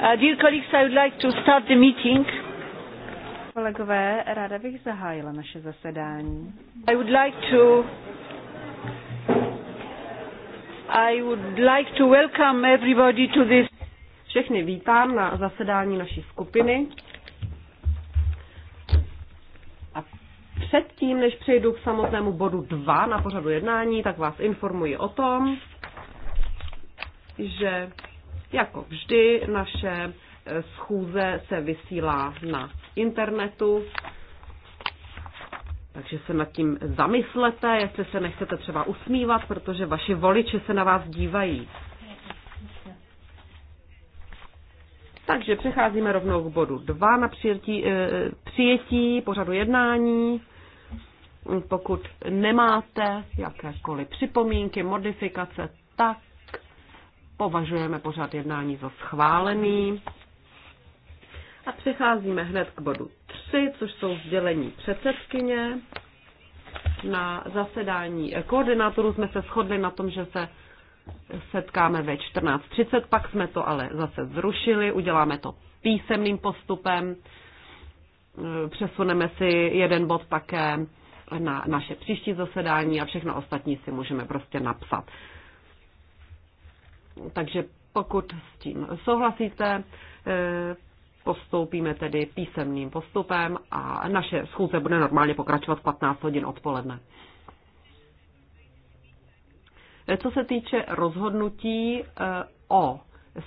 Uh, dear colleagues, I would like to start the meeting. Kolegové, ráda bych zahájila naše zasedání. I would like to I would like to welcome everybody to this. Všechny vítám na zasedání naší skupiny. A předtím, než přejdu k samotnému bodu 2 na pořadu jednání, tak vás informuji o tom, že jako vždy naše eh, schůze se vysílá na internetu, takže se nad tím zamyslete, jestli se nechcete třeba usmívat, protože vaši voliči se na vás dívají. Takže přecházíme rovnou k bodu 2 na přijetí, e, přijetí pořadu jednání. Pokud nemáte jakékoliv připomínky, modifikace, tak Považujeme pořád jednání za schválený. A přecházíme hned k bodu 3, což jsou sdělení předsedkyně. Na zasedání koordinátorů jsme se shodli na tom, že se setkáme ve 14.30, pak jsme to ale zase zrušili, uděláme to písemným postupem, přesuneme si jeden bod také na naše příští zasedání a všechno ostatní si můžeme prostě napsat. Takže pokud s tím souhlasíte, eh, postoupíme tedy písemným postupem a naše schůze bude normálně pokračovat 15 hodin odpoledne. Eh, co se týče rozhodnutí eh, o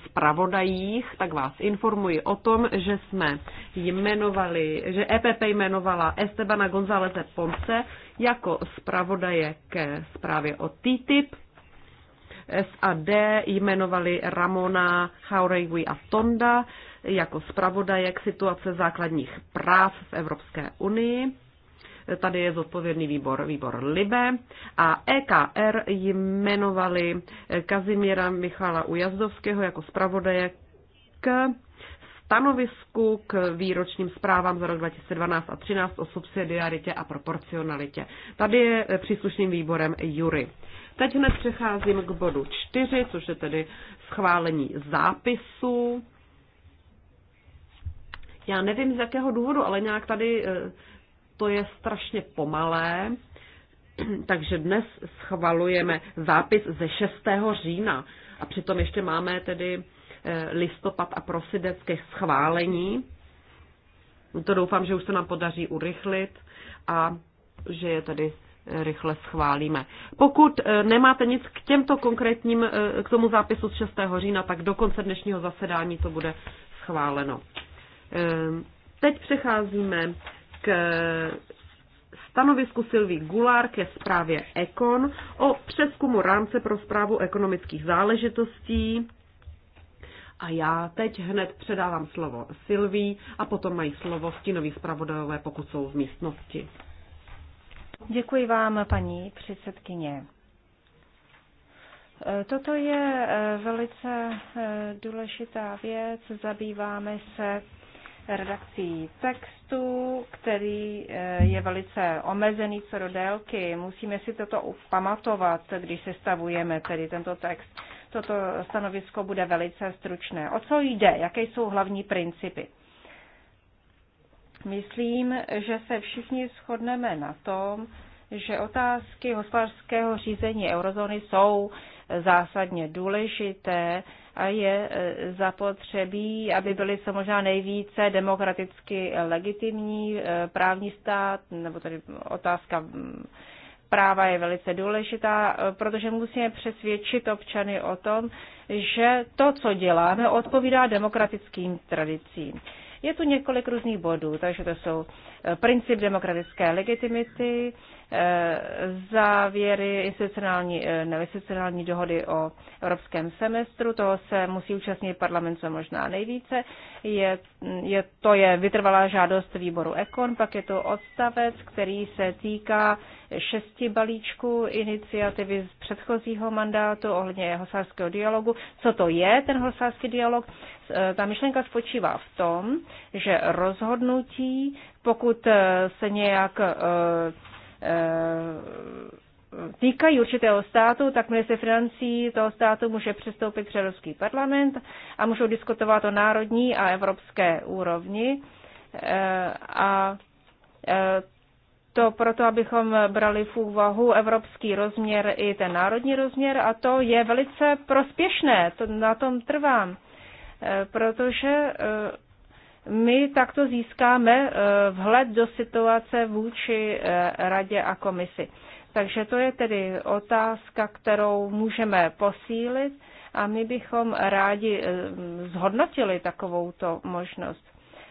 zpravodajích, tak vás informuji o tom, že jsme jmenovali, že EPP jmenovala Estebana Gonzáleze Ponce jako zpravodaje ke zprávě o TTIP SAD jmenovali Ramona Chauregui a Tonda jako k situace základních práv v Evropské unii. Tady je zodpovědný výbor, výbor Libe. A EKR jmenovali Kazimíra Michala Ujazdovského jako zpravodaje k stanovisku k výročním zprávám za rok 2012 a 2013 o subsidiaritě a proporcionalitě. Tady je příslušným výborem Jury. Teď hned přecházím k bodu 4, což je tedy schválení zápisu. Já nevím z jakého důvodu, ale nějak tady eh, to je strašně pomalé. Takže dnes schvalujeme zápis ze 6. října a přitom ještě máme tedy eh, listopad a prosidec ke schválení. To doufám, že už se nám podaří urychlit a že je tedy rychle schválíme. Pokud eh, nemáte nic k těmto konkrétním, eh, k tomu zápisu z 6. října, tak do konce dnešního zasedání to bude schváleno. Ehm, teď přecházíme k stanovisku Silví Gulár ke zprávě Ekon o přeskumu rámce pro zprávu ekonomických záležitostí. A já teď hned předávám slovo Silví a potom mají slovo stínový zpravodajové, pokud jsou v místnosti. Děkuji vám, paní předsedkyně. Toto je eh, velice eh, důležitá věc. Zabýváme se redakcí textu, který eh, je velice omezený co do délky. Musíme si toto pamatovat, když sestavujeme tedy tento text. Toto stanovisko bude velice stručné. O co jde? Jaké jsou hlavní principy? Myslím, že se všichni shodneme na tom, že otázky hospodářského řízení eurozóny jsou zásadně důležité a je e, zapotřebí, aby byly co možná nejvíce demokraticky legitimní e, právní stát, nebo tedy otázka práva je velice důležitá, e, protože musíme přesvědčit občany o tom, že to, co děláme, odpovídá demokratickým tradicím. Je tu několik různých bodů, takže to jsou eh, princip demokratické legitimity, Eh, závěry institucionální, eh, institucionální dohody o evropském semestru. Toho se musí účastnit parlament co možná nejvíce. Je, je, to je vytrvalá žádost výboru EKON, pak je to odstavec, který se týká šesti balíčků iniciativy z předchozího mandátu ohledně hosářského dialogu. Co to je ten hosářský dialog? Eh, ta myšlenka spočívá v tom, že rozhodnutí, pokud se nějak Eh, týkají určitého státu, tak se financí toho státu může přestoupit před parlament a můžou diskutovat o národní a evropské úrovni. Eh, a eh, to proto, abychom brali v úvahu evropský rozměr i ten národní rozměr a to je velice prospěšné, to, na tom trvám, protože my takto získáme eh, vhled do situace vůči eh, radě a komisi. Takže to je tedy otázka, kterou můžeme posílit a my bychom rádi eh, zhodnotili takovouto možnost.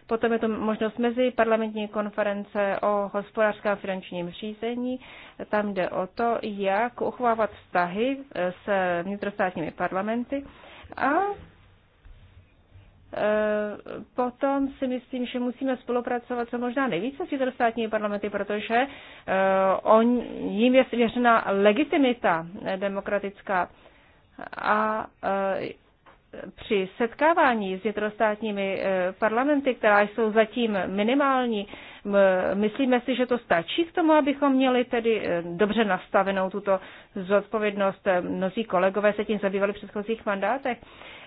Potom je to možnost mezi parlamentní konference o hospodářském a finančním řízení. Tam jde o to, jak uchovávat vztahy s vnitrostátními parlamenty a Eh, potom si myslím, že musíme spolupracovat co možná nejvíce s vnitrostátními parlamenty, protože eh, on, jim je svěřena legitimita eh, demokratická. A při setkávání s vnitrostátními parlamenty, která jsou zatím minimální, myslíme si, že to stačí k tomu, abychom měli tedy dobře nastavenou tuto zodpovědnost. Mnozí kolegové se tím zabývali v předchozích mandátech.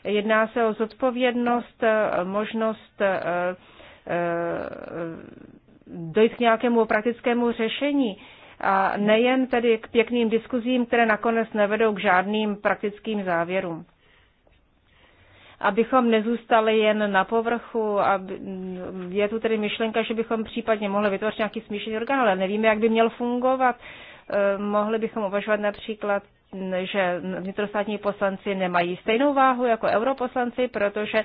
Jedná se o zodpovědnost, e, možnost e, e, dojít k nějakému praktickému řešení. A nejen tedy k pěkným diskuzím, které nakonec nevedou k žádným praktickým závěrům. Abychom nezůstali jen na povrchu, aby, je tu tedy myšlenka, že bychom případně mohli vytvořit nějaký smíšený orgán, ale nevíme, jak by měl fungovat. Mohli bychom uvažovat například že vnitrostátní poslanci nemají stejnou váhu jako europoslanci, protože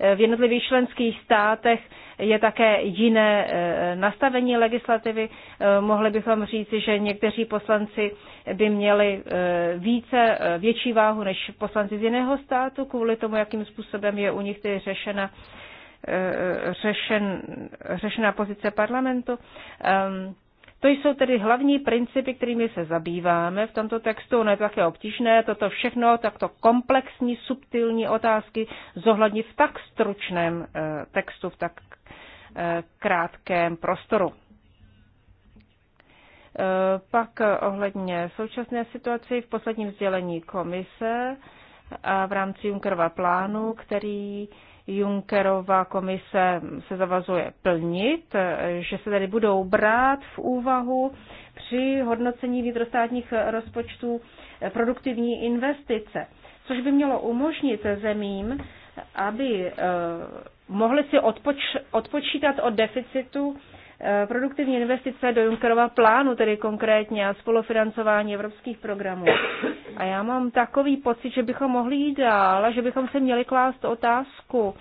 eh, v jednotlivých členských státech je také jiné eh, nastavení legislativy. Eh, mohli bychom říci, že někteří poslanci by měli více, větší váhu než poslanci z jiného státu kvůli tomu, jakým způsobem je u nich tedy řešena řešen, řešená pozice parlamentu. Ehm, to jsou tedy hlavní principy, kterými se zabýváme v tomto textu. Ono je to také obtížné, toto všechno, takto komplexní, subtilní otázky zohlednit v tak stručném eh, textu, v tak eh, krátkém prostoru. Eh, pak ohledně současné situaci v posledním sdělení komise a v rámci Junckerova plánu, který Junckerova komise se zavazuje plnit, že se tady budou brát v úvahu při hodnocení vnitrostátních rozpočtů produktivní investice, což by mělo umožnit zemím, aby eh, mohli si odpoč, odpočítat od deficitu Eh, produktivní investice do Junckerova plánu, tedy konkrétně a spolufinancování evropských programů. A já mám takový pocit, že bychom mohli jít dál a že bychom se měli klást otázku,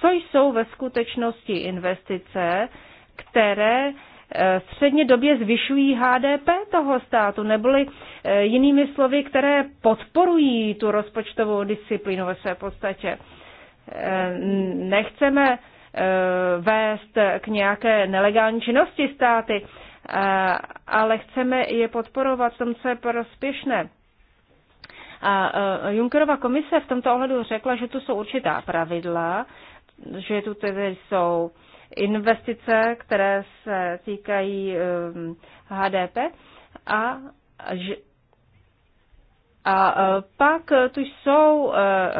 co jsou ve skutečnosti investice, které eh, středně době zvyšují HDP toho státu, neboli eh, jinými slovy, které podporují tu rozpočtovou disciplínu ve své podstatě. Nechceme Eh, vést k nějaké nelegální činnosti státy, eh, ale chceme je podporovat v tom, co je prospěšné. A eh, Junckerova komise v tomto ohledu řekla, že tu jsou určitá pravidla, že tu tedy jsou investice, které se týkají HDP a že, a e, pak tu jsou e, e,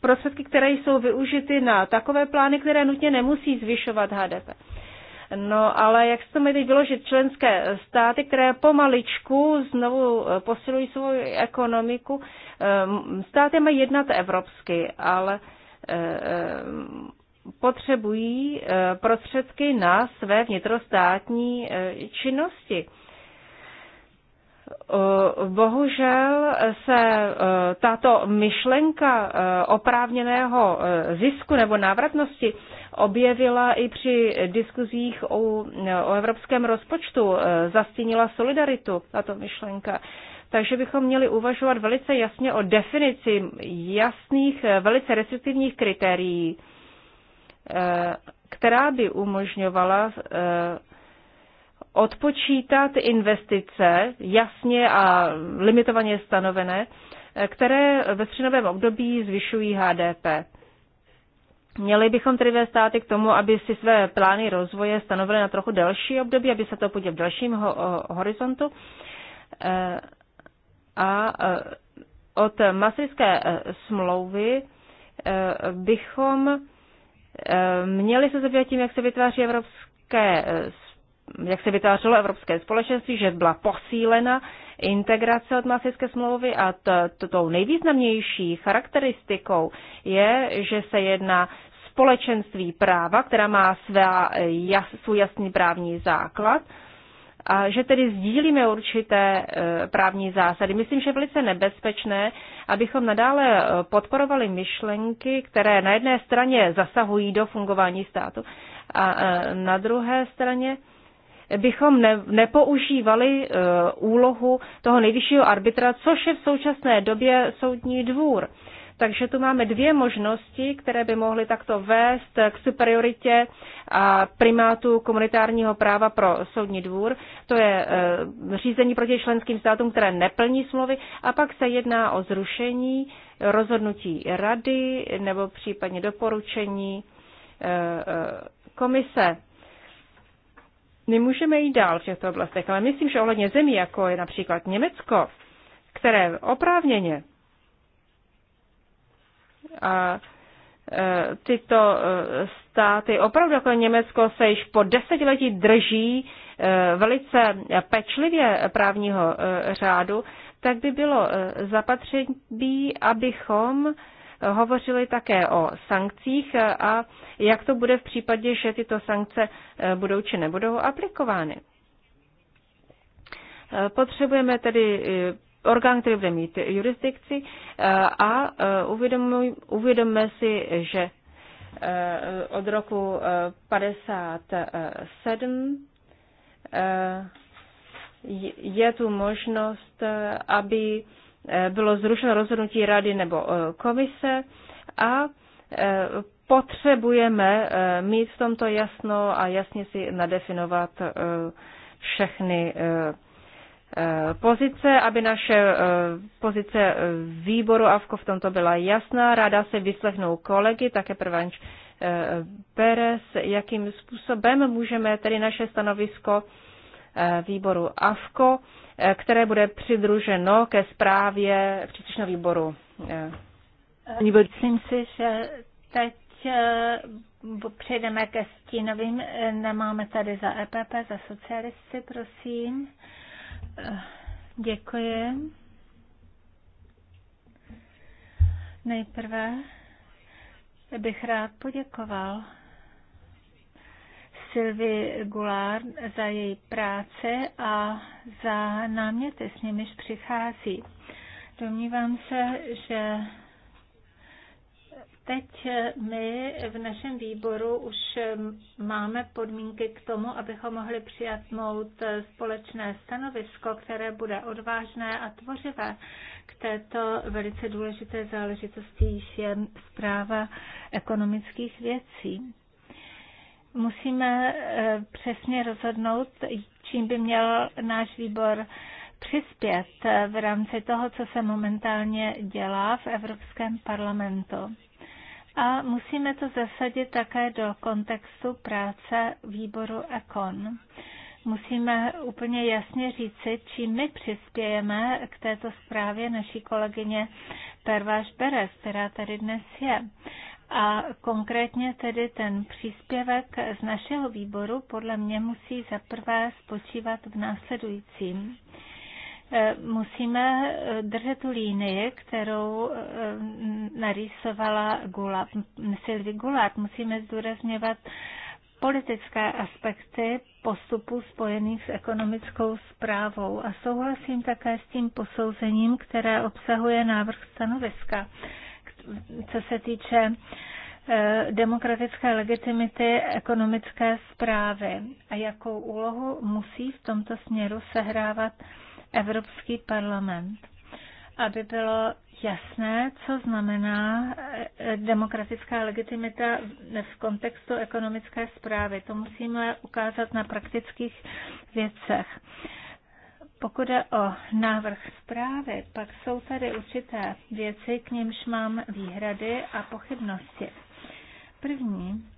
prostředky, které jsou využity na takové plány, které nutně nemusí zvyšovat HDP. No ale jak se to mají teď vyložit členské státy, které pomaličku znovu posilují svou ekonomiku? Státy mají jednat evropsky, ale potřebují prostředky na své vnitrostátní činnosti. Eh, bohužel se eh, tato myšlenka eh, oprávněného zisku nebo návratnosti objevila i při diskuzích o, o evropském rozpočtu, zastínila solidaritu tato myšlenka. Takže bychom měli uvažovat velice jasně o definici jasných, velice restriktivních kritérií, která by umožňovala odpočítat investice jasně a limitovaně stanovené, které ve střednovém období zvyšují HDP. Měli bychom tedy ve státy k tomu, aby si své plány rozvoje stanovily na trochu delší období, aby se to podíval v dalším ho- horizontu. Eh, a eh, od masrické eh, smlouvy bychom měli se zabývat tím, jak se vytváří evropské jak se vytvářelo Evropské společenství, že byla posílena integrace od Masijské smlouvy a to, tou nejvýznamnější charakteristikou je, že se jedná společenství práva, která má své jas, svůj jasný právní základ, a že tedy sdílíme určité e, právní zásady. Myslím, že je velice nebezpečné, abychom nadále e, podporovali myšlenky, které na jedné straně zasahují do fungování státu a e, na druhé straně bychom ne, nepoužívali e, úlohu toho nejvyššího arbitra, což je v současné době soudní dvůr. Takže tu máme dvě možnosti, které by mohly takto vést k superioritě a primátu komunitárního práva pro soudní dvůr. To je eh, řízení proti členským státům, které neplní smlouvy a pak se jedná o zrušení rozhodnutí rady nebo případně doporučení eh, komise. My můžeme jít dál v těchto oblastech, ale myslím, že ohledně zemí, jako je například Německo, které oprávněně a e, tyto e, státy, opravdu jako Německo, se již po desetiletí drží e, velice pečlivě právního řádu, tak by bylo zapatření, abychom hovořili také o sankcích a jak to bude v případě, že tyto sankce eh, budou či nebudou aplikovány. Eh, potřebujeme tedy eh, orgán, který bude mít jurisdikci a uvědomme si, že od roku 57 je tu možnost, aby Eh, bylo zrušeno rozhodnutí rady nebo eh, komise a eh, potřebujeme mít v tomto jasno a jasně si nadefinovat všechny pozice, aby naše pozice výboru AVKO v tomto byla jasná. Ráda se vyslechnou kolegy, také prvanč Perez, jakým způsobem můžeme tedy naše stanovisko výboru AVKO které bude přidruženo ke zprávě v příslušném výboru. Myslím si, že teď eh, přejdeme ke stínovým. Eh, nemáme tady za EPP, za socialisty, prosím. Eh, děkuji. Nejprve bych rád poděkoval Sylvie Goulard za její práce a za náměty, s nimiž přichází. Domnívám se, že teď my v našem výboru už máme podmínky k tomu, abychom mohli přijatnout společné stanovisko, které bude odvážné a tvořivé k této velice důležité záležitosti, již je zpráva ekonomických věcí musíme eh, přesně rozhodnout, čím by měl náš výbor přispět eh, v rámci toho, co se momentálně dělá v Evropském parlamentu. A musíme to zasadit také do kontextu práce výboru ECON. Musíme úplně jasně říci, čím my přispějeme k této zprávě naší kolegyně Perváš Beres, která tady dnes je. A konkrétně tedy ten příspěvek z našeho výboru podle mě musí zaprvé spočívat v následujícím. Eh, musíme eh, držet tu línii, kterou eh, narýsovala Gula, Sylvie Gulát. Musíme zdůrazňovat politické aspekty postupu spojených s ekonomickou zprávou a souhlasím také s tím posouzením, které obsahuje návrh stanoviska co se týče eh, demokratické legitimity ekonomické zprávy a jakou úlohu musí v tomto směru sehrávat Evropský parlament, aby bylo jasné, co znamená eh, demokratická legitimita v kontextu ekonomické zprávy. To musíme ukázat na praktických věcech. Pokud je o návrh zprávy, pak jsou tady určité věci, k nímž mám výhrady a pochybnosti. První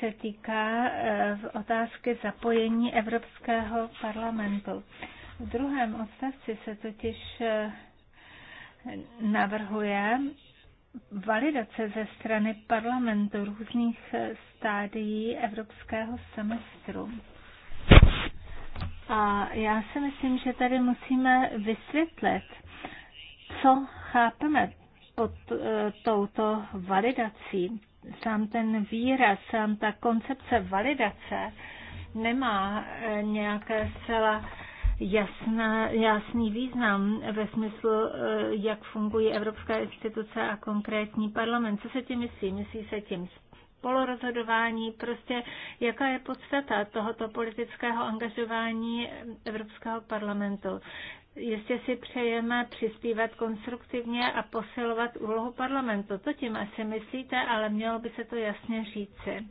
se týká eh, otázky zapojení Evropského parlamentu. V druhém odstavci se totiž eh, navrhuje validace ze strany parlamentu různých eh, stádií evropského semestru. A já si myslím, že tady musíme vysvětlit, co chápeme pod e, touto validací. Sám ten výraz, sám ta koncepce validace nemá e, nějaké zcela jasná, jasný význam ve smyslu, e, jak fungují Evropská instituce a konkrétní parlament. Co se tím myslí? Myslí se tím polorozhodování, prostě jaká je podstata tohoto politického angažování Evropského parlamentu. Jistě si přejeme přispívat konstruktivně a posilovat úlohu parlamentu. To tím asi myslíte, ale mělo by se to jasně říci,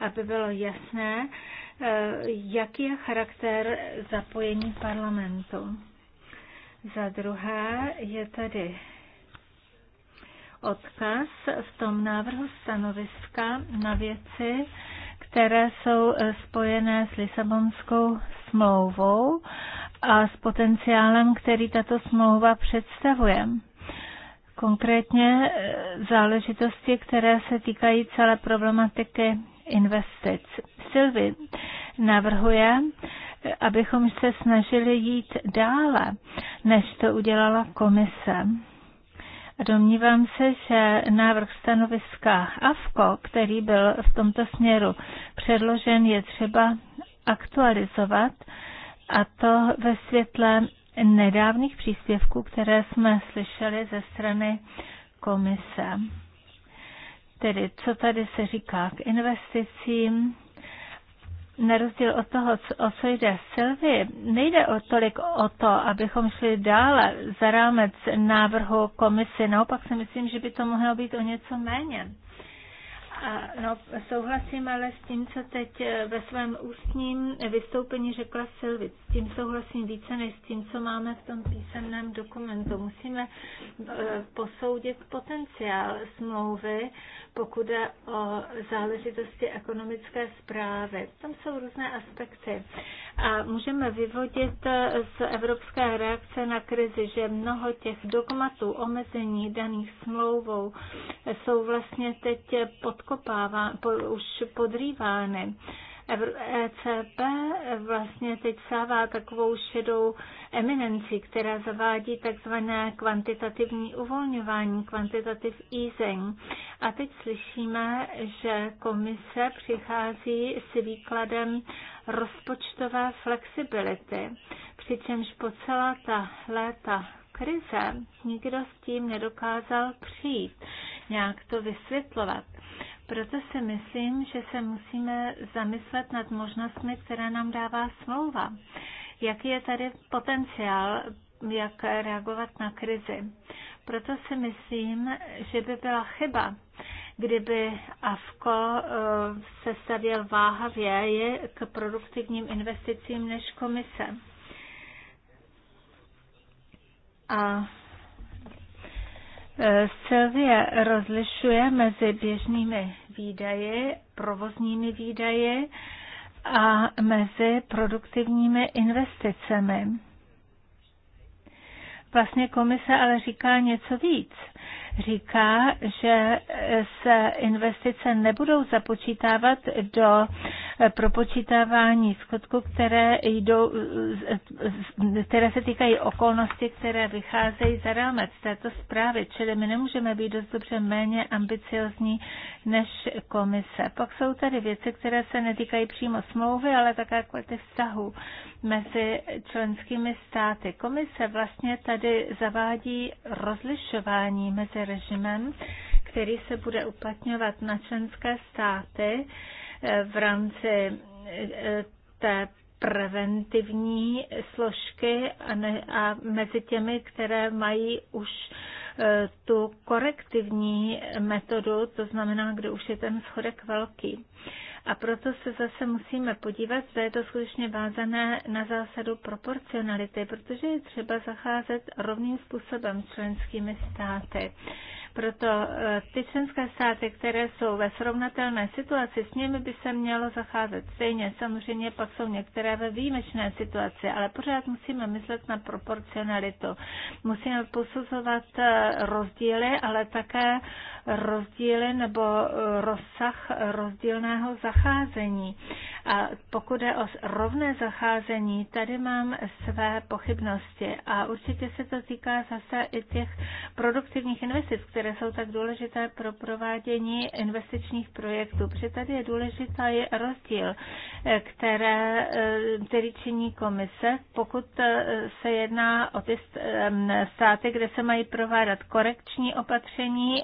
aby bylo jasné, eh, jaký je charakter zapojení parlamentu. Za druhé je tady odkaz v tom návrhu stanoviska na věci, které jsou e, spojené s Lisabonskou smlouvou a s potenciálem, který tato smlouva představuje. Konkrétně e, záležitosti, které se týkají celé problematiky investic. Silvi navrhuje, e, abychom se snažili jít dále, než to udělala komise Domnívám se, že návrh stanoviska AFKO, který byl v tomto směru předložen, je třeba aktualizovat a to ve světle nedávných příspěvků, které jsme slyšeli ze strany komise. Tedy, co tady se říká k investicím, na rozdíl od toho, o co jde Silvi, nejde o tolik o to, abychom šli dále za rámec návrhu komisy. Naopak si myslím, že by to mohlo být o něco méně. A no, souhlasím ale s tím, co teď eh, ve svém ústním vystoupení řekla Silvic. S tím souhlasím více než s tím, co máme v tom písemném dokumentu. Musíme eh, posoudit potenciál smlouvy pokud jde o záležitosti ekonomické zprávy. Tam jsou různé aspekty. A můžeme vyvodit z evropské reakce na krizi, že mnoho těch dogmatů, omezení daných smlouvou jsou vlastně teď podkopávány, po, už podrývány. ECB e vlastně teď stává takovou šedou eminenci, která zavádí takzvané kvantitativní uvolňování, kvantitativ easing. A teď slyšíme, že komise přichází s výkladem rozpočtové flexibility, přičemž po celá ta léta krize nikdo s tím nedokázal přijít, nějak to vysvětlovat. Proto si myslím, že se musíme zamyslet nad možnostmi, které nám dává smlouva. Jaký je tady potenciál, jak reagovat na krizi. Proto si myslím, že by byla chyba, kdyby AFKO eh, se stavěl váhavě k produktivním investicím než komise. A Sylvie rozlišuje mezi běžnými výdaje, provozními výdaje a mezi produktivními investicemi. Vlastně komise ale říká něco víc. Říká, že se investice nebudou započítávat do propočítávání schodku, které, jdou, které se týkají okolností, které vycházejí za rámec této zprávy, čili my nemůžeme být dost dobře méně ambiciozní než komise. Pak jsou tady věci, které se netýkají přímo smlouvy, ale také kvality vztahu mezi členskými státy. Komise vlastně tady zavádí rozlišování mezi režimem, který se bude uplatňovat na členské státy, Eh, v rámci eh, té preventivní složky a, ne, a mezi těmi, které mají už eh, tu korektivní metodu, to znamená, kde už je ten schodek velký. A proto se zase musíme podívat, zda je to skutečně vázané na zásadu proporcionality, protože je třeba zacházet rovným způsobem členskými státy. Proto eh, ty členské státy, které jsou ve srovnatelné situaci, s nimi by se mělo zacházet stejně. Samozřejmě pak jsou některé ve výjimečné situaci, ale pořád musíme myslet na proporcionalitu. Musíme posuzovat eh, rozdíly, ale také rozdíly nebo eh, rozsah rozdílného zacházení. A pokud je o rovné zacházení, tady mám své pochybnosti a určitě se to týká zase i těch produktivních investic, které jsou tak důležité pro provádění investičních projektů, protože tady je důležitý rozdíl, eh, které, eh, který činí komise, pokud se jedná o ty státy, kde se mají provádat korekční opatření,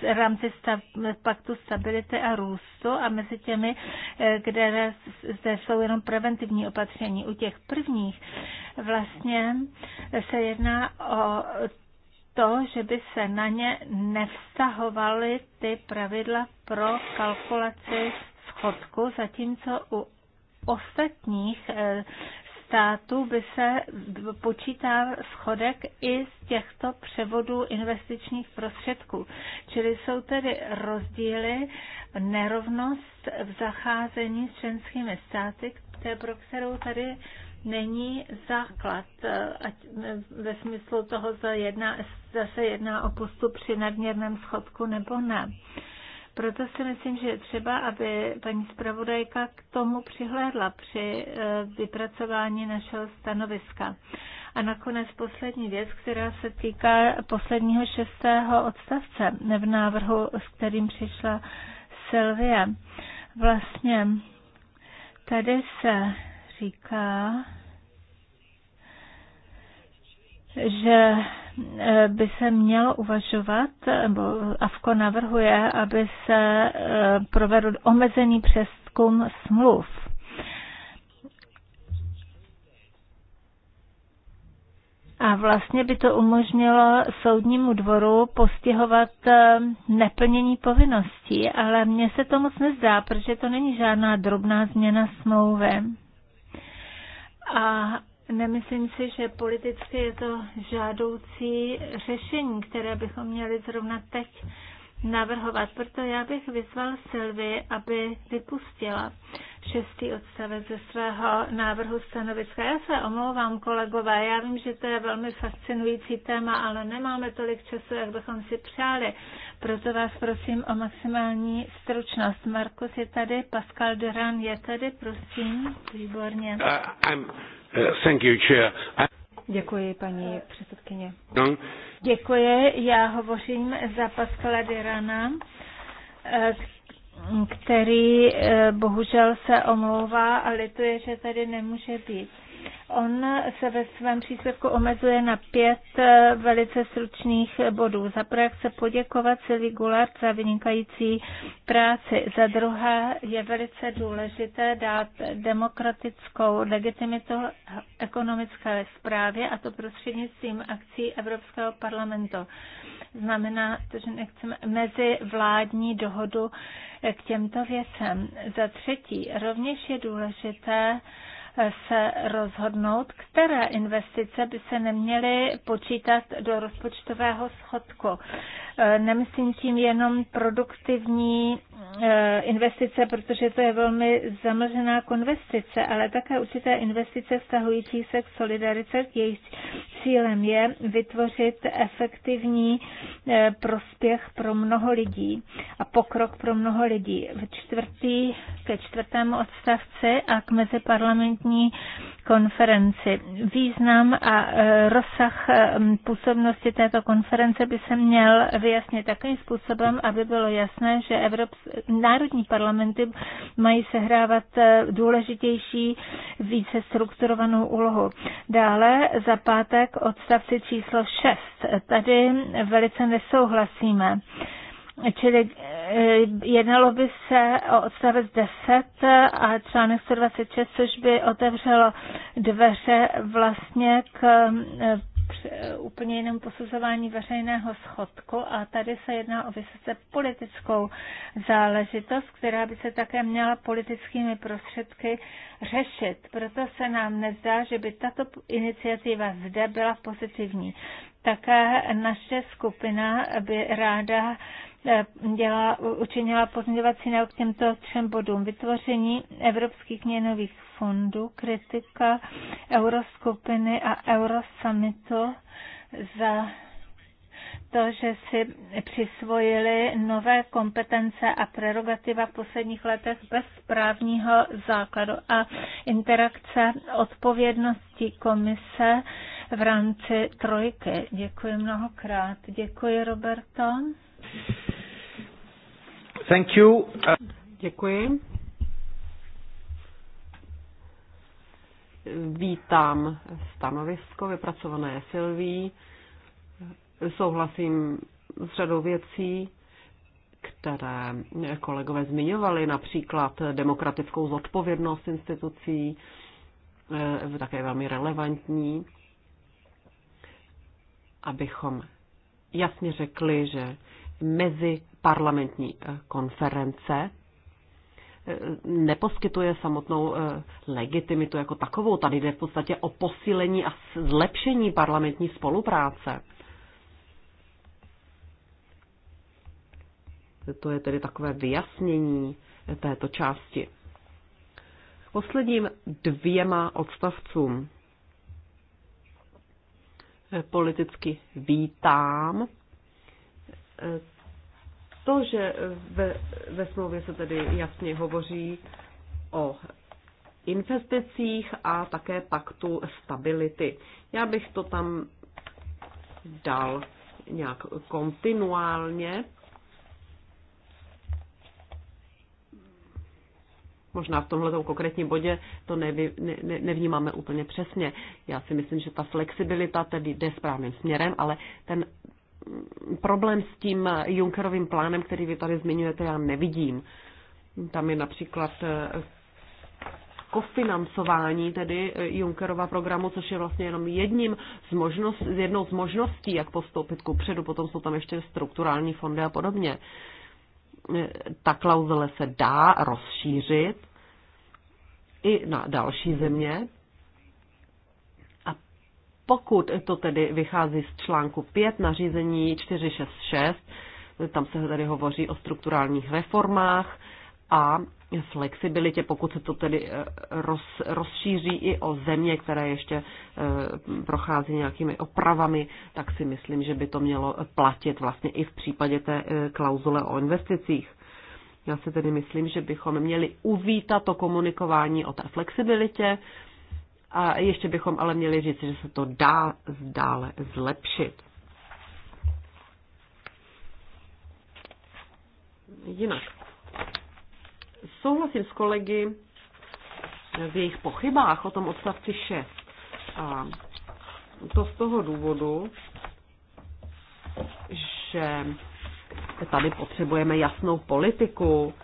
v rámci stav, paktu stability a růstu a mezi těmi, eh, kde zde jsou jenom preventivní opatření. U těch prvních vlastně se jedná o to, že by se na ně nevztahovaly ty pravidla pro kalkulaci schodku, zatímco u ostatních eh, Státu by se počítá schodek i z těchto převodů investičních prostředků. Čili jsou tedy rozdíly, nerovnost v zacházení s členskými státy, které pro kterou tady není základ eh, ať eh, ve smyslu toho, zda, zda se jedná o postup při nadměrném schodku nebo ne. Proto si myslím, že je třeba, aby paní zpravodajka k tomu přihlédla při eh, vypracování našeho stanoviska. A nakonec poslední věc, která se týká posledního šestého odstavce v návrhu, s kterým přišla Sylvie. Vlastně tady se říká, že e, by se mělo uvažovat, nebo AFKO navrhuje, aby se e, provedl omezený přeskum smluv. A vlastně by to umožnilo soudnímu dvoru postihovat e, neplnění povinností, ale mně se to moc nezdá, protože to není žádná drobná změna smlouvy. A Nemyslím si, že politicky je to žádoucí řešení, které bychom měli zrovna teď navrhovat. Proto já bych vyzval Silvi, aby vypustila šestý odstavec ze svého návrhu stanoviska. Já se omlouvám, kolegové, já vím, že to je velmi fascinující téma, ale nemáme tolik času, jak bychom si přáli. Proto vás prosím o maximální stručnost. Markus je tady, Pascal Duran je tady, prosím, výborně. Uh, Thank you, chair. Děkuji, paní předsedkyně. No. Děkuji, já hovořím za Pascala Derana, eh, který eh, bohužel se omlouvá a lituje, že tady nemůže být. On se ve svém příspěvku omezuje na pět eh, velice stručných bodů. Za prvé chce poděkovat Silvi Gulard za vynikající práci. Za druhé je velice důležité dát demokratickou legitimitu ekonomické zprávě a to prostřednictvím akcí Evropského parlamentu. Znamená to, že nechceme mezi vládní dohodu k těmto věcem. Za třetí, rovněž je důležité, se rozhodnout, které investice by se neměly počítat do rozpočtového schodku. E, nemyslím tím jenom produktivní e, investice, protože to je velmi zamlžená konvestice, ale také určité investice vztahující se k solidarice. Jejich cílem je vytvořit efektivní e, prospěch pro mnoho lidí a pokrok pro mnoho lidí. V čtvrtý, ke čtvrtému odstavci a k meziparlamentní parlamentní konferenci. Význam a e, rozsah e, působnosti této konference by se měl vyjasnit takovým způsobem, aby bylo jasné, že Evrops- národní parlamenty mají sehrávat e, důležitější, více strukturovanou úlohu. Dále za pátek odstavci číslo 6. Tady velice nesouhlasíme. Čili eh, jednalo by se o odstavec 10 a článek 126, což by otevřelo dveře vlastně k eh, úplně jinému posuzování veřejného schodku a tady se jedná o vysoce politickou záležitost, která by se také měla politickými prostředky řešit. Proto se nám nezdá, že by tato iniciativa zde byla pozitivní. Také naše skupina by ráda Eh, dělá, učinila pozměňovací návrh k těmto třem bodům. Vytvoření evropských měnových fondů, kritika euroskupiny a eurosummitu za to, že si přisvojili nové kompetence a prerogativa v posledních letech bez správního základu a interakce odpovědnosti komise v rámci trojky. Děkuji mnohokrát. Děkuji, Roberto. Thank you. Děkuji. Vítám stanovisko vypracované Silví. Souhlasím s řadou věcí, které kolegové zmiňovali, například demokratickou zodpovědnost institucí, eh, také velmi relevantní, abychom jasně řekli, že mezi parlamentní eh, konference eh, neposkytuje samotnou eh, legitimitu jako takovou. Tady jde v podstatě o posílení a zlepšení parlamentní spolupráce. To je tedy takové vyjasnění této části. Posledním dvěma odstavcům politicky vítám to, že ve, ve smlouvě se tedy jasně hovoří o investicích a také paktu stability. Já bych to tam dal nějak kontinuálně. Možná v tomhle konkrétním bodě to nevy, ne, ne, nevnímáme úplně přesně. Já si myslím, že ta flexibilita tedy jde správným směrem, ale ten problém s tím Junckerovým plánem, který vy tady zmiňujete, já nevidím. Tam je například eh, kofinancování tedy eh, Junckerova programu, což je vlastně jenom jedním z možnost, jednou z možností, jak postoupit ku předu. Potom jsou tam ještě strukturální fondy a podobně. Eh, ta klauzule se dá rozšířit i na další země, pokud to tedy vychází z článku 5 nařízení 466, tam se tady hovoří o strukturálních reformách a flexibilitě, pokud se to tedy eh, roz, rozšíří i o země, které ještě eh, prochází nějakými opravami, tak si myslím, že by to mělo platit vlastně i v případě té eh, klauzule o investicích. Já si tedy myslím, že bychom měli uvítat to komunikování o té flexibilitě, a ještě bychom ale měli říct, že se to dá dále zlepšit. Jinak. Souhlasím s kolegy v jejich pochybách o tom odstavci 6. A to z toho důvodu, že tady potřebujeme jasnou politiku,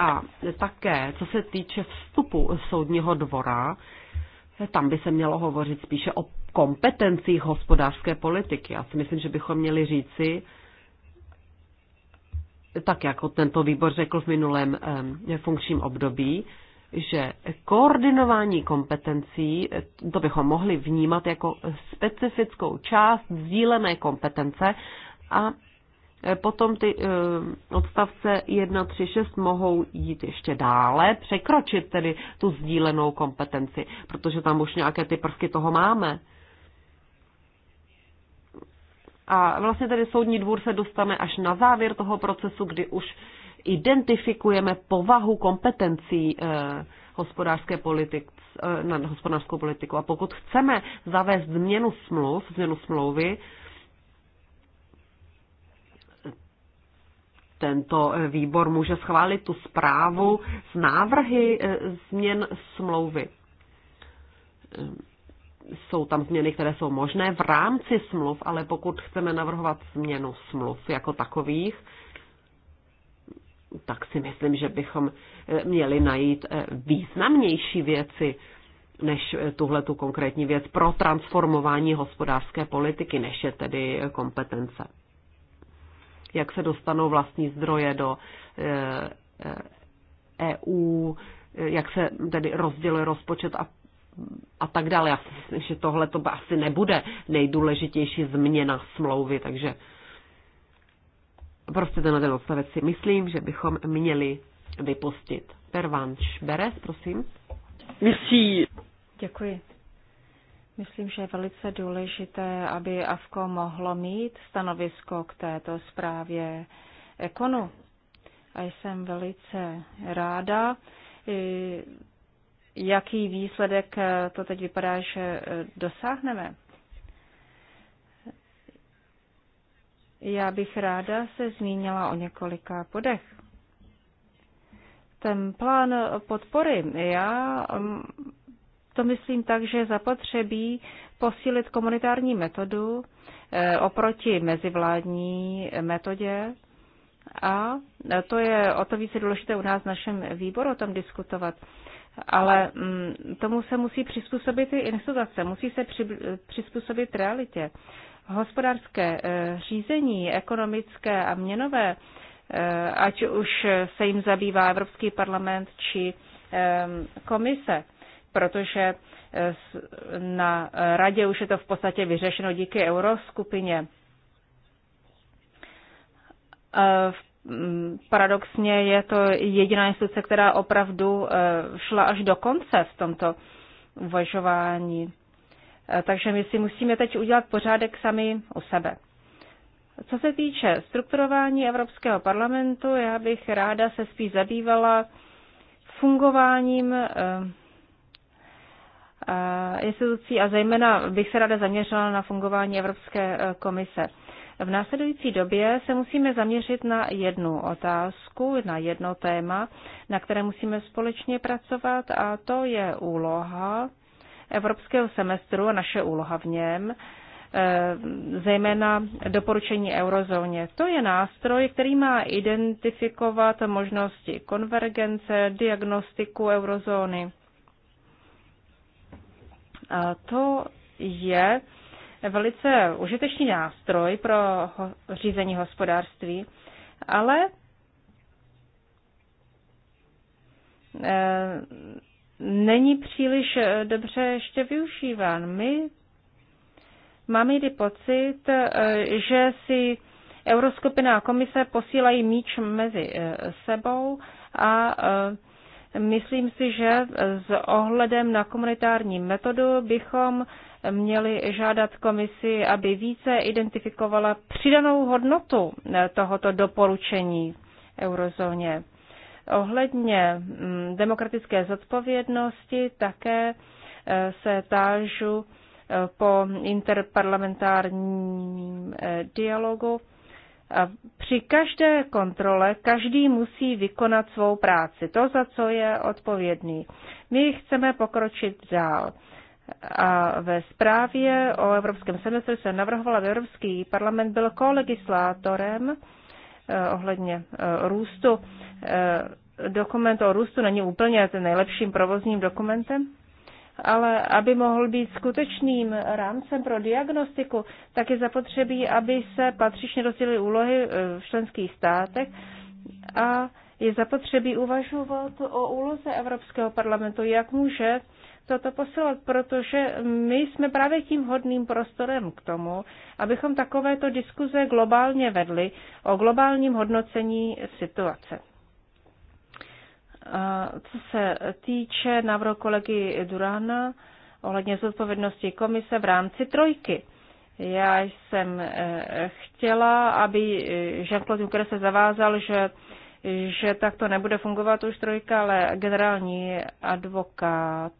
a také, co se týče vstupu soudního dvora, tam by se mělo hovořit spíše o kompetencích hospodářské politiky. Já si myslím, že bychom měli říci, tak jako tento výbor řekl v minulém eh, funkčním období, že koordinování kompetencí, eh, to bychom mohli vnímat jako specifickou část sdílené kompetence a Eh, potom ty eh, odstavce 1, 3, 6 mohou jít ještě dále, překročit tedy tu sdílenou kompetenci, protože tam už nějaké ty prvky toho máme. A vlastně tedy soudní dvůr se dostane až na závěr toho procesu, kdy už identifikujeme povahu kompetencí eh, hospodářské politik, na hospodářskou politiku. A pokud chceme zavést změnu smluv, změnu smlouvy, tento eh, výbor může schválit tu zprávu z návrhy eh, změn smlouvy. Eh, jsou tam změny, které jsou možné v rámci smluv, ale pokud chceme navrhovat změnu smluv jako takových, tak si myslím, že bychom měli najít významnější věci než tuhle tu konkrétní věc pro transformování hospodářské politiky, než je tedy kompetence jak se dostanou vlastní zdroje do EU, eh, eh, e eh, jak se tedy rozděluje rozpočet a, a tak dále. Já si myslím, že tohle to asi nebude nejdůležitější změna smlouvy, takže prostě tenhle ten odstavec si myslím, že bychom měli vypustit. Pervanš Beres, prosím. Merci. Děkuji. Myslím, že je velice důležité, aby AFKO mohlo mít stanovisko k této zprávě ekonu. A jsem velice ráda, jaký výsledek to teď vypadá, že dosáhneme. Já bych ráda se zmínila o několika podech. Ten plán podpory. Já mm, to myslím tak, že zapotřebí posílit komunitární metodu eh, oproti mezivládní metodě. A to je o to více důležité u nás v našem výboru o tom diskutovat. Ale mm, tomu se musí přizpůsobit i instituce, musí se při, přizpůsobit realitě. Hospodářské eh, řízení, ekonomické a měnové, eh, ať už se jim zabývá Evropský parlament či komise, protože eh, na radě už je to v podstatě vyřešeno díky euroskupině. Eh, mm, paradoxně je to jediná instituce, která opravdu eh, šla až do konce v tomto uvažování. Takže my si musíme teď udělat pořádek sami u sebe. Co se týče strukturování Evropského parlamentu, já bych ráda se spíš zabývala fungováním institucí a zejména bych se ráda zaměřila na fungování Evropské e, komise. V následující době se musíme zaměřit na jednu otázku, na jedno téma, na které musíme společně pracovat a to je úloha evropského semestru a naše úloha v něm, e, zejména doporučení eurozóně. To je nástroj, který má identifikovat možnosti konvergence, diagnostiku eurozóny to je velice užitečný nástroj pro řízení hospodářství, ale e, není příliš e, dobře ještě využíván. My máme jedy pocit, e, že si Euroskupina a komise posílají míč mezi sebou a Myslím si, že s ohledem na komunitární metodu bychom měli žádat komisi, aby více identifikovala přidanou hodnotu eh, tohoto doporučení eurozóně. Ohledně mm, demokratické zodpovědnosti také eh, se tážu eh, po interparlamentárním dialogu při každé kontrole každý musí vykonat svou práci, to, za co je odpovědný. My chceme pokročit dál. A ve zprávě o evropském semestru se navrhovala, aby Evropský parlament byl kolegislátorem eh, ohledně eh, růstu. Eh, dokument o růstu není úplně ten nejlepším provozním dokumentem, ale aby mohl být skutečným rámcem pro diagnostiku, tak je zapotřebí, aby se patřičně rozdělily úlohy eh, v členských státech a je zapotřebí uvažovat o úloze Evropského parlamentu, jak může toto posilovat, protože my jsme právě tím vhodným prostorem k tomu, abychom takovéto diskuze globálně vedli o globálním hodnocení situace. Co se týče návrhu kolegy Durana ohledně zodpovědnosti komise v rámci trojky, já jsem eh, chtěla, aby eh, Jean-Claude Juncker se zavázal, že, že tak to nebude fungovat už trojka, ale generální advokát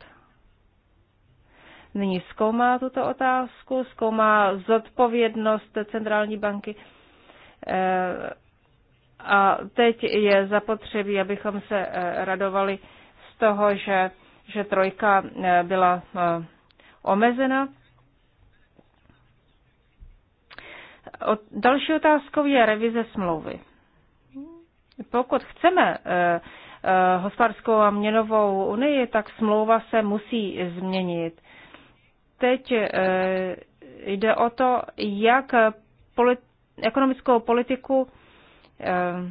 nyní zkoumá tuto otázku, zkoumá zodpovědnost centrální banky eh, a teď je zapotřebí, abychom se eh, radovali z toho, že, že trojka eh, byla eh, omezena. Další otázkou je revize smlouvy. Pokud chceme hospodářskou a měnovou unii, tak smlouva se musí změnit. Teď jde o to, jak politi- ekonomickou politiku Eh,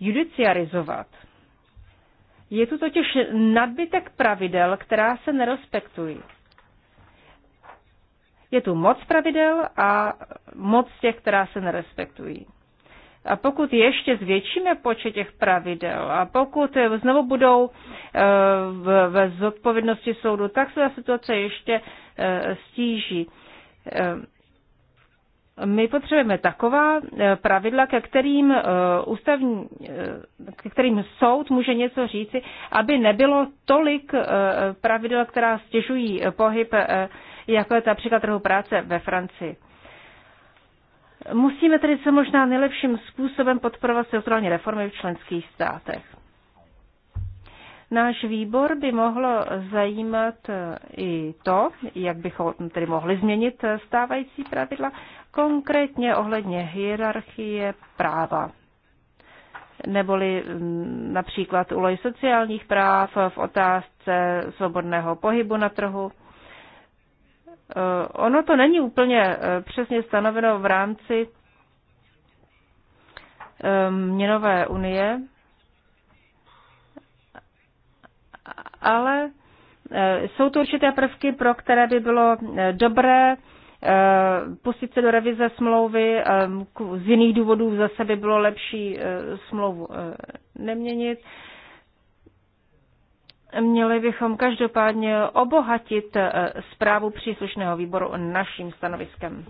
judiciarizovat. Je tu totiž nadbytek pravidel, která se nerespektují. Je tu moc pravidel a moc těch, která se nerespektují. A pokud ještě zvětšíme počet těch pravidel a pokud znovu budou eh, ve zodpovědnosti soudu, tak se ta situace ještě eh, stíží my potřebujeme taková eh, pravidla, ke kterým, eh, ústavní, eh, ke kterým soud může něco říci, aby nebylo tolik pravidel, která stěžují pohyb, jako je například trhu práce ve Francii. Musíme tedy se možná nejlepším způsobem podporovat strukturální reformy v členských státech. Náš výbor by mohlo zajímat i to, jak bychom tedy mohli změnit stávající pravidla, konkrétně ohledně hierarchie práva neboli mm, například úlohy sociálních práv v otázce svobodného pohybu na trhu. E, ono to není úplně e, přesně stanoveno v rámci e, měnové unie, ale jsou to určité prvky, pro které by bylo dobré Eh, pustit se do revize smlouvy, eh, z jiných důvodů zase by bylo lepší eh, smlouvu neměnit. Měli bychom každopádně obohatit zprávu příslušného výboru naším stanoviskem.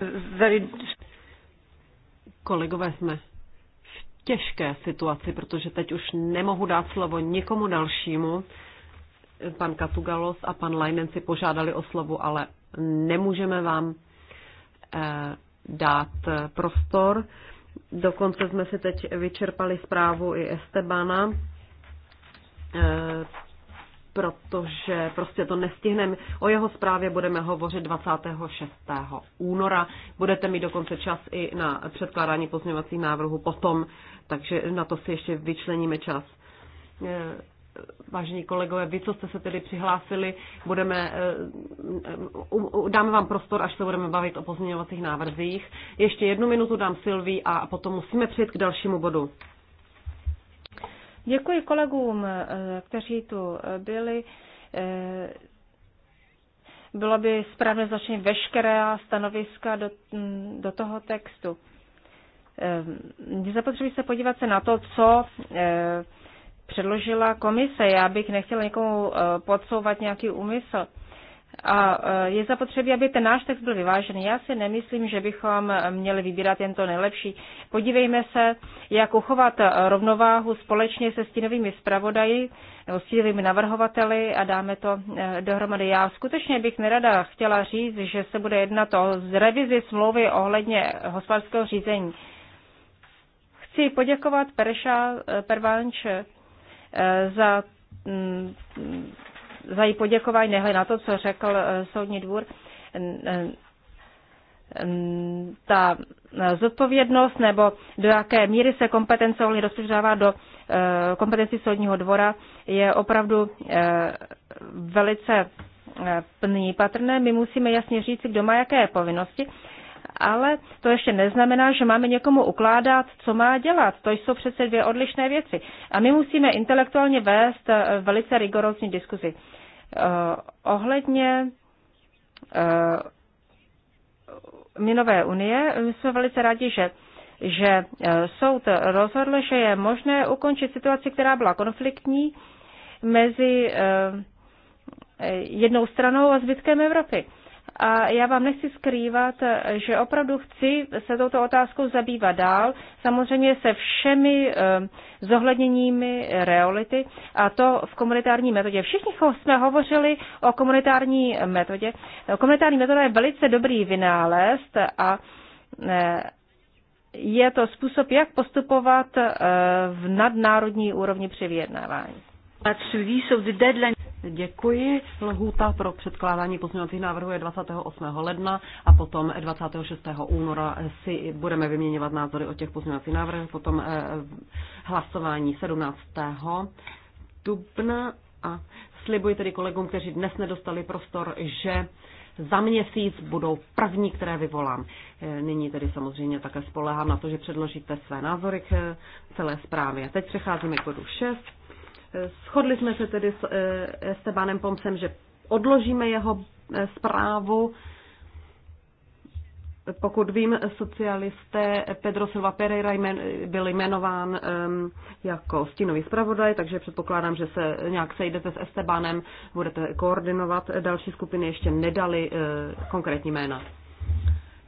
Kolegové jsme v těžké situaci, protože teď už nemohu dát slovo nikomu dalšímu. Pan Katugalos a pan Leinen si požádali o slovo, ale nemůžeme vám Eh, dát eh, prostor. Dokonce jsme si teď vyčerpali zprávu i Estebana, eh, protože prostě to nestihneme. O jeho zprávě budeme hovořit 26. února. Budete mít dokonce čas i na předkládání pozměňovacích návrhů potom, takže na to si ještě vyčleníme čas vážení kolegové, vy, co jste se tedy přihlásili, budeme, eh, dáme vám prostor, až se budeme bavit o pozměňovacích návrzích. Ještě jednu minutu dám Silví a potom musíme přijít k dalšímu bodu. Děkuji kolegům, eh, kteří tu eh, byli. Bylo by správně začít veškeré stanoviska do, mm, do toho textu. Zapotřebí se podívat se na to, co předložila komise. Já bych nechtěla někomu eh, podsouvat nějaký úmysl. A eh, je zapotřebí, aby ten náš text byl vyvážený. Já si nemyslím, že bychom měli vybírat jen to nejlepší. Podívejme se, jak uchovat eh, rovnováhu společně se stínovými zpravodaji nebo stínovými navrhovateli a dáme to dohromady. Já skutečně bych nerada chtěla říct, že se bude jednat o revizi smlouvy ohledně hospodářského řízení. Chci poděkovat Perša Pervanč Eh, za, mm, za její poděkování, nehle na to, co řekl eh, soudní dvůr, ta zodpovědnost nebo do jaké míry se kompetence volně rozpočítává do eh, kompetenci soudního dvora je opravdu velice patrné. My musíme jasně říct, kdo má jaké povinnosti ale to ještě neznamená, že máme někomu ukládat, co má dělat. To jsou přece dvě odlišné věci. A my musíme intelektuálně vést eh, velice rigorózní diskuzi. Uh, ohledně uh, minové unie, my jsme velice rádi, že že soud rozhodl, že je možné ukončit situaci, která byla konfliktní mezi jednou stranou a zbytkem Evropy. A já vám nechci skrývat, že opravdu chci se touto otázkou zabývat dál, samozřejmě se všemi eh, zohledněními reality a to v komunitární metodě. Všichni jsme hovořili o komunitární metodě. Komunitární metoda je velice dobrý vynález a eh, je to způsob, jak postupovat eh, v nadnárodní úrovni při vyjednávání. Děkuji. Lhůta pro předkládání pozměňovacích návrhů je 28. ledna a potom 26. února si budeme vyměňovat názory o těch pozměňovacích návrhech, potom eh, hlasování 17. dubna a slibuji tedy kolegům, kteří dnes nedostali prostor, že za měsíc budou první, které vyvolám. Eh, nyní tedy samozřejmě také spolehám na to, že předložíte své názory k eh, celé zprávě. Teď přecházíme k bodu 6 Shodli jsme se tedy s eh, Estebanem Pomsem, že odložíme jeho eh, zprávu. Pokud vím, socialisté Pedro Silva Pereira byl jmenován ehm, jako stínový zpravodaj, takže předpokládám, že se nějak sejdete s Estebanem, budete koordinovat. Další skupiny ještě nedali eh, konkrétní jména.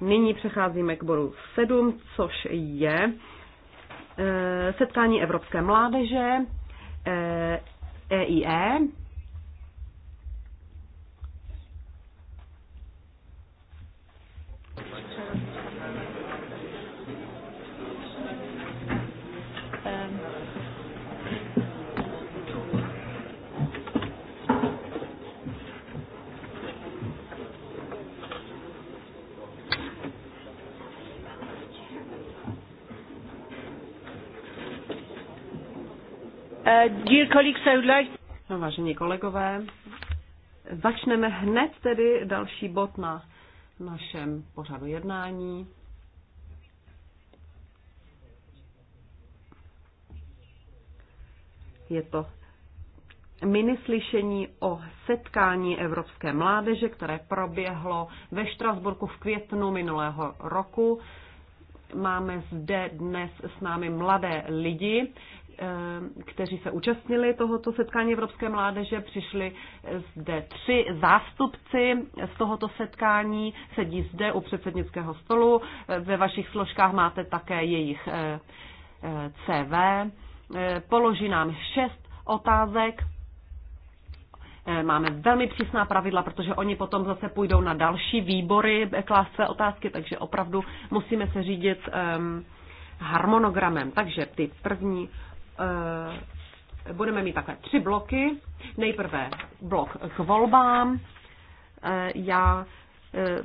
Nyní přecházíme k bodu 7, což je setkání Evropské mládeže. E, e, I, E, No, vážení kolegové, začneme hned tedy další bod na našem pořadu jednání. Je to minislyšení o setkání evropské mládeže, které proběhlo ve Štrasburku v květnu minulého roku. Máme zde dnes s námi mladé lidi, Eh, kteří se účastnili tohoto setkání Evropské mládeže. Přišli zde tři zástupci z tohoto setkání, sedí zde u předsednického stolu. Eh, ve vašich složkách máte také jejich eh, CV. Položí nám šest otázek. Máme velmi přísná pravidla, protože oni potom zase půjdou na další výbory klást své otázky, takže opravdu musíme se řídit ehm, harmonogramem. Takže ty první Eh, budeme mít takhle tři bloky. Nejprve blok k volbám. Eh, já eh,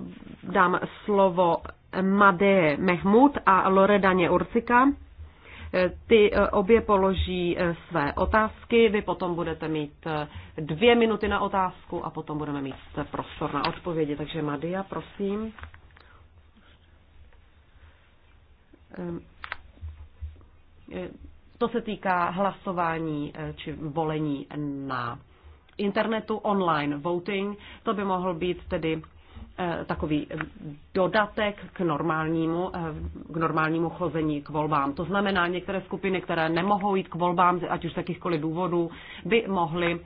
dám slovo Made Mehmud a Loredaně Urcika. Ty obě položí své otázky, vy potom budete mít dvě minuty na otázku a potom budeme mít prostor na odpovědi. Takže Madia, prosím. To se týká hlasování eh, či volení na internetu, online voting. To by mohl být tedy eh, takový dodatek k normálnímu, eh, k normálnímu chození k volbám. To znamená, některé skupiny, které nemohou jít k volbám, ať už z jakýchkoliv důvodů, by mohly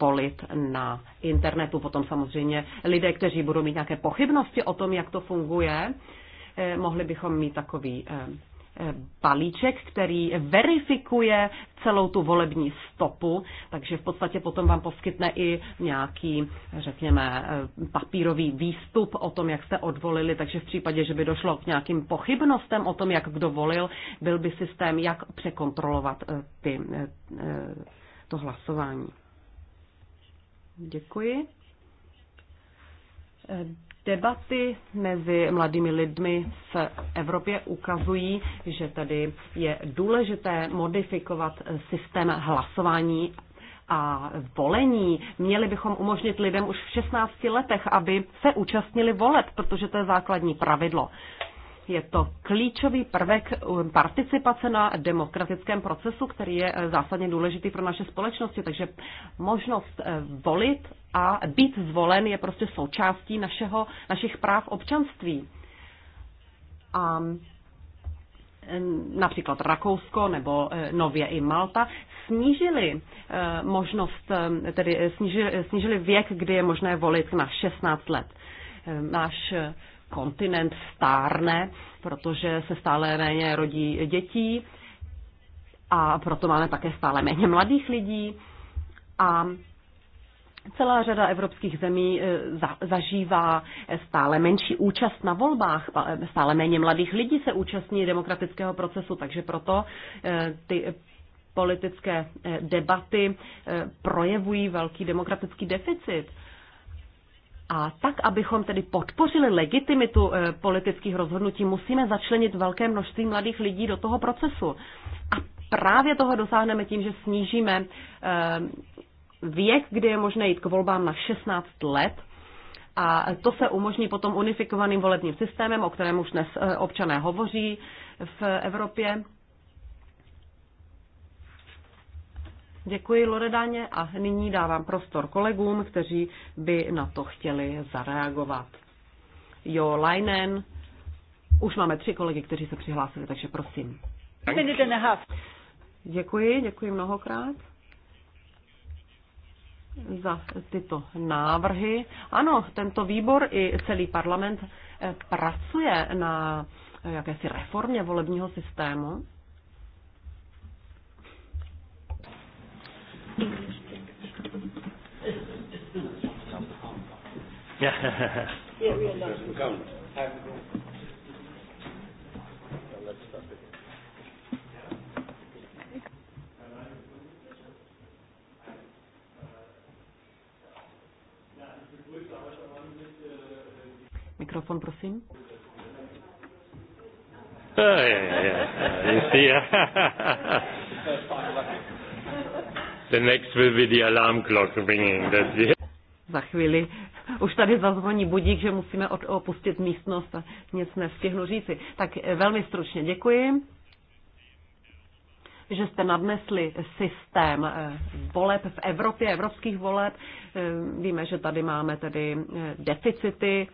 volit na internetu. Potom samozřejmě lidé, kteří budou mít nějaké pochybnosti o tom, jak to funguje, mohli bychom mít takový balíček, který verifikuje celou tu volební stopu, takže v podstatě potom vám poskytne i nějaký, řekněme, papírový výstup o tom, jak jste odvolili, takže v případě, že by došlo k nějakým pochybnostem o tom, jak kdo volil, byl by systém, jak překontrolovat eh, ty, eh, to hlasování. Děkuji. Eh, Debaty mezi mladými lidmi v Evropě ukazují, že tady je důležité modifikovat systém hlasování a volení. Měli bychom umožnit lidem už v 16 letech, aby se účastnili voleb, protože to je základní pravidlo. Je to klíčový prvek um, participace na demokratickém procesu, který je eh, zásadně důležitý pro naše společnosti, takže možnost eh, volit a být zvolen je prostě součástí našeho, našich práv občanství. A eh, například Rakousko nebo nově i Malta, snížili možnost, tedy snížili, snížili věk, kdy je možné volit na 16 let. Náš kontinent stárne, protože se stále méně rodí dětí a proto máme také stále méně mladých lidí a Celá řada evropských zemí e, zažívá stále menší účast na volbách, e, stále méně mladých lidí se účastní demokratického procesu, takže proto e, ty politické debaty projevují velký demokratický deficit. A tak, abychom tedy podpořili legitimitu eh, politických rozhodnutí, musíme začlenit velké množství mladých lidí do toho procesu. A právě toho dosáhneme tím, že snížíme eh, věk, kdy je možné jít k volbám na 16 let. A to se umožní potom unifikovaným volebním systémem, o kterém už dnes eh, občané hovoří v Evropě. Děkuji Loredáně a nyní dávám prostor kolegům, kteří by na to chtěli zareagovat. Jo Leinen, už máme tři kolegy, kteří se přihlásili, takže prosím. Děkuji, děkuji mnohokrát za tyto návrhy. Ano, tento výbor i celý parlament eh, pracuje na eh, jakési reformě volebního systému. Mikrofon, prosím. Uh, yeah, yeah, yeah. Uh, You see, uh, The next will be the alarm clock ringing. That's Za chvíli už tady zazvoní budík, že musíme od, opustit místnost a nic nestihnu říci. Tak eh, velmi stručně děkuji, že jste nadnesli systém eh, voleb v Evropě, evropských voleb. Eh, víme, že tady máme tedy deficity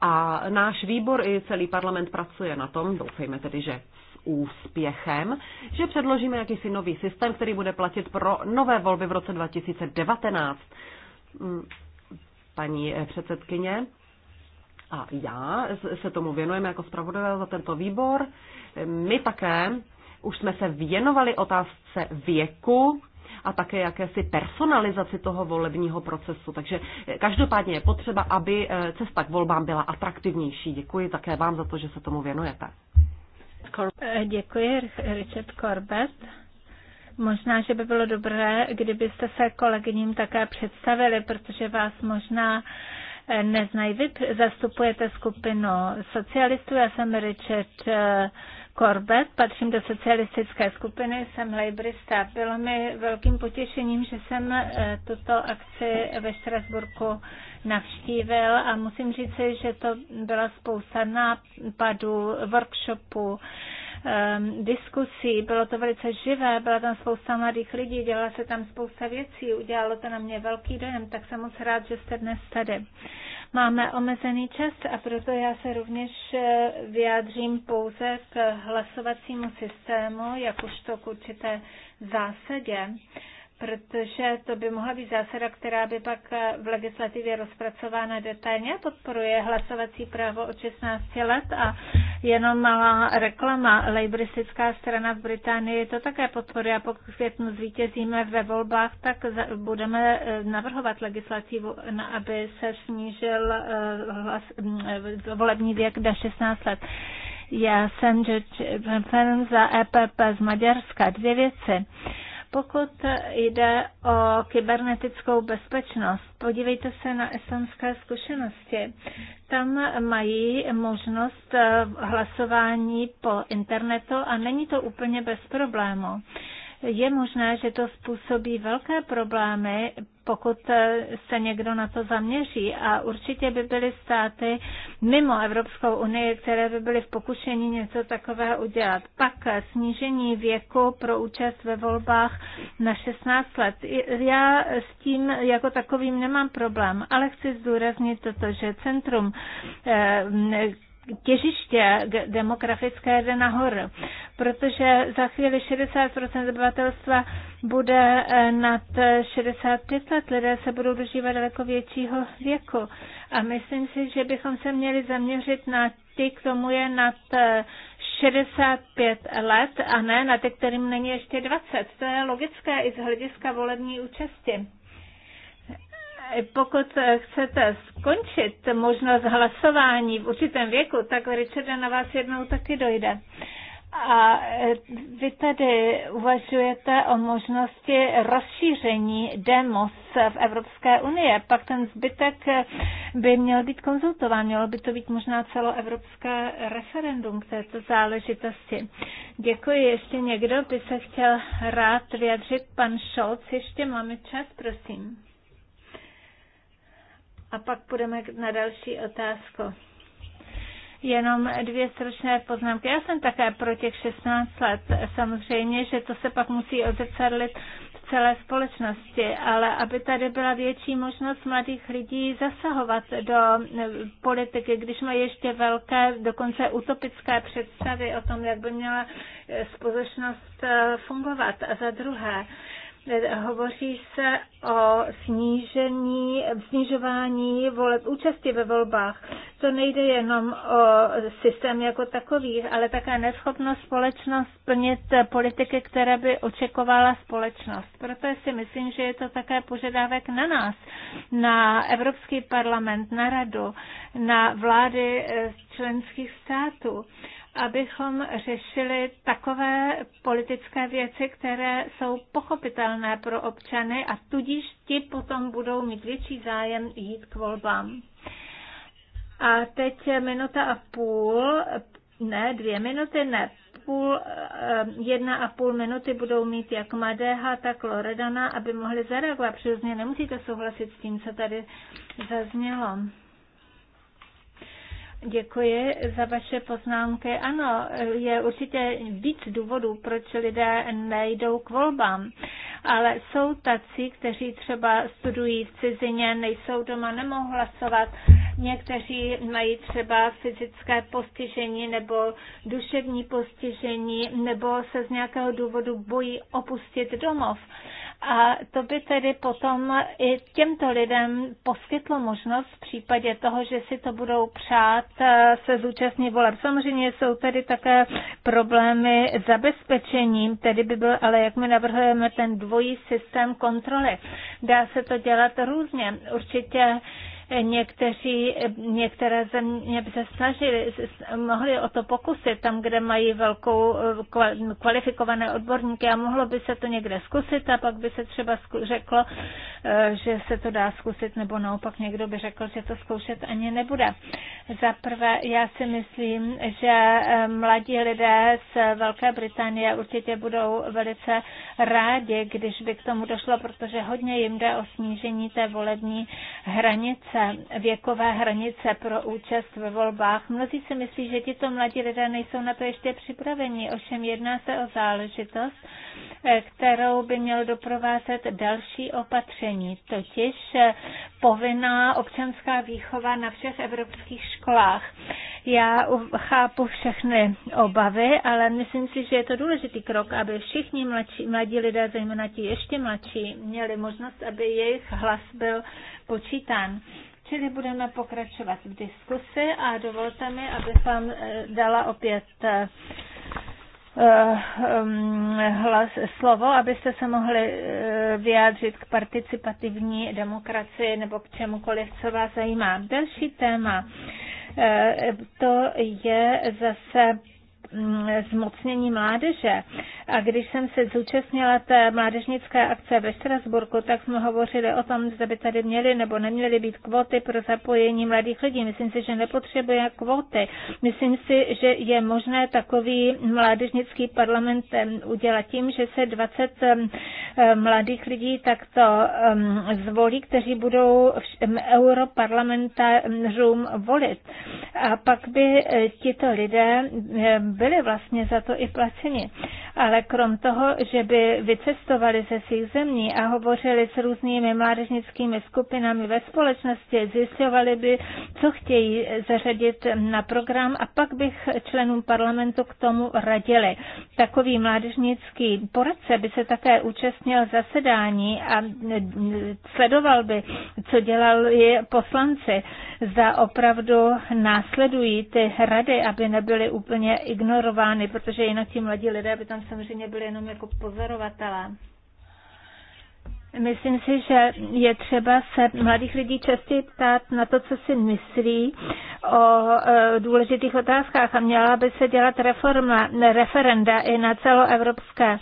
a náš výbor i celý parlament pracuje na tom, doufejme tedy, že úspěchem, že předložíme jakýsi nový systém, který bude platit pro nové volby v roce 2019. Mm, paní eh, předsedkyně, a já se tomu věnujeme jako zpravodajové za tento výbor. My také už jsme se věnovali otázce věku a také jakési personalizaci toho volebního procesu. Takže eh, každopádně je potřeba, aby eh, cesta k volbám byla atraktivnější. Děkuji také vám za to, že se tomu věnujete. Eh, děkuji, Richard Corbett. Možná, že by bylo dobré, kdybyste se kolegyním také představili, protože vás možná eh, neznají. Vy zastupujete skupinu socialistů, já jsem Richard eh, Corbett, patřím do socialistické skupiny, jsem lejbrista. Bylo mi velkým potěšením, že jsem eh, tuto akci ve Štrasburku navštívil a musím říci, že to byla spousta nápadů, workshopů, Ehm, diskusí, bylo to velice živé, byla tam spousta mladých lidí, dělala se tam spousta věcí, udělalo to na mě velký dojem, tak jsem moc rád, že jste dnes tady. Máme omezený čas a proto já se rovněž eh, vyjádřím pouze k hlasovacímu systému, jakožto k určité zásadě protože to by mohla být zásada, která by pak v legislativě rozpracována detailně. Podporuje hlasovací právo od 16 let a jenom malá reklama. Labouristická strana v Británii to také podporuje a pokud květnu zvítězíme ve volbách, tak budeme eh, navrhovat legislativu, aby se snížil eh, hlas, mm, volební věk do 16 let. Já jsem George za EPP z Maďarska. Dvě věci. Pokud jde o kybernetickou bezpečnost, podívejte se na estonské zkušenosti. Tam mají možnost eh, hlasování po internetu a není to úplně bez problému je možné, že to způsobí velké problémy pokud eh, se někdo na to zaměří. A určitě by byly státy mimo Evropskou unii, které by byly v pokušení něco takového udělat. Pak eh, snížení věku pro účast ve volbách na 16 let. Já s tím jako takovým nemám problém, ale chci zdůraznit toto, že centrum eh, těžiště demografické jde nahoru, protože za chvíli 60% obyvatelstva bude eh, nad 65 eh, let, lidé se budou dožívat daleko většího věku. A myslím si, že bychom se měli zaměřit na ty, k tomu je nad 65 eh, let a ne na ty, kterým není ještě 20. To je logické i z hlediska volební účasti pokud chcete skončit možnost hlasování v určitém věku, tak Richarda na vás jednou taky dojde. A e, vy tady uvažujete o možnosti rozšíření demos v Evropské unie. Pak ten zbytek by měl být konzultován. Mělo by to být možná celoevropské referendum k této záležitosti. Děkuji. Ještě někdo by se chtěl rád vyjadřit? Pan Scholz, ještě máme čas, prosím. A pak půjdeme na další otázku. Jenom dvě stručné poznámky. Já jsem také pro těch 16 let. Samozřejmě, že to se pak musí odzrcadlit v celé společnosti, ale aby tady byla větší možnost mladých lidí zasahovat do politiky, když mají ještě velké, dokonce utopické představy o tom, jak by měla společnost eh, fungovat. A za druhé, Hovoří se o snížení, snižování voleb účasti ve volbách. To nejde jenom o systém jako takový, ale také neschopnost společnost plnit politiky, které by očekovala společnost. Proto si myslím, že je to také požadavek na nás, na Evropský parlament, na radu, na vlády členských států abychom řešili takové politické věci, které jsou pochopitelné pro občany a tudíž ti potom budou mít větší zájem jít k volbám. A teď minuta a půl, ne dvě minuty, ne půl, eh, jedna a půl minuty budou mít jak Madeha, tak Loredana, aby mohli zareagovat. Přirozeně nemusíte souhlasit s tím, co tady zaznělo. Děkuji za vaše poznámky. Ano, je určitě víc důvodů, proč lidé nejdou k volbám, ale jsou tací, kteří třeba studují v cizině, nejsou doma, nemohou hlasovat. Někteří mají třeba fyzické postižení nebo duševní postižení, nebo se z nějakého důvodu bojí opustit domov. A to by tedy potom i těmto lidem poskytlo možnost v případě toho, že si to budou přát eh, se zúčastnit voleb. Samozřejmě jsou tady také problémy zabezpečením, tedy by byl, ale jak my navrhujeme ten dvojí systém kontroly. Dá se to dělat různě. Určitě Někteří, některé země by se snažili, mohli o to pokusit tam, kde mají velkou eh, kvalifikované odborníky a mohlo by se to někde zkusit a pak by se třeba řeklo, eh, že se to dá zkusit nebo naopak někdo by řekl, že to zkoušet ani nebude. Za prvé, já si myslím, že eh, mladí lidé z Velké Británie určitě budou velice rádi, když by k tomu došlo, protože hodně jim jde o snížení té volební hranice té věkové hranice pro účast ve volbách. Mnozí si myslí, že tito mladí lidé nejsou na to ještě připraveni, ovšem jedná se o záležitost, eh, kterou by mělo doprovázet další opatření, totiž eh, povinná občanská výchova na všech evropských školách. Já chápu všechny obavy, ale myslím si, že je to důležitý krok, aby všichni mladí, mladí lidé, zejména ti ještě mladší, měli možnost, aby jejich hlas byl počítán. Čili budeme pokračovat v diskusi a dovolte mi, abych vám eh, dala opět eh, eh, um, hlas, slovo, abyste se mohli vyjádřit k participativní demokracii nebo k čemukoliv, co vás zajímá. Další téma, to je zase Mm, zmocnění mládeže. A když jsem se zúčastnila té mládežnické akce ve Štrasburku, tak jsme hovořili o tom, zda by tady měly nebo neměly být kvóty pro zapojení mladých lidí. Myslím si, že nepotřebuje kvóty. Myslím si, že je možné takový mládežnický parlament udělat tím, že se 20 mladých lidí takto zvolí, kteří budou europarlamentářům volit. A pak by eh, tito lidé byli vlastně za to i placeni. Ale krom toho, že by vycestovali ze svých zemí a hovořili s různými mládežnickými skupinami ve společnosti, zjistovali by, co chtějí zařadit na program a pak bych členům parlamentu k tomu radili. Takový mládežnický poradce by se také účastnil zasedání a sledoval by, co dělali poslanci. za opravdu následují ty rady, aby nebyly úplně ignorovány ignorovány, protože jinak ti mladí lidé by tam samozřejmě byli jenom jako pozorovatelé. Myslím si, že je třeba se mladých lidí častěji ptát na to, co si myslí o e, důležitých otázkách a měla by se dělat reforma, referenda i na celoevropské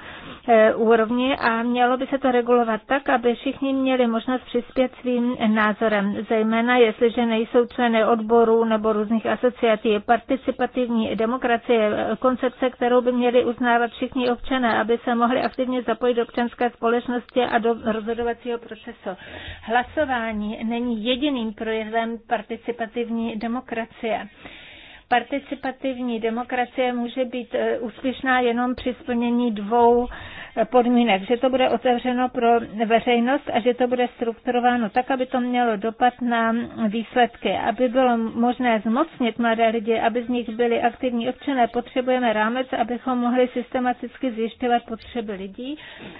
e, úrovni a mělo by se to regulovat tak, aby všichni měli možnost přispět svým názorem, zejména jestliže nejsou členy odborů nebo různých asociací. Participativní demokracie, e, koncepce, kterou by měli uznávat všichni občané, aby se mohli aktivně zapojit do občanské společnosti a do rozhodovacího procesu. Hlasování není jediným projevem participativní demokracie. Participativní demokracie může být eh, úspěšná jenom při splnění dvou eh, podmínek, že to bude otevřeno pro veřejnost a že to bude strukturováno tak, aby to mělo dopad na výsledky. Aby bylo možné zmocnit mladé lidi, aby z nich byli aktivní občané, potřebujeme rámec, abychom mohli systematicky zjišťovat potřeby lidí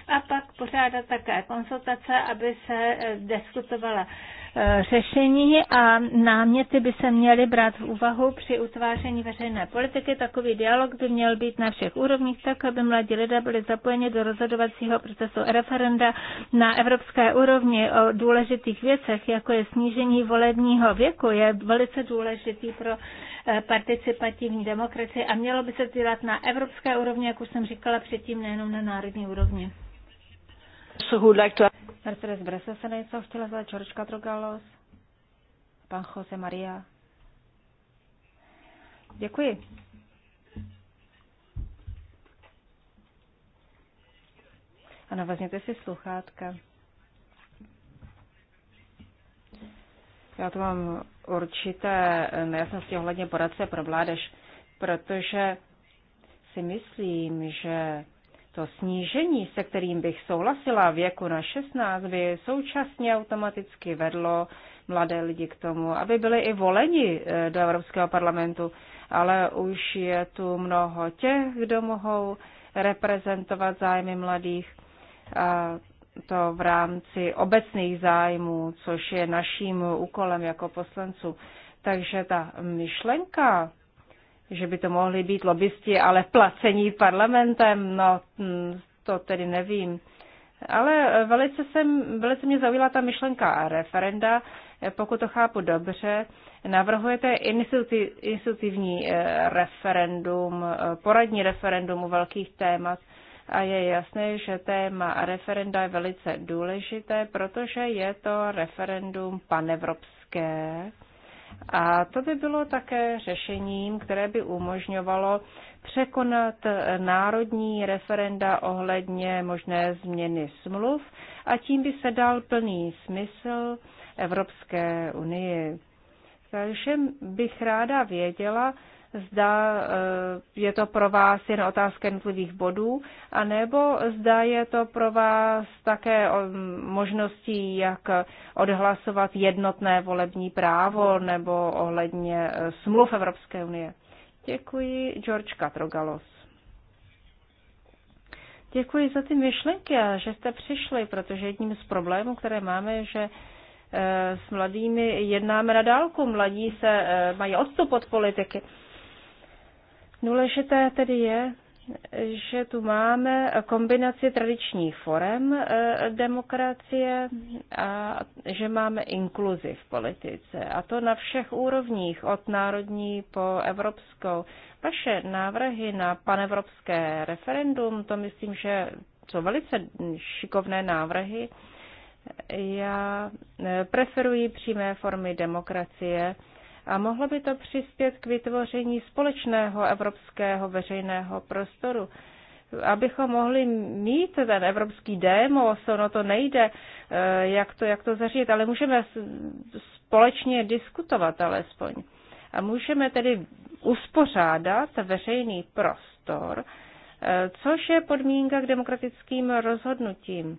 a pak pořádat také konsultace, aby se eh, diskutovala E, řešení a náměty by se měly brát v úvahu při utváření veřejné politiky. Takový dialog by měl být na všech úrovních, tak aby mladí lidé byli zapojeni do rozhodovacího procesu referenda na evropské úrovni o důležitých věcech, jako je snížení volebního věku, je velice důležitý pro e, participativní demokracii a mělo by se dělat na evropské úrovni, jak už jsem říkala předtím, nejenom na národní úrovni. Mercedes Bresa se něco chtěla zvat, Čorčka Drogalos, pan Jose Maria. Děkuji. Ano, vezměte si sluchátka. Já to mám určité nejasnosti ohledně poradce pro vládež, protože si myslím, že to snížení, se kterým bych souhlasila věku na 16, by současně automaticky vedlo mladé lidi k tomu, aby byli i voleni eh, do Evropského parlamentu, ale už je tu mnoho těch, kdo mohou reprezentovat zájmy mladých. A to v rámci obecných zájmů, což je naším úkolem jako poslanců. Takže ta myšlenka že by to mohli být lobbysti, ale placení parlamentem, no hm, to tedy nevím. Ale velice, jsem, velice mě zaujala ta myšlenka referenda. Pokud to chápu dobře, navrhujete institutivní eh, referendum, eh, poradní referendum u velkých témat. A je jasné, že téma referenda je velice důležité, protože je to referendum panevropské a to by bylo také řešením, které by umožňovalo překonat národní referenda ohledně možné změny smluv a tím by se dal plný smysl Evropské unii. Takže bych ráda věděla, zda eh, je to pro vás jen otázka jednotlivých bodů, anebo zda je to pro vás také eh, možností, jak odhlasovat jednotné volební právo nebo ohledně eh, smluv Evropské unie. Děkuji, George Katrogalos. Děkuji za ty myšlenky a že jste přišli, protože jedním z problémů, které máme, je, že s mladými jednáme na dálku. Mladí se mají odstup od politiky. Důležité tedy je, že tu máme kombinaci tradičních forem eh, demokracie a že máme inkluzi v politice. A to na všech úrovních, od národní po evropskou. Vaše návrhy na panevropské referendum, to myslím, že jsou velice šikovné návrhy. Já eh, preferuji přímé formy demokracie a mohlo by to přispět k vytvoření společného evropského veřejného prostoru. Abychom mohli mít ten evropský démos, ono to nejde, eh, jak to, jak to zařídit, ale můžeme společně diskutovat alespoň. A můžeme tedy uspořádat veřejný prostor, eh, což je podmínka k demokratickým rozhodnutím.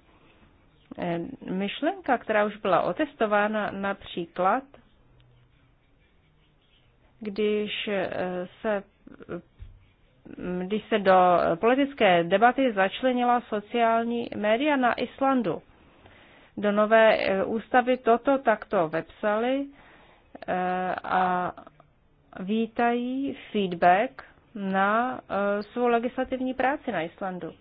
Eh, myšlenka, která už byla otestována například když eh, se když se do politické debaty začlenila sociální média na Islandu. Do nové eh, ústavy toto takto vepsali eh, a vítají feedback na svou legislativní práci na Islandu.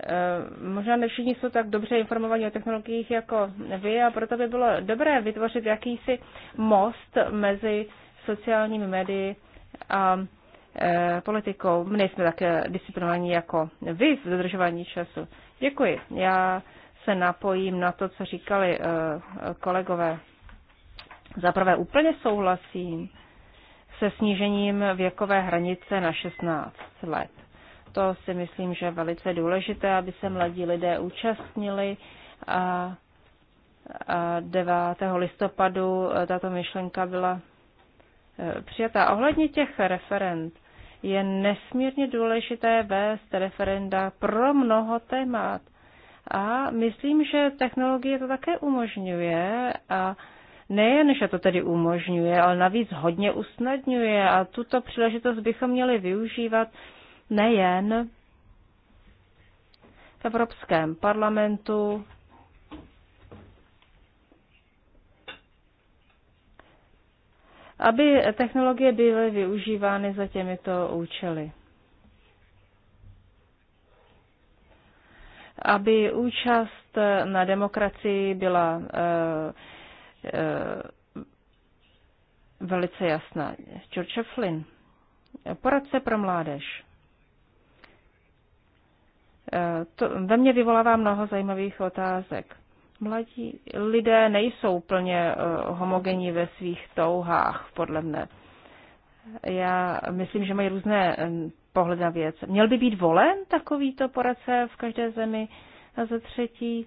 Eh, možná ne všichni jsou tak dobře informovaní o technologiích jako vy a proto by bylo dobré vytvořit jakýsi most mezi sociálními médii a eh, politikou. My nejsme tak eh, disciplinovaní jako vy v dodržování času. Děkuji. Já se napojím na to, co říkali kolegové. Za úplně souhlasím se snížením věkové hranice na 16 let. To si myslím, že je velice důležité, aby se mladí lidé účastnili a, 9. listopadu eh, tato myšlenka byla eh, přijatá. Ohledně těch referent je nesmírně důležité vést referenda pro mnoho témat. A myslím, že technologie to také umožňuje a nejen, že to tedy umožňuje, ale navíc hodně usnadňuje a tuto příležitost bychom měli využívat nejen v Evropském parlamentu, aby technologie byly využívány za těmito účely. Aby účast na demokracii byla e, e, velice jasná. George Flynn, poradce pro mládež. Eh, to ve mně vyvolává mnoho zajímavých otázek. Mladí lidé nejsou plně eh, homogenní ve svých touhách, podle mne. Já myslím, že mají různé pohledy na věc. Měl by být volen takovýto poradce v každé zemi? A za třetí,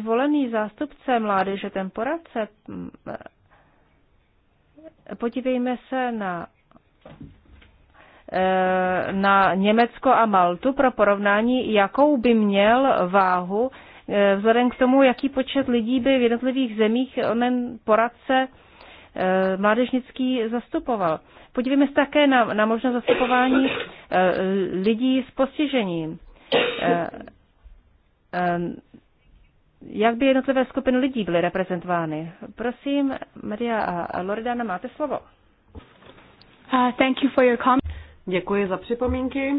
zvolený zástupce mládeže, ten poradce, eh, podívejme se na Eh, na Německo a Maltu pro porovnání, jakou by měl váhu eh, vzhledem k tomu, jaký počet lidí by v jednotlivých zemích onen poradce eh, mládežnický zastupoval. Podívejme se také na, na možnost zastupování lidí s postižením. Jak by jednotlivé skupiny lidí byly reprezentovány? Prosím, Maria a Loredana, máte slovo. Uh, thank you for your comment. Děkuji za připomínky.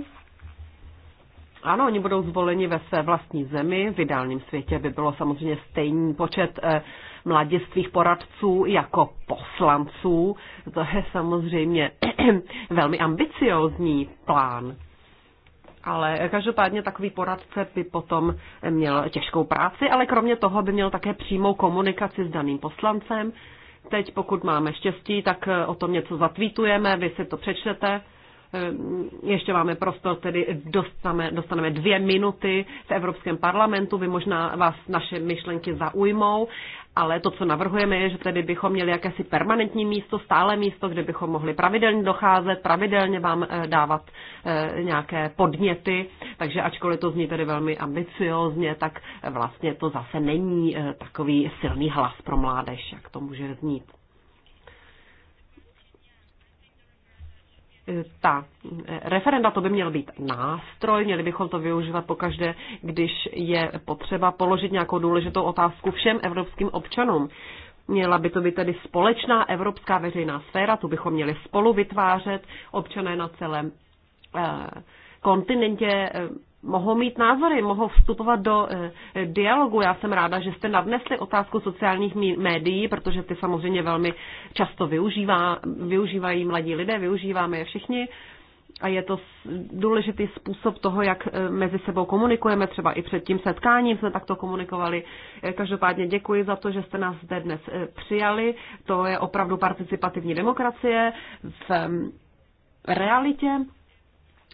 Ano, oni budou zvoleni ve své vlastní zemi. V ideálním světě by bylo samozřejmě stejný počet eh, mladistvých poradců jako poslanců. To je samozřejmě velmi ambiciózní plán. Ale každopádně takový poradce by potom měl těžkou práci, ale kromě toho by měl také přímou komunikaci s daným poslancem. Teď, pokud máme štěstí, tak eh, o tom něco zatvítujeme. vy si to přečtete Ehm, ještě máme prostor, tedy dostaneme, dostaneme dvě minuty v Evropském parlamentu. Vy možná vás naše myšlenky zaujmou, ale to, co navrhujeme, je, že tedy bychom měli jakési permanentní místo, stále místo, kde bychom mohli pravidelně docházet, pravidelně vám eh, dávat eh, nějaké podněty. Takže ačkoliv to zní tedy velmi ambiciozně, tak vlastně to zase není eh, takový silný hlas pro mládež, jak to může znít. ta eh, referenda to by měl být nástroj, měli bychom to využívat pokaždé, když je potřeba položit nějakou důležitou otázku všem evropským občanům. Měla by to být tedy společná evropská veřejná sféra, tu bychom měli spolu vytvářet občané na celém eh, kontinentě eh, mohou mít názory, mohou vstupovat do eh, dialogu. Já jsem ráda, že jste nadnesli otázku sociálních médií, protože ty samozřejmě velmi často využívá, využívají mladí lidé, využíváme je všichni. A je to důležitý způsob toho, jak eh, mezi sebou komunikujeme. Třeba i před tím setkáním jsme takto komunikovali. Eh, každopádně děkuji za to, že jste nás zde dnes přijali. To je opravdu participativní demokracie v mm, realitě.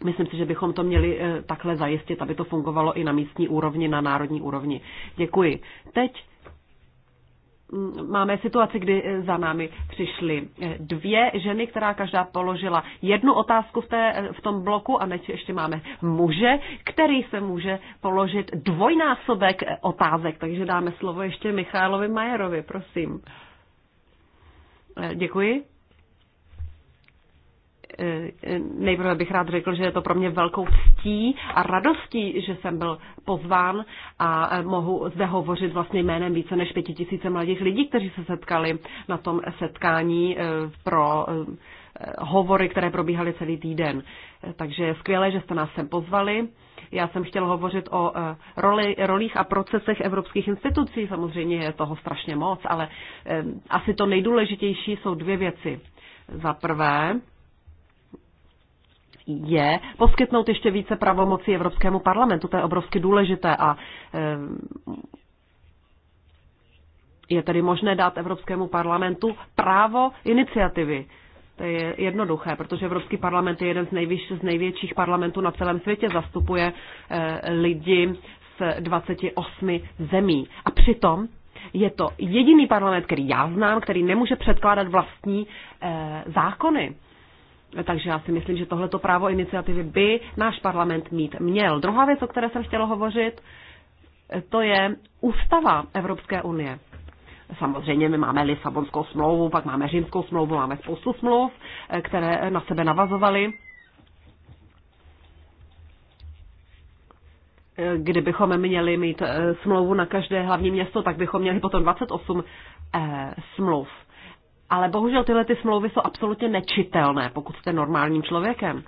Myslím si, že bychom to měli eh, takhle zajistit, aby to fungovalo i na místní úrovni, na národní úrovni. Děkuji. Teď mm, máme situaci, kdy eh, za námi přišly eh, dvě ženy, která každá položila jednu otázku v, té, v tom bloku a teď ještě máme muže, který se může položit dvojnásobek otázek, takže dáme slovo ještě Michálovi Majerovi, prosím. Děkuji. Eh, nejprve bych rád řekl, že je to pro mě velkou ctí a radostí, že jsem byl pozván a eh, mohu zde hovořit vlastně jménem více než pěti tisíce mladých lidí, kteří se setkali na tom setkání eh, pro hovory, které probíhaly celý týden. Takže je skvělé, že jste nás sem pozvali. Já jsem chtěl hovořit o roli, rolích a procesech evropských institucí. Samozřejmě je toho strašně moc, ale asi to nejdůležitější jsou dvě věci. Za prvé, je poskytnout ještě více pravomocí Evropskému parlamentu. To je obrovsky důležité a eh, je tedy možné dát Evropskému parlamentu právo iniciativy. To je jednoduché, protože Evropský parlament je jeden z, nejvíc, z největších parlamentů na celém světě, zastupuje eh, lidi z 28 zemí. A přitom je to jediný parlament, který já znám, který nemůže předkládat vlastní eh, zákony. Takže já si myslím, že tohleto právo iniciativy by náš parlament mít měl. Druhá věc, o které jsem chtěla hovořit, to je ústava Evropské unie. Samozřejmě my máme Lisabonskou smlouvu, pak máme Římskou smlouvu, máme spoustu smlouv, eh, které na sebe navazovaly. Eh, kdybychom měli mít eh, smlouvu na každé hlavní město, tak bychom měli potom 28 smlouv ale bohužel tyhle ty smlouvy jsou absolutně nečitelné, pokud jste normálním člověkem.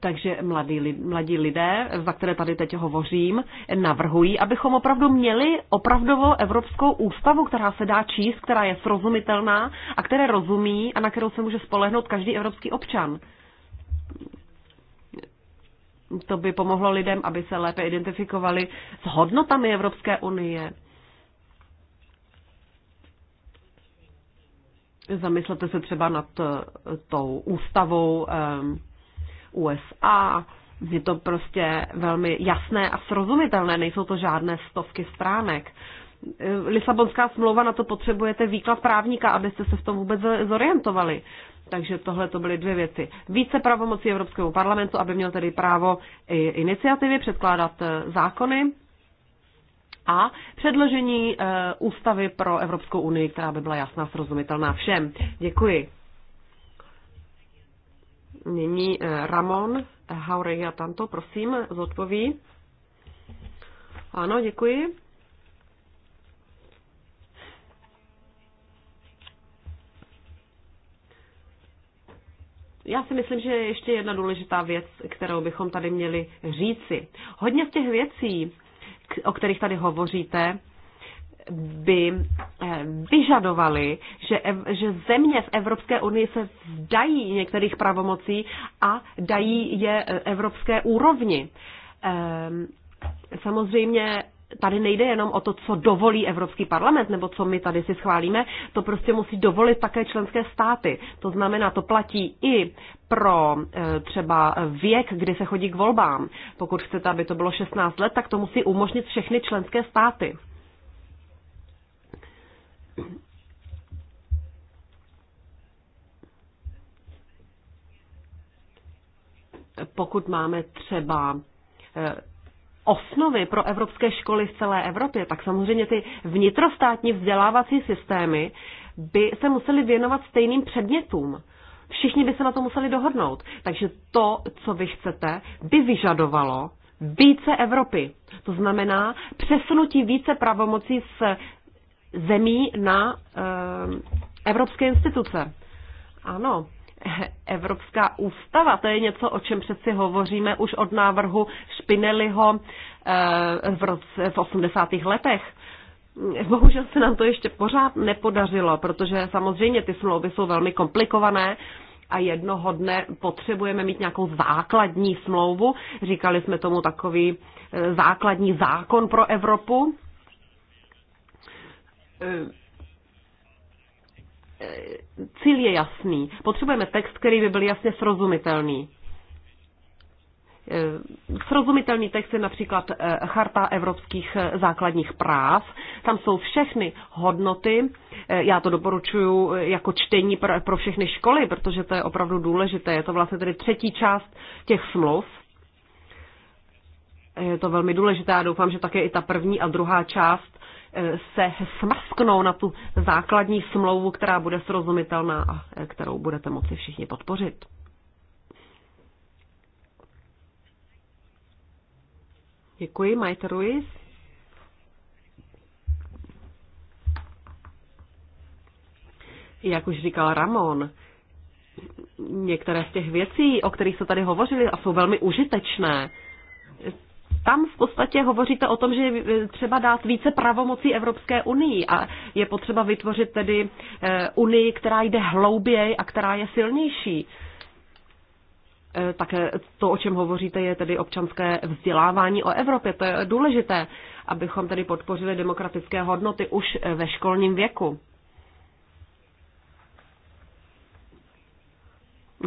Takže mladí, mladí lidé, za které tady teď hovořím, navrhují, abychom opravdu měli opravdovou Evropskou ústavu, která se dá číst, která je srozumitelná a které rozumí a na kterou se může spolehnout každý evropský občan. To by pomohlo lidem, aby se lépe identifikovali s hodnotami Evropské unie Zamyslete se třeba nad eh, tou ústavou ehm, USA. Je to prostě velmi jasné a srozumitelné, nejsou to žádné stovky stránek. Eh, Lisabonská smlouva, na to potřebujete výklad právníka, abyste se v tom vůbec zorientovali. Takže tohle to byly dvě věci. Více pravomocí Evropskému parlamentu, aby měl tedy právo iniciativy předkládat eh, zákony a předložení eh, ústavy pro Evropskou unii, která by byla jasná, srozumitelná všem. Děkuji. Nyní eh, Ramon Haureja Tanto, prosím, zodpoví. Ano, děkuji. Já si myslím, že je ještě jedna důležitá věc, kterou bychom tady měli říci. Hodně z těch věcí, o kterých tady hovoříte, by eh, vyžadovali, že, že země v Evropské unii se vzdají některých pravomocí a dají je eh, evropské úrovni. Ehm, samozřejmě tady nejde jenom o to, co dovolí Evropský parlament, nebo co my tady si schválíme, to prostě musí dovolit také členské státy. To znamená, to platí i pro e, třeba věk, kdy se chodí k volbám. Pokud chcete, aby to bylo 16 let, tak to musí umožnit všechny členské státy. Pokud máme třeba e, osnovy pro evropské školy v celé Evropě, tak samozřejmě ty vnitrostátní vzdělávací systémy by se museli věnovat stejným předmětům. Všichni by se na to museli dohodnout. Takže to, co vy chcete, by vyžadovalo více Evropy. To znamená přesunutí více pravomocí z zemí na e, evropské instituce. Ano, Evropská ústava, to je něco, o čem přeci hovoříme už od návrhu Špineliho eh, v, roce, v 80. letech. Bohužel se nám to ještě pořád nepodařilo, protože samozřejmě ty smlouvy jsou velmi komplikované a jednoho dne potřebujeme mít nějakou základní smlouvu. Říkali jsme tomu takový eh, základní zákon pro Evropu eh, cíl je jasný. Potřebujeme text, který by byl jasně srozumitelný. Eh, srozumitelný text je například eh, Charta evropských eh, základních práv. Tam jsou všechny hodnoty. Já to doporučuji jako čtení pro všechny školy, protože to je opravdu důležité. Je to vlastně tedy třetí část těch smluv. Je to velmi důležité. Já doufám, že také i ta první a druhá část se smasknou na tu základní smlouvu, která bude srozumitelná a eh, kterou budete moci všichni podpořit. Děkuji, Majte Ruiz. Jak už říkal Ramon, některé z těch věcí, o kterých se tady hovořili a jsou velmi užitečné, tam v podstatě hovoříte o tom, že je e, třeba dát více pravomocí Evropské unii a je potřeba vytvořit tedy e, unii, která jde hlouběji a která je silnější. E, tak to, o čem hovoříte, je tedy občanské vzdělávání o Evropě. To je důležité, abychom tedy podpořili demokratické hodnoty už ve školním věku.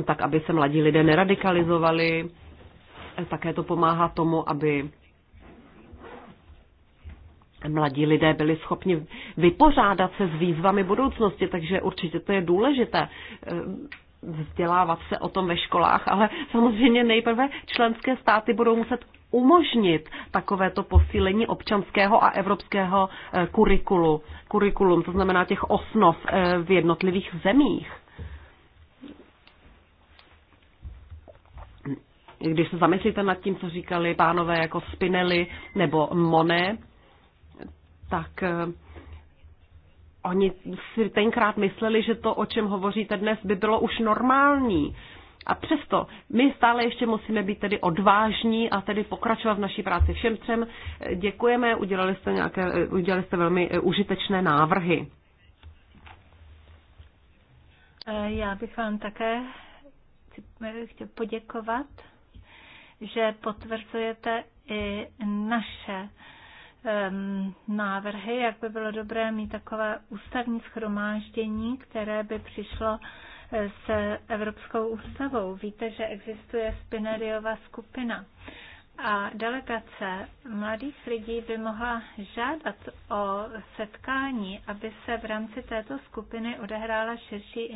Tak, aby se mladí lidé neradikalizovali, také to pomáhá tomu, aby mladí lidé byli schopni vypořádat se s výzvami budoucnosti, takže určitě to je důležité eh, vzdělávat se o tom ve školách, ale samozřejmě nejprve členské státy budou muset umožnit takovéto posílení občanského a evropského eh, kurikulu, kurikulum, to znamená těch osnov eh, v jednotlivých zemích. Když se zamyslíte nad tím, co říkali pánové jako Spinelli nebo Monet, tak eh, oni si tenkrát mysleli, že to, o čem hovoříte dnes, by bylo už normální. A přesto my stále ještě musíme být tedy odvážní a tedy pokračovat v naší práci. Všem třem eh, děkujeme, udělali jste, nějaké, eh, udělali jste velmi užitečné návrhy. Já bych vám také chtěl poděkovat že potvrzujete i naše um, návrhy, jak by bylo dobré mít takové ústavní schromáždění, které by přišlo e, s Evropskou ústavou. Víte, že existuje Spineriova skupina a delegace mladých lidí by mohla žádat o setkání, aby se v rámci této skupiny odehrála širší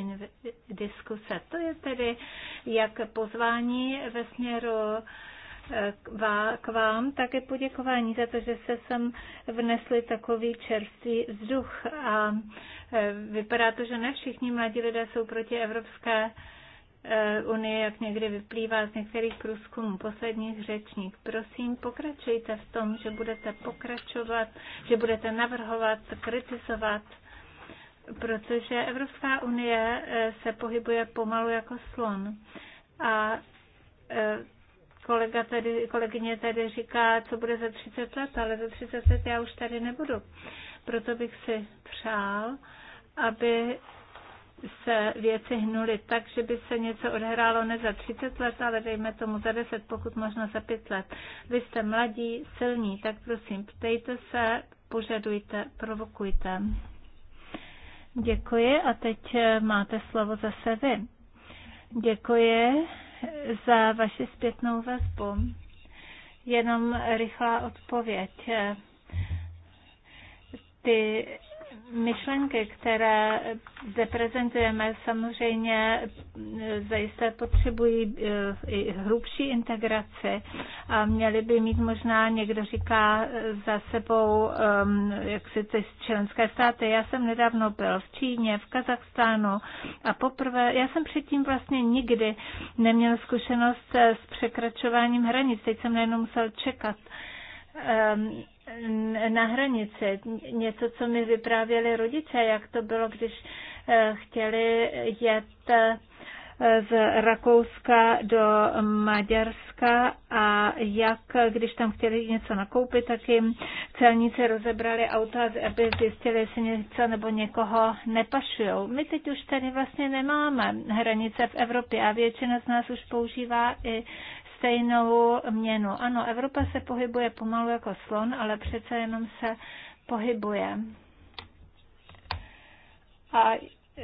diskuse. To je tedy jak pozvání ve směru eh, k vám, tak i poděkování za to, že se sem vnesli takový čerstvý vzduch. A eh, vypadá to, že ne všichni mladí lidé jsou proti Evropské Eh, unie, jak někdy vyplývá z některých průzkumů posledních řečník. Prosím, pokračujte v tom, že budete pokračovat, že budete navrhovat, kritizovat, protože Evropská unie eh, se pohybuje pomalu jako slon. A eh, kolega tady, kolegyně tady říká, co bude za 30 let, ale za 30 let já už tady nebudu. Proto bych si přál, aby se věci hnuly tak, že by se něco odehrálo ne za 30 let, ale dejme tomu za 10, pokud možno za 5 let. Vy jste mladí, silní, tak prosím, ptejte se, požadujte, provokujte. Děkuji a teď eh, máte slovo zase vy. Děkuji za vaši zpětnou vazbu. Jenom rychlá odpověď. Eh, ty myšlenky, které zde prezentujeme, samozřejmě eh, zajisté potřebují eh, i hrubší integraci a měli by mít možná, někdo říká, eh, za sebou, ehm, jak si ty členské státy. Já jsem nedávno byl v Číně, v Kazachstánu a poprvé, já jsem předtím vlastně nikdy neměl zkušenost s překračováním hranic, teď jsem nejenom musel čekat ehm, na hranici. Něco, co mi vyprávěli rodiče, jak to bylo, když eh, chtěli jet eh, z Rakouska do Maďarska a jak, když tam chtěli něco nakoupit, tak jim celníci rozebrali auta, aby zjistili, jestli něco nebo někoho nepašují. My teď už tady vlastně nemáme hranice v Evropě a většina z nás už používá i stejnou měnu. Ano, Evropa se pohybuje pomalu jako slon, ale přece jenom se pohybuje. A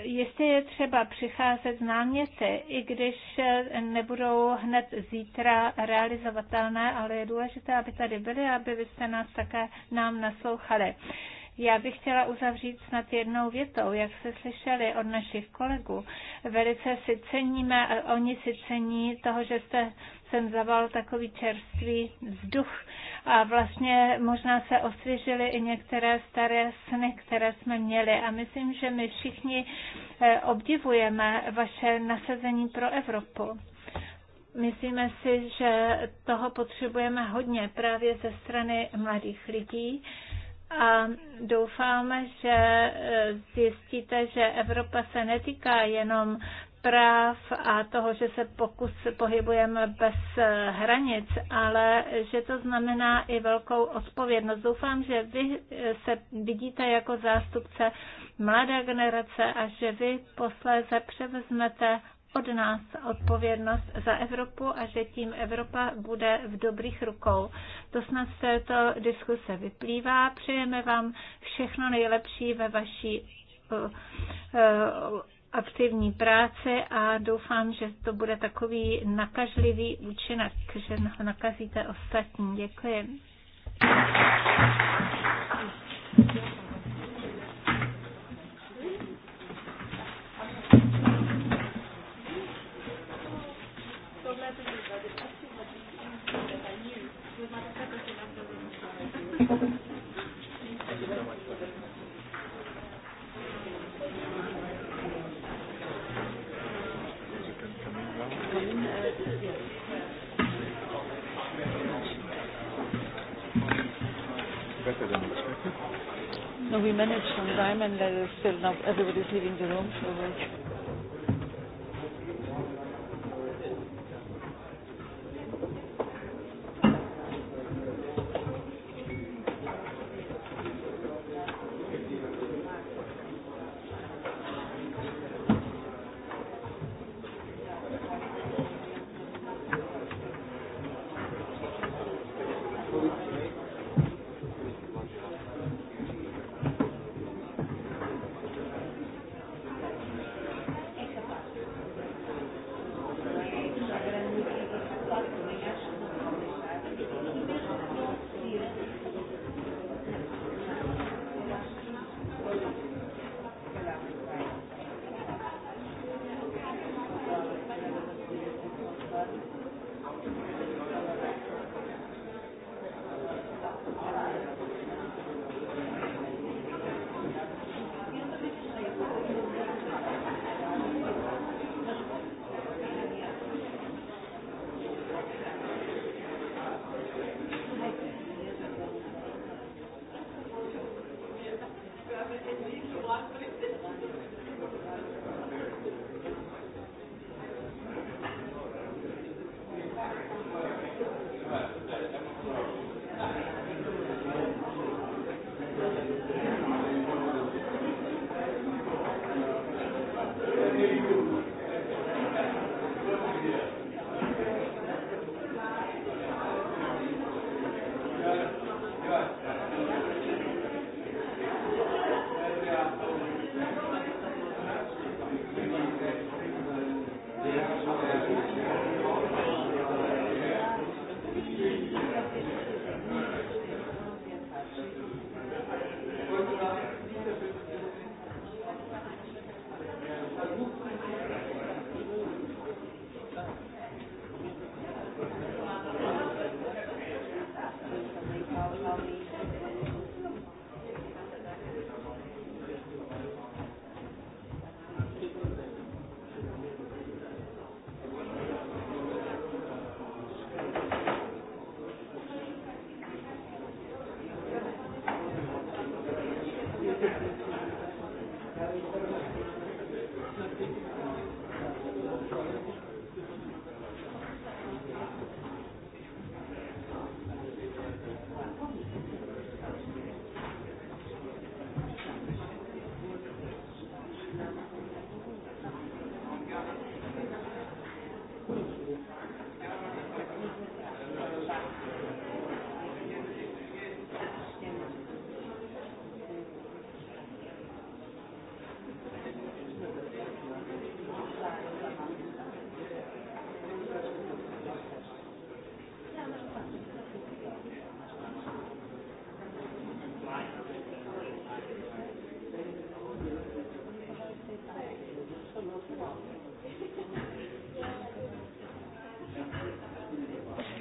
Jistě je třeba přicházet s náměty, i když nebudou hned zítra realizovatelné, ale je důležité, aby tady byly, aby vy jste nás také nám naslouchali. Já bych chtěla uzavřít snad jednou větou, jak se slyšeli od našich kolegů. Velice si ceníme, oni si cení toho, že jste sem zaval takový čerstvý vzduch a vlastně možná se osvěžily i některé staré sny, které jsme měli a myslím, že my všichni eh, obdivujeme vaše nasazení pro Evropu. Myslíme si, že toho potřebujeme hodně právě ze strany mladých lidí a doufáme, že eh, zjistíte, že Evropa se netýká jenom práv a toho, že se pokus pohybujeme bez hranic, ale že to znamená i velkou odpovědnost. Doufám, že vy se vidíte jako zástupce mladé generace a že vy posléze převezmete od nás odpovědnost za Evropu a že tím Evropa bude v dobrých rukou. To snad z této diskuse vyplývá. Přejeme vám všechno nejlepší ve vaší eh, eh, aktivní práce a doufám, že to bude takový nakažlivý účinek, že nakazíte ostatní. Děkuji. Thank you. No, we managed some time and there is still now everybody's leaving the room. So we'll...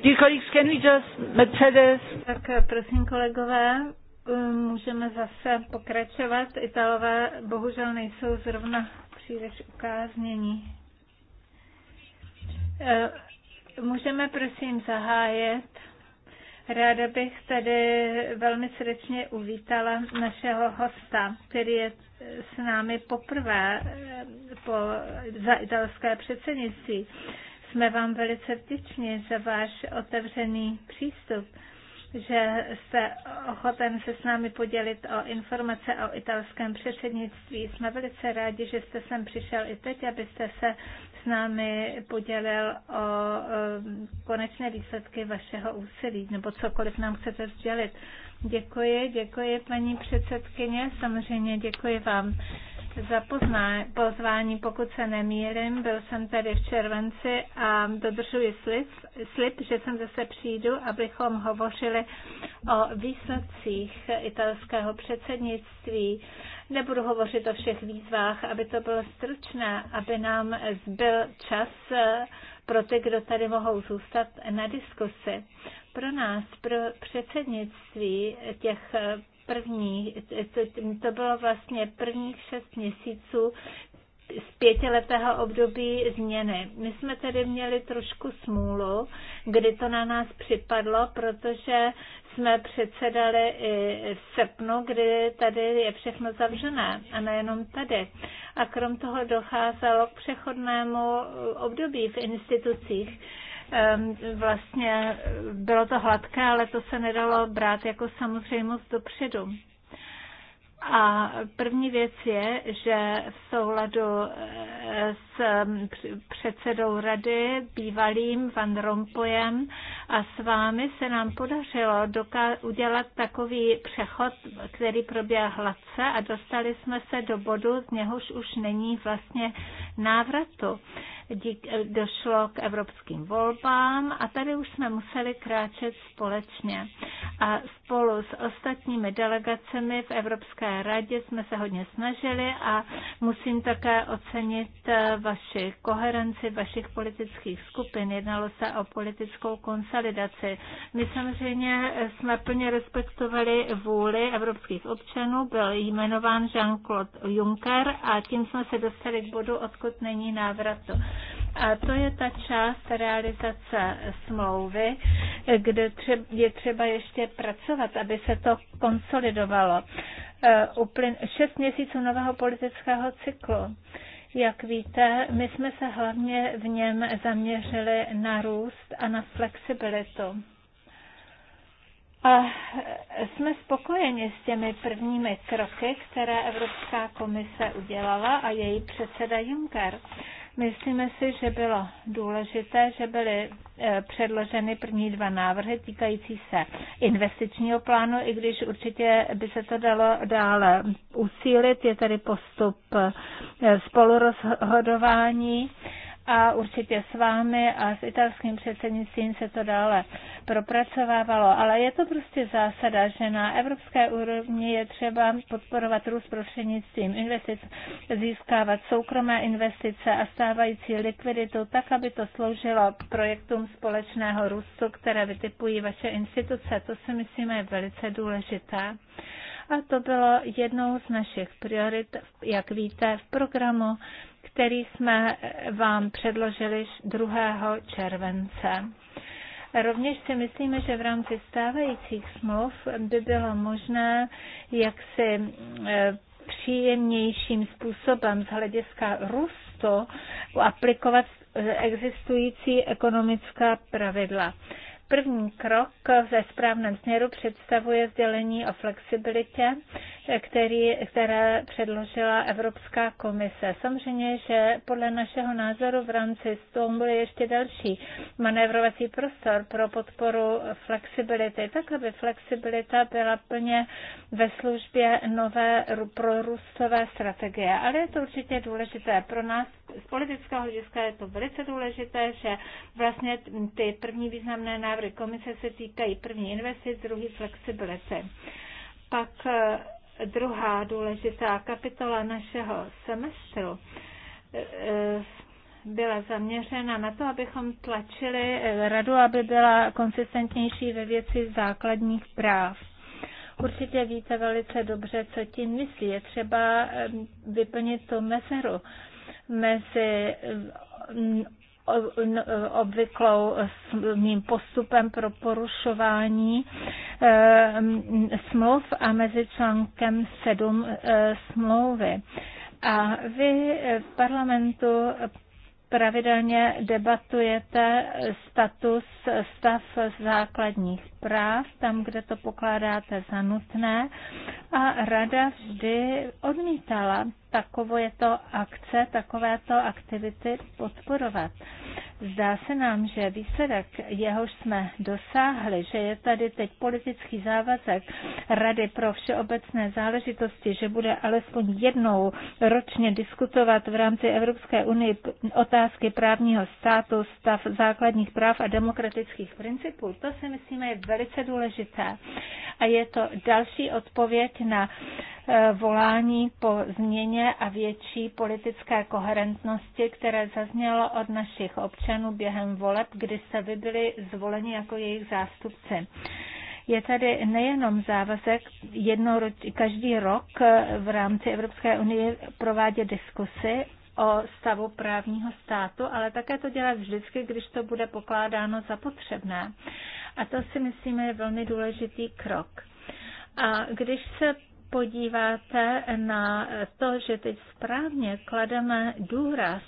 Dear colleagues, can we just, Mercedes? Tak prosím kolegové, můžeme zase pokračovat. Italové bohužel nejsou zrovna příliš ukáznění. Eh, můžeme prosím zahájet. Ráda bych tady velmi srdečně uvítala našeho hosta, který je s námi poprvé eh, po, za italské předsednictví. Jsme vám velice vděční za váš otevřený přístup, že jste ochoten se s námi podělit o informace o italském předsednictví. Jsme velice rádi, že jste sem přišel i teď, abyste se s námi podělil o um, konečné výsledky vašeho úsilí, nebo cokoliv nám chcete sdělit. Děkuji, děkuji paní předsedkyně, samozřejmě děkuji vám za pozná, pozvání, pokud se nemýlim. Byl jsem tady v červenci a dodržuji slib, slib, že jsem zase přijdu, abychom hovořili o výsledcích italského předsednictví. Nebudu hovořit o všech výzvách, aby to bylo stručné, aby nám zbyl čas eh, pro ty, kdo tady mohou zůstat na diskusi. Pro nás, pro předsednictví těch první, to bylo vlastně prvních šest měsíců z pětiletého období změny. My jsme tedy měli trošku smůlu, kdy to na nás připadlo, protože jsme předsedali i v srpnu, kdy tady je všechno zavřené a nejenom tady. A krom toho docházelo k přechodnému období v institucích, Ehm, vlastně bylo to hladké, ale to se nedalo brát jako samozřejmost dopředu. A první věc je, že v souladu s eh, s um, předsedou rady, bývalým Van Rompuyem a s vámi se nám podařilo udělat takový přechod, který proběhl hladce a dostali jsme se do bodu, z něhož už není vlastně návratu. Dík, došlo k evropským volbám a tady už jsme museli kráčet společně. A spolu s ostatními delegacemi v Evropské radě jsme se hodně snažili a musím také ocenit eh, vaši koherenci vašich politických skupin. Jednalo se o politickou konsolidaci. My samozřejmě jsme plně respektovali vůli evropských občanů. Byl jmenován Jean-Claude Juncker a tím jsme se dostali k bodu, odkud není návratu. A to je ta část realizace smlouvy, kde je třeba ještě pracovat, aby se to konsolidovalo e, uplyn, šest měsíců nového politického cyklu. Jak víte, my jsme se hlavně v něm zaměřili na růst a na flexibilitu. A jsme spokojeni s těmi prvními kroky, které Evropská komise udělala a její předseda Juncker. Myslíme si, že bylo důležité, že byly eh, předloženy první dva návrhy týkající se investičního plánu, i když určitě by se to dalo dále usílit. Je tady postup eh, spolurozhodování a určitě s vámi a s italským předsednictvím se to dále propracovávalo. Ale je to prostě zásada, že na evropské úrovni je třeba podporovat růst prostřednictvím investic, získávat soukromé investice a stávající likviditu tak, aby to sloužilo projektům společného růstu, které vytipují vaše instituce. To si myslíme je velice důležité a to bylo jednou z našich priorit, jak víte, v programu který jsme vám předložili 2. července. Rovněž si myslíme, že v rámci stávajících smluv by bylo možné jak si eh, příjemnějším způsobem z hlediska růstu aplikovat eh, existující ekonomická pravidla. První krok ve správném směru představuje sdělení o flexibilitě, který, které předložila Evropská komise. Samozřejmě, že podle našeho názoru v rámci Stombu bude ještě další manévrovací prostor pro podporu flexibility, tak aby flexibilita byla plně ve službě nové prorůstové strategie. Ale je to určitě důležité pro nás. Z politického hlediska je to velice důležité, že vlastně ty první významné návrhy komise se týkají první investic, druhý flexibility. Pak druhá důležitá kapitola našeho semestru eh, eh, byla zaměřena na to, abychom tlačili radu, aby byla konsistentnější ve věci základních práv. Určitě víte velice dobře, co tím myslí. Je třeba eh, vyplnit tu mezeru mezi obvyklou mým postupem pro porušování eh, smluv a mezi článkem 7 eh, smlouvy. A vy v parlamentu pravidelně debatujete status, stav základních práv, tam, kde to pokládáte za nutné. A rada vždy odmítala to akce, takové to aktivity podporovat. Zdá se nám, že výsledek, jehož jsme dosáhli, že je tady teď politický závazek Rady pro všeobecné záležitosti, že bude alespoň jednou ročně diskutovat v rámci Evropské unie otázky právního státu, stav základních práv a demokratických principů, to si myslíme je velice důležité. A je to další odpověď na uh, Eh, volání po změně a větší politické koherentnosti, které zaznělo od našich občanů během voleb, kdy se vy byli zvoleni jako jejich zástupci je tady nejenom závazek jednoroč, každý rok eh, v rámci Evropské unie provádět diskusy o stavu právního státu, ale také to dělat vždycky, když to bude pokládáno za potřebné. A to si myslíme je velmi důležitý krok. A když se podíváte na to, že teď správně klademe důraz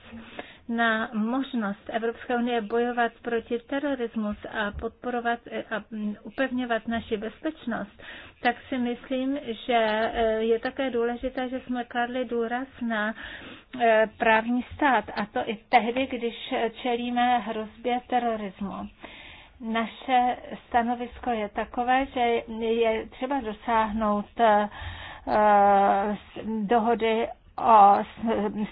na možnost Evropské unie bojovat proti terorismus a podporovat e, a mm, upevňovat naši bezpečnost, tak si myslím, že e, je také důležité, že jsme kladli důraz na e, právní stát, a to i tehdy, když čelíme hrozbě terorismu. Naše stanovisko je takové, že je třeba dosáhnout eh, dohody o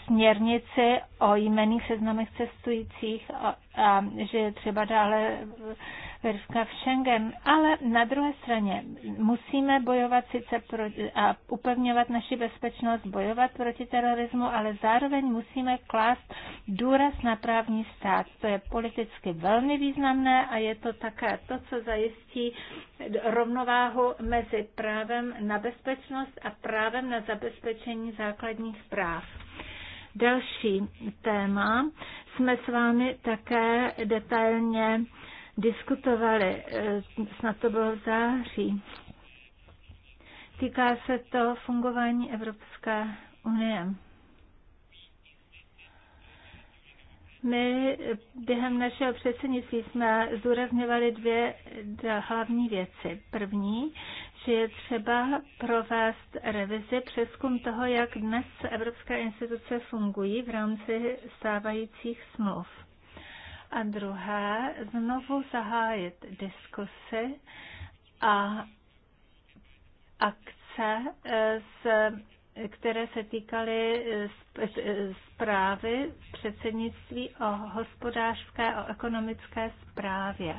směrnici o jmených seznamech cestujících a, že je třeba dále prvka v Schengen, ale na druhé straně musíme bojovat sice pro, a upevňovat naši bezpečnost, bojovat proti terorismu, ale zároveň musíme klást důraz na právní stát. To je politicky velmi významné a je to také to, co zajistí rovnováhu mezi právem na bezpečnost a právem na zabezpečení základních práv. Další téma jsme s vámi také detailně diskutovali, eh, snad to bylo v září. Týká se to fungování Evropské unie. My během našeho předsednictví jsme zdůrazňovali dvě hlavní věci. První, že je třeba provést revizi, přeskum toho, jak dnes evropské instituce fungují v rámci stávajících smluv a druhé znovu zahájit diskusy a akce eh, s které se týkaly eh, eh, zprávy předsednictví o hospodářské a ekonomické zprávě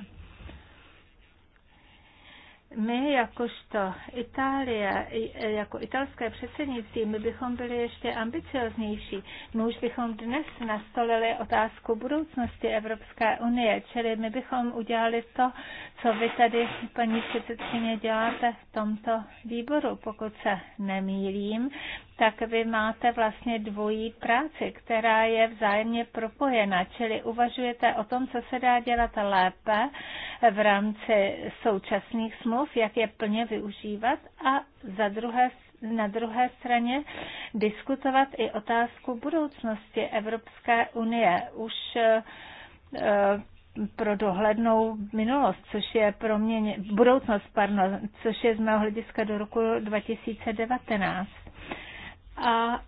my jakožto Itálie, e, jako italské předsednictví, my bychom byli ještě ambicioznější. My už bychom dnes nastolili otázku budoucnosti Evropské unie, čili my bychom udělali to, co vy tady, paní předsedkyně, děláte v tomto výboru. Pokud se nemýlím, tak vy máte vlastně dvojí práci, která je vzájemně propojena, čili uvažujete o tom, co se dá dělat lépe v rámci současných smluv, jak je plně využívat a za druhé na druhé straně diskutovat i otázku budoucnosti Evropské unie. Už eh, pro dohlednou minulost, což je pro mě budoucnost, pardon, což je z mého hlediska do roku 2019 a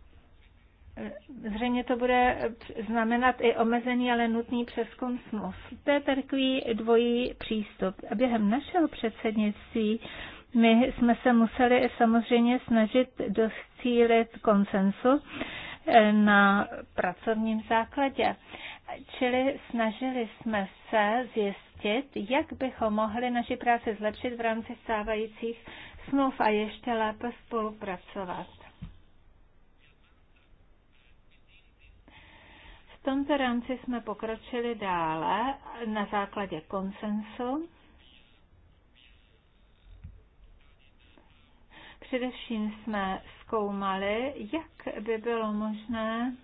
e, Zřejmě to bude znamenat i omezený, ale nutný přeskum smluv. To je takový dvojí přístup. A během našeho předsednictví my jsme se museli samozřejmě snažit docílit konsensu e, na pracovním základě. Čili snažili jsme se zjistit, jak bychom mohli naši práci zlepšit v rámci stávajících smluv a ještě lépe spolupracovat. tomto rámci jsme pokročili dále na základě konsensu. Především jsme zkoumali, jak by bylo možné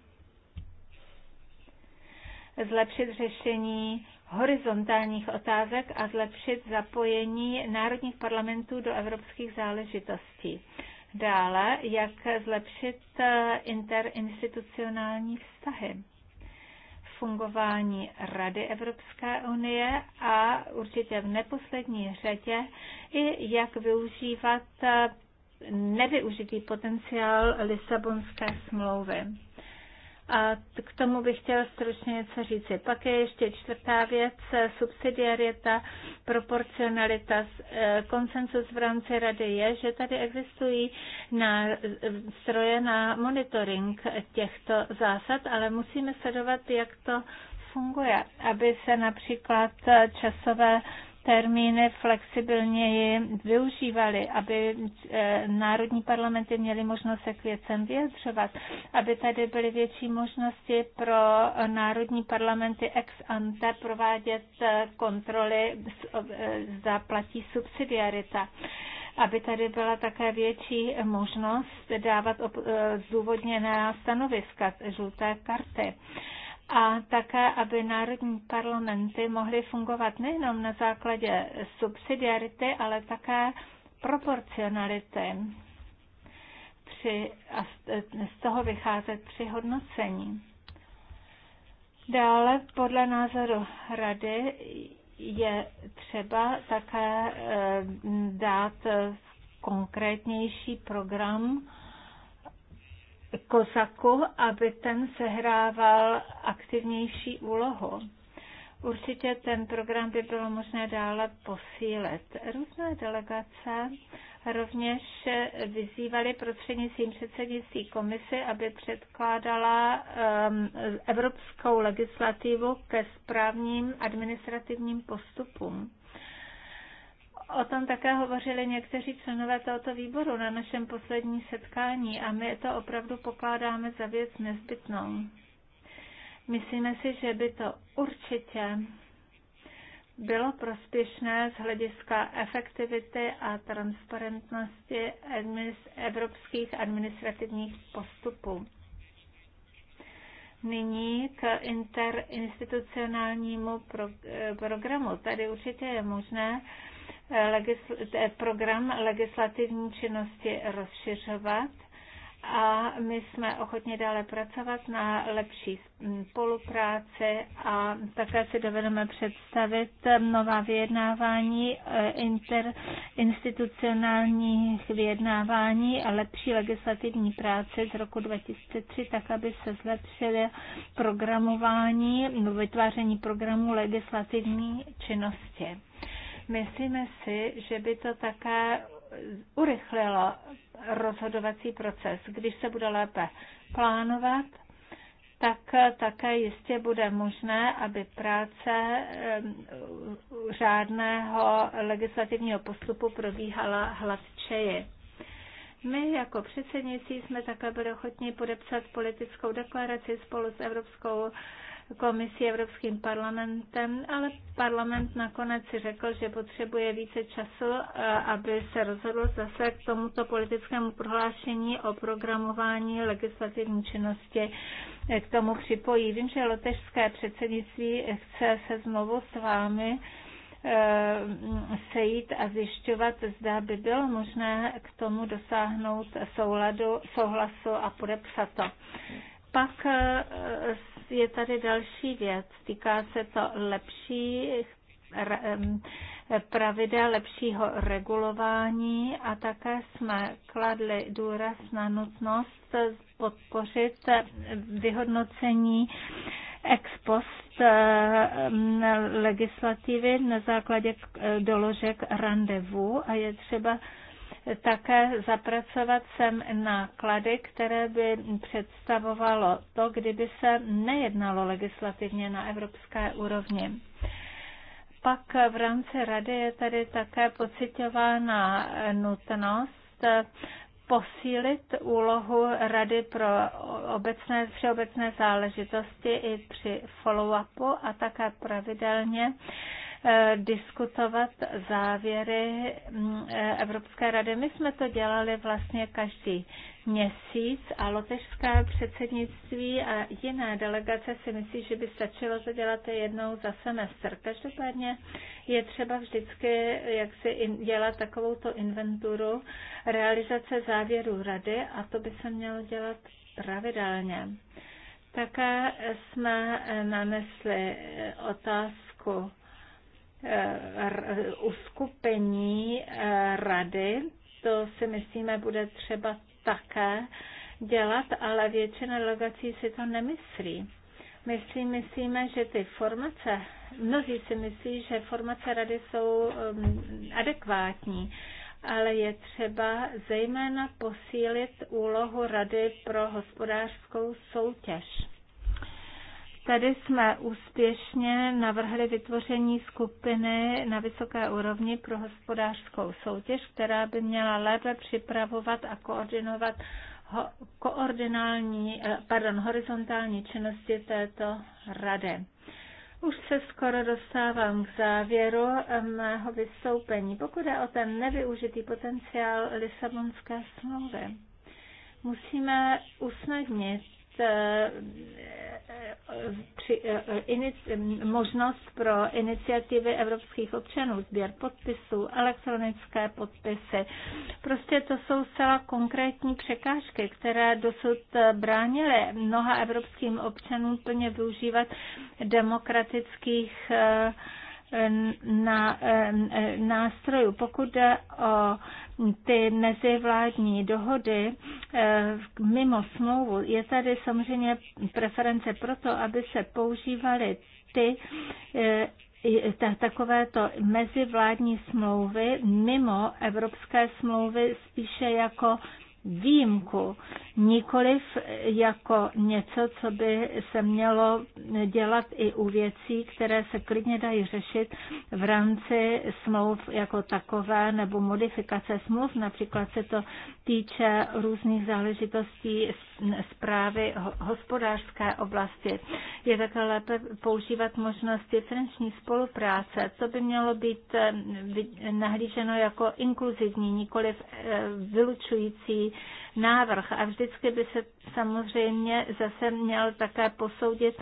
zlepšit řešení horizontálních otázek a zlepšit zapojení národních parlamentů do evropských záležitostí. Dále, jak zlepšit eh, interinstitucionální vztahy fungování Rady Evropské unie a určitě v neposlední řadě i jak využívat nevyužitý potenciál Lisabonské smlouvy. A k tomu bych chtěla stručně něco říci. Pak je ještě čtvrtá věc, subsidiarita, proporcionalita. Eh, konsensus v rámci rady je, že tady existují na eh, stroje na monitoring těchto zásad, ale musíme sledovat, jak to funguje, aby se například eh, časové termíny flexibilněji využívali, aby eh, národní parlamenty měly možnost se k věcem vyjadřovat, aby tady byly větší možnosti pro národní parlamenty ex ante provádět eh, kontroly eh, za platí subsidiarita aby tady byla také větší možnost dávat zdůvodněná stanoviska žluté karty a také, aby národní parlamenty mohly fungovat nejenom na základě subsidiarity, ale také proporcionality. Při, a z toho vycházet při hodnocení. Dále podle názoru rady je třeba také eh, dát eh, konkrétnější program Kozaku, aby ten sehrával aktivnější úlohu. Určitě ten program by bylo možné dále posílit. Různé delegace rovněž vyzývaly prostřednictvím předsednictví komisy, aby předkládala um, evropskou legislativu ke správním administrativním postupům. O tom také hovořili někteří členové tohoto výboru na našem poslední setkání a my to opravdu pokládáme za věc nezbytnou. Myslíme si, že by to určitě bylo prospěšné z hlediska efektivity a transparentnosti evropských administrativních postupů. Nyní k interinstitucionálnímu eh, programu. Tady určitě je možné Eh, program legislativní činnosti rozšiřovat a my jsme ochotně dále pracovat na lepší spolupráci a také si dovedeme představit nová vyjednávání, eh, interinstitucionálních vyjednávání a lepší legislativní práce z roku 2003, tak aby se zlepšily programování, vytváření programu legislativní činnosti. Myslíme si, že by to také urychlilo rozhodovací proces. Když se bude lépe plánovat, tak také jistě bude možné, aby práce řádného legislativního postupu probíhala hladčeji. My jako předsednicí jsme také byli ochotní podepsat politickou deklaraci spolu s Evropskou komisí Evropským parlamentem, ale parlament nakonec si řekl, že potřebuje více času, eh, aby se rozhodl zase k tomuto politickému prohlášení o programování legislativní činnosti eh, k tomu připojí. Vím, že lotežské předsednictví chce se znovu s vámi eh, sejít a zjišťovat, zda by bylo možné k tomu dosáhnout souladu, souhlasu a podepsat to. Pak je tady další věc. Týká se to lepší pravidel lepšího regulování a také jsme kladli důraz na nutnost podpořit vyhodnocení ex post eh, legislativy na základě doložek randevu a je třeba také zapracovat sem náklady, které by představovalo to, kdyby se nejednalo legislativně na evropské úrovni. Pak v rámci rady je tady také pocitována nutnost posílit úlohu Rady pro obecné, všeobecné záležitosti i při follow-upu a také pravidelně Eh, diskutovat závěry mm, eh, Evropské rady. My jsme to dělali vlastně každý měsíc a lotežské předsednictví a jiné delegace si myslí, že by stačilo to dělat jednou za semestr. Každopádně je třeba vždycky jak si dělat takovouto inventuru realizace závěru rady a to by se mělo dělat pravidelně. Také jsme eh, nanesli otázku Eh, uskupení eh, rady. To si myslíme bude třeba také dělat, ale většina delegací si to nemyslí. My si myslíme, že ty formace, mnozí si myslí, že formace rady jsou adekvátní, ale je třeba zejména posílit úlohu rady pro hospodářskou soutěž Tady jsme úspěšně navrhli vytvoření skupiny na vysoké úrovni pro hospodářskou soutěž, která by měla lépe připravovat a koordinovat ho, koordinální, eh, pardon, horizontální činnosti této rady. Už se skoro dostávám k závěru eh, mého vystoupení. Pokud je o ten nevyužitý potenciál Lisabonské smlouvy, musíme usnadnit při, inic, možnost pro iniciativy evropských občanů, sběr podpisů, elektronické podpisy. Prostě to jsou zcela konkrétní překážky, které dosud bránily mnoha evropským občanům plně využívat demokratických uh, na nástrojů. Pokud jde o ty mezivládní dohody eh, mimo smlouvu, je tady samozřejmě preference pro to, aby se používaly ty eh, takovéto mezivládní smlouvy mimo evropské smlouvy spíše jako výjimku, nikoliv jako něco, co by se mělo dělat i u věcí, které se klidně dají řešit v rámci smluv jako takové nebo modifikace smluv. Například se to týče různých záležitostí zprávy hospodářské oblasti. Je také lépe používat možnost diferenční spolupráce, co by mělo být eh, nahlíženo jako inkluzivní, nikoliv eh, vylučující návrh. A vždycky by se samozřejmě zase měl také posoudit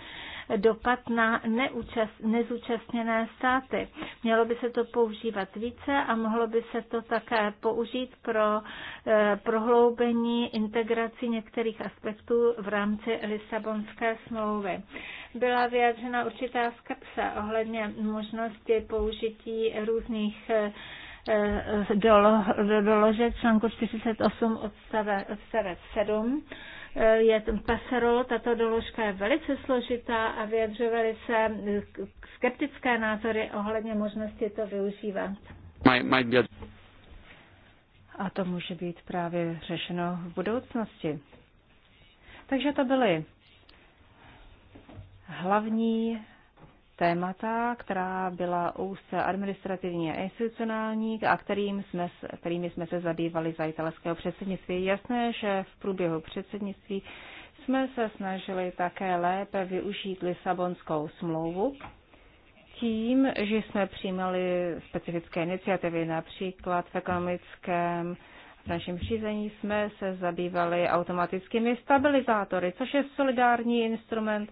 dopad na neúčast, nezúčastněné státy. Mělo by se to používat více a mohlo by se to také použít pro eh, prohloubení integraci některých aspektů v rámci Lisabonské smlouvy. Byla vyjádřena určitá skepse ohledně možnosti použití různých eh, Eh, do, do, článku 48 odstave, odstavec 7 eh, je pasero, tato doložka je velice složitá a vyjadřovaly se eh, skeptické názory ohledně možnosti to využívat. A to může být právě řešeno v budoucnosti. Takže to byly hlavní témata, která byla úzce administrativní a institucionální a kterým jsme, kterými jsme se zabývali za italského předsednictví. Je jasné, že v průběhu předsednictví jsme se snažili také lépe využít Lisabonskou smlouvu tím, že jsme přijímali specifické iniciativy, například v ekonomickém v našem řízení jsme se zabývali automatickými stabilizátory, což je solidární instrument,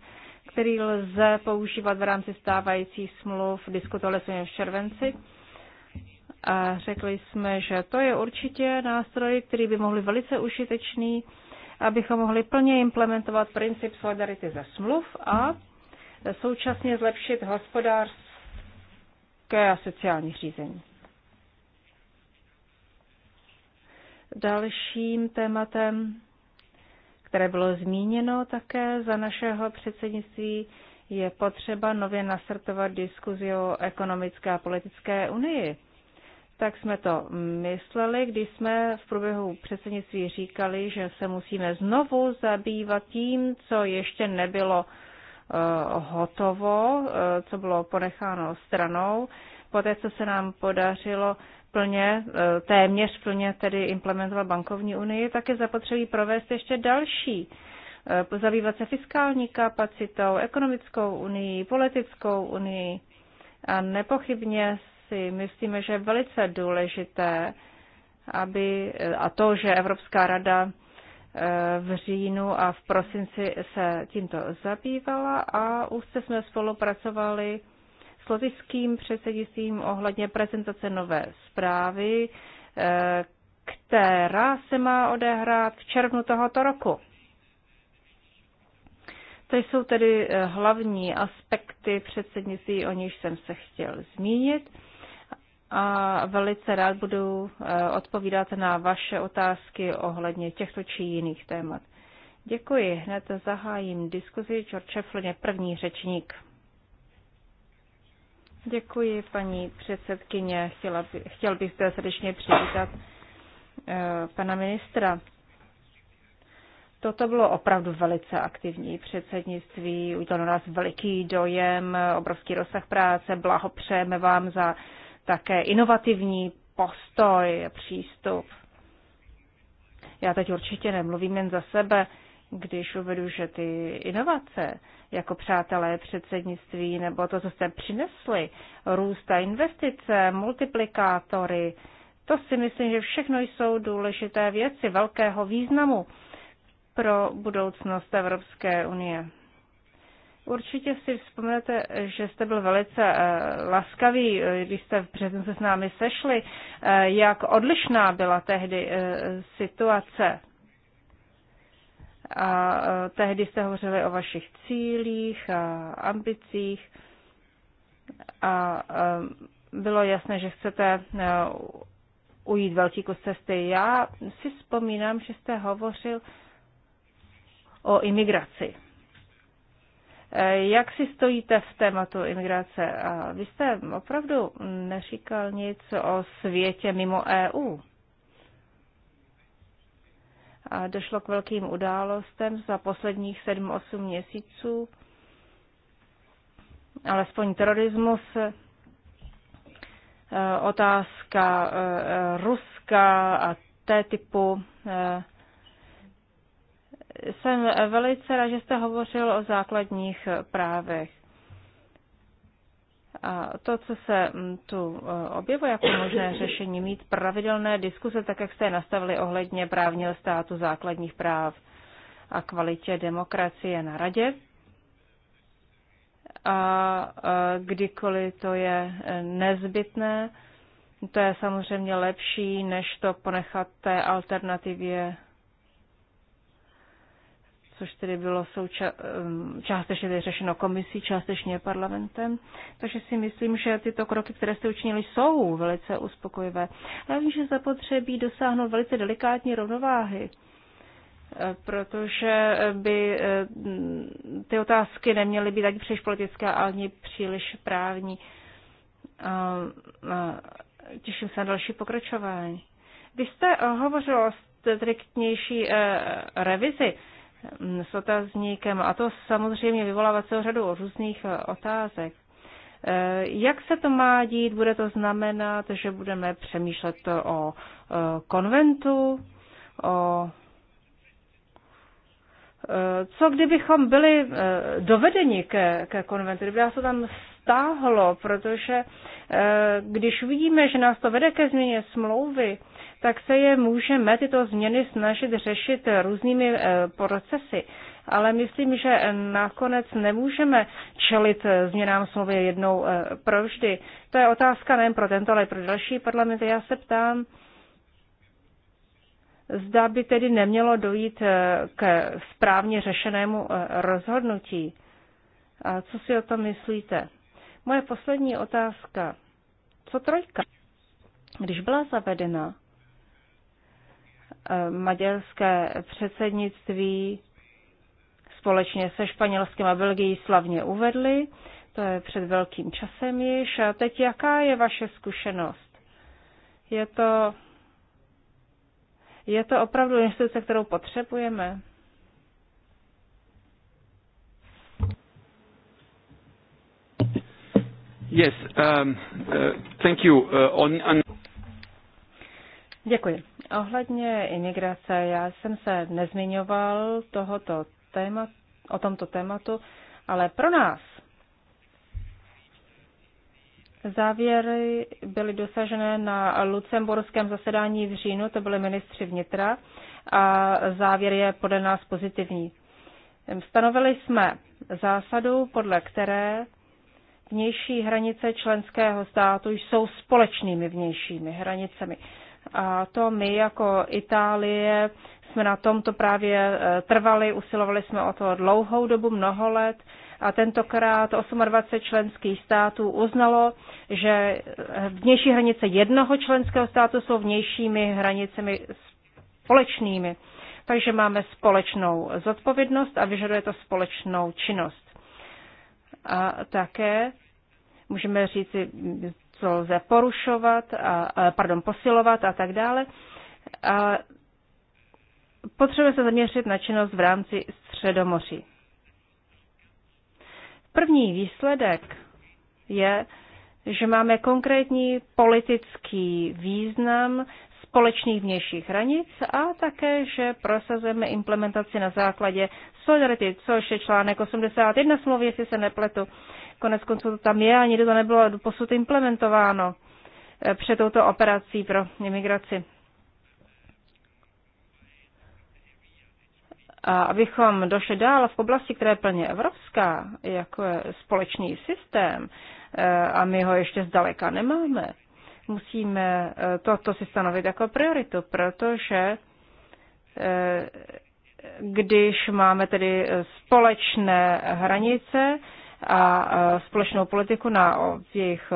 který lze používat v rámci stávajících smluv. Diskutovali jsme v červenci a řekli jsme, že to je určitě nástroj, který by mohl velice užitečný, abychom mohli plně implementovat princip solidarity ze smluv a současně zlepšit hospodářské a sociální řízení. Dalším tématem které bylo zmíněno také za našeho předsednictví, je potřeba nově nastartovat diskuzi o ekonomické a politické unii. Tak jsme to mysleli, když jsme v průběhu předsednictví říkali, že se musíme znovu zabývat tím, co ještě nebylo eh, hotovo, eh, co bylo ponecháno stranou. Poté, co se nám podařilo plně, e, téměř plně tedy implementovat bankovní unii, tak je zapotřebí provést ještě další e, zabývat se fiskální kapacitou, ekonomickou unii, politickou unii. A nepochybně si myslíme, že je velice důležité, aby, e, a to, že Evropská rada v říjnu a v prosinci se tímto zabývala a úzce jsme spolupracovali slovickým předsednictvím ohledně prezentace nové zprávy, eh, která se má odehrát v červnu tohoto roku. To jsou tedy eh, hlavní aspekty předsednictví, o níž jsem se chtěl zmínit. A velice rád budu eh, odpovídat na vaše otázky ohledně těchto či jiných témat. Děkuji. Hned zahájím diskuzi. George Flynn je první řečník. Děkuji, paní předsedkyně. Chtěla by, chtěl bych zde srdečně přivítat eh, pana ministra. Toto bylo opravdu velice aktivní předsednictví, udělalo nás veliký dojem, obrovský rozsah práce, blahopřejeme vám za také inovativní postoj, přístup. Já teď určitě nemluvím jen za sebe, když uvedu, že ty inovace jako přátelé předsednictví nebo to, co jste přinesli, růst a investice, multiplikátory, to si myslím, že všechno jsou důležité věci velkého významu pro budoucnost Evropské unie. Určitě si vzpomenete, že jste byl velice eh, laskavý, eh, když jste v březnu se s námi sešli, eh, jak odlišná byla tehdy situace a e, tehdy jste hovořili o vašich cílích a ambicích a e, bylo jasné, že chcete e, ujít velký kus cesty. Já si vzpomínám, že jste hovořil o imigraci. Jak si stojíte v tématu imigrace? vy jste opravdu neříkal nic o světě mimo EU došlo k velkým událostem za posledních 7-8 měsíců. Alespoň terorismus, eh, otázka eh, Ruska a té typu. Eh, jsem velice rád, že jste hovořil o základních právech. A to, co se mm, tu e, objevuje jako možné řešení, mít pravidelné diskuse, tak jak jste je nastavili ohledně právního státu základních práv a kvalitě demokracie na radě. A e, kdykoliv to je e, nezbytné, to je samozřejmě lepší, než to ponechat té alternativě což tedy bylo souča- um, částečně vyřešeno komisí, částečně parlamentem. Takže si myslím, že tyto kroky, které jste učinili, jsou velice uspokojivé. já vím, že zapotřebí dosáhnout velice delikátní rovnováhy, e, protože by e, ty otázky neměly být ani příliš politické, ani příliš právní. a, těším se na další pokračování. Vy jste e, hovořil o striktnější revizi Mm, s otazníkem. A to samozřejmě vyvolává celou řadu různých eh, otázek. Eh, jak se to má dít? Bude to znamenat, že budeme přemýšlet o eh, konventu, o co kdybychom byli dovedeni ke, ke konventu, kdyby nás to tam stáhlo, protože když vidíme, že nás to vede ke změně smlouvy, tak se je můžeme tyto změny snažit řešit různými eh, procesy. Ale myslím, že nakonec nemůžeme čelit eh, změnám smlouvy jednou eh, provždy. To je otázka nejen pro tento, ale i pro další parlamenty. Já se ptám, zda by tedy nemělo dojít k správně řešenému rozhodnutí. A co si o tom myslíte? Moje poslední otázka. Co trojka? Když byla zavedena, maďarské předsednictví společně se Španělskem a Belgií slavně uvedli. To je před velkým časem již. A teď jaká je vaše zkušenost? Je to, je to opravdu instituce, kterou potřebujeme? Yes, um, uh, thank you. Uh, on, on... Děkuji. Ohledně imigrace, já jsem se nezmiňoval tohoto téma, o tomto tématu, ale pro nás závěry byly dosažené na lucemburském zasedání v říjnu, to byly ministři vnitra a závěr je podle nás pozitivní. Stanovili jsme zásadu, podle které vnější hranice členského státu jsou společnými vnějšími hranicemi. A to my jako Itálie jsme na tomto právě e, trvali, usilovali jsme o to dlouhou dobu, mnoho let a tentokrát 28 členských států uznalo, že e, vnější hranice jednoho členského státu jsou vnějšími hranicemi společnými. Takže máme společnou zodpovědnost a vyžaduje to společnou činnost. A také můžeme říci, co lze porušovat, a, pardon, posilovat a tak dále. A potřebuje se zaměřit na činnost v rámci Středomoří. První výsledek je, že máme konkrétní politický význam společných vnějších hranic a také, že prosazujeme implementaci na základě solidarity, což je článek 81 smlouvy, jestli se nepletu. Konec konců to tam je a nikdy to nebylo posud implementováno eh, před touto operací pro imigraci. A abychom došli dál v oblasti, která je plně evropská, jako je společný systém, eh, a my ho ještě zdaleka nemáme, musíme eh, toto si stanovit jako prioritu, protože když máme tedy společné hranice, a společnou politiku na jejich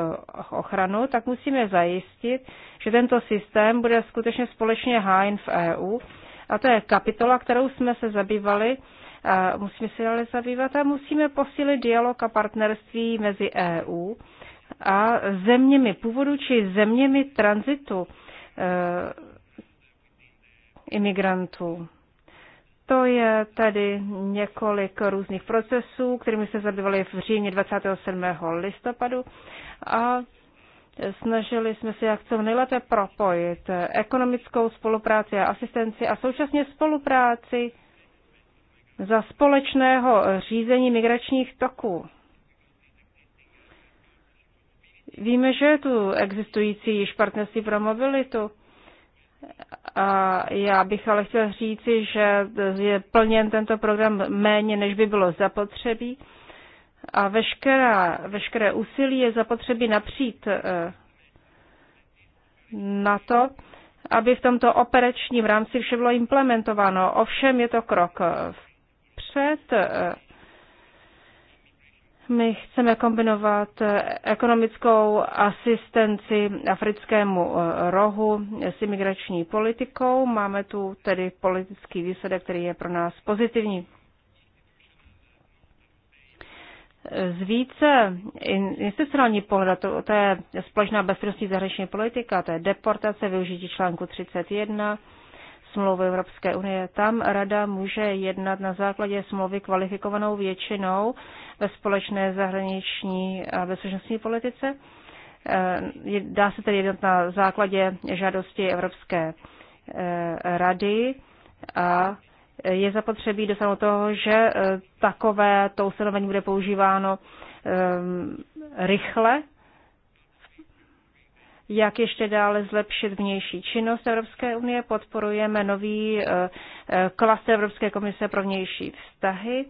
ochranu, tak musíme zajistit, že tento systém bude skutečně společně hájen v EU. A to je kapitola, kterou jsme se zabývali, musíme se dále zabývat a musíme posílit dialog a partnerství mezi EU a zeměmi původu či zeměmi tranzitu e, imigrantů. To je tedy několik různých procesů, kterými se zabývali v Římě 27. listopadu a snažili jsme se jak co nejlépe propojit ekonomickou spolupráci a asistenci a současně spolupráci za společného řízení migračních toků. Víme, že tu existující již partnerství pro mobilitu a já bych ale chtěla říci, že je plněn tento program méně, než by bylo zapotřebí. A veškerá, veškeré úsilí je zapotřebí napřít eh, na to, aby v tomto operačním rámci vše bylo implementováno. Ovšem je to krok eh, vpřed eh, my chceme kombinovat eh, ekonomickou asistenci africkému eh, rohu s imigrační politikou. Máme tu tedy politický výsledek, který je pro nás pozitivní. Z více institucionální pohledu, to, to je společná bezpečnostní zahraniční politika, to je deportace, využití článku 31 smlouvy Evropské unie. Tam rada může jednat na základě smlouvy kvalifikovanou většinou ve společné zahraniční a bezpečnostní politice. Eh, dá se tedy jednat na základě žádosti Evropské eh, rady a je zapotřebí dosáhnout toho, že eh, takové to ustanovení bude používáno rychle, jak ještě dále zlepšit vnější činnost Evropské unie. Podporujeme nový klas Evropské komise pro vnější vztahy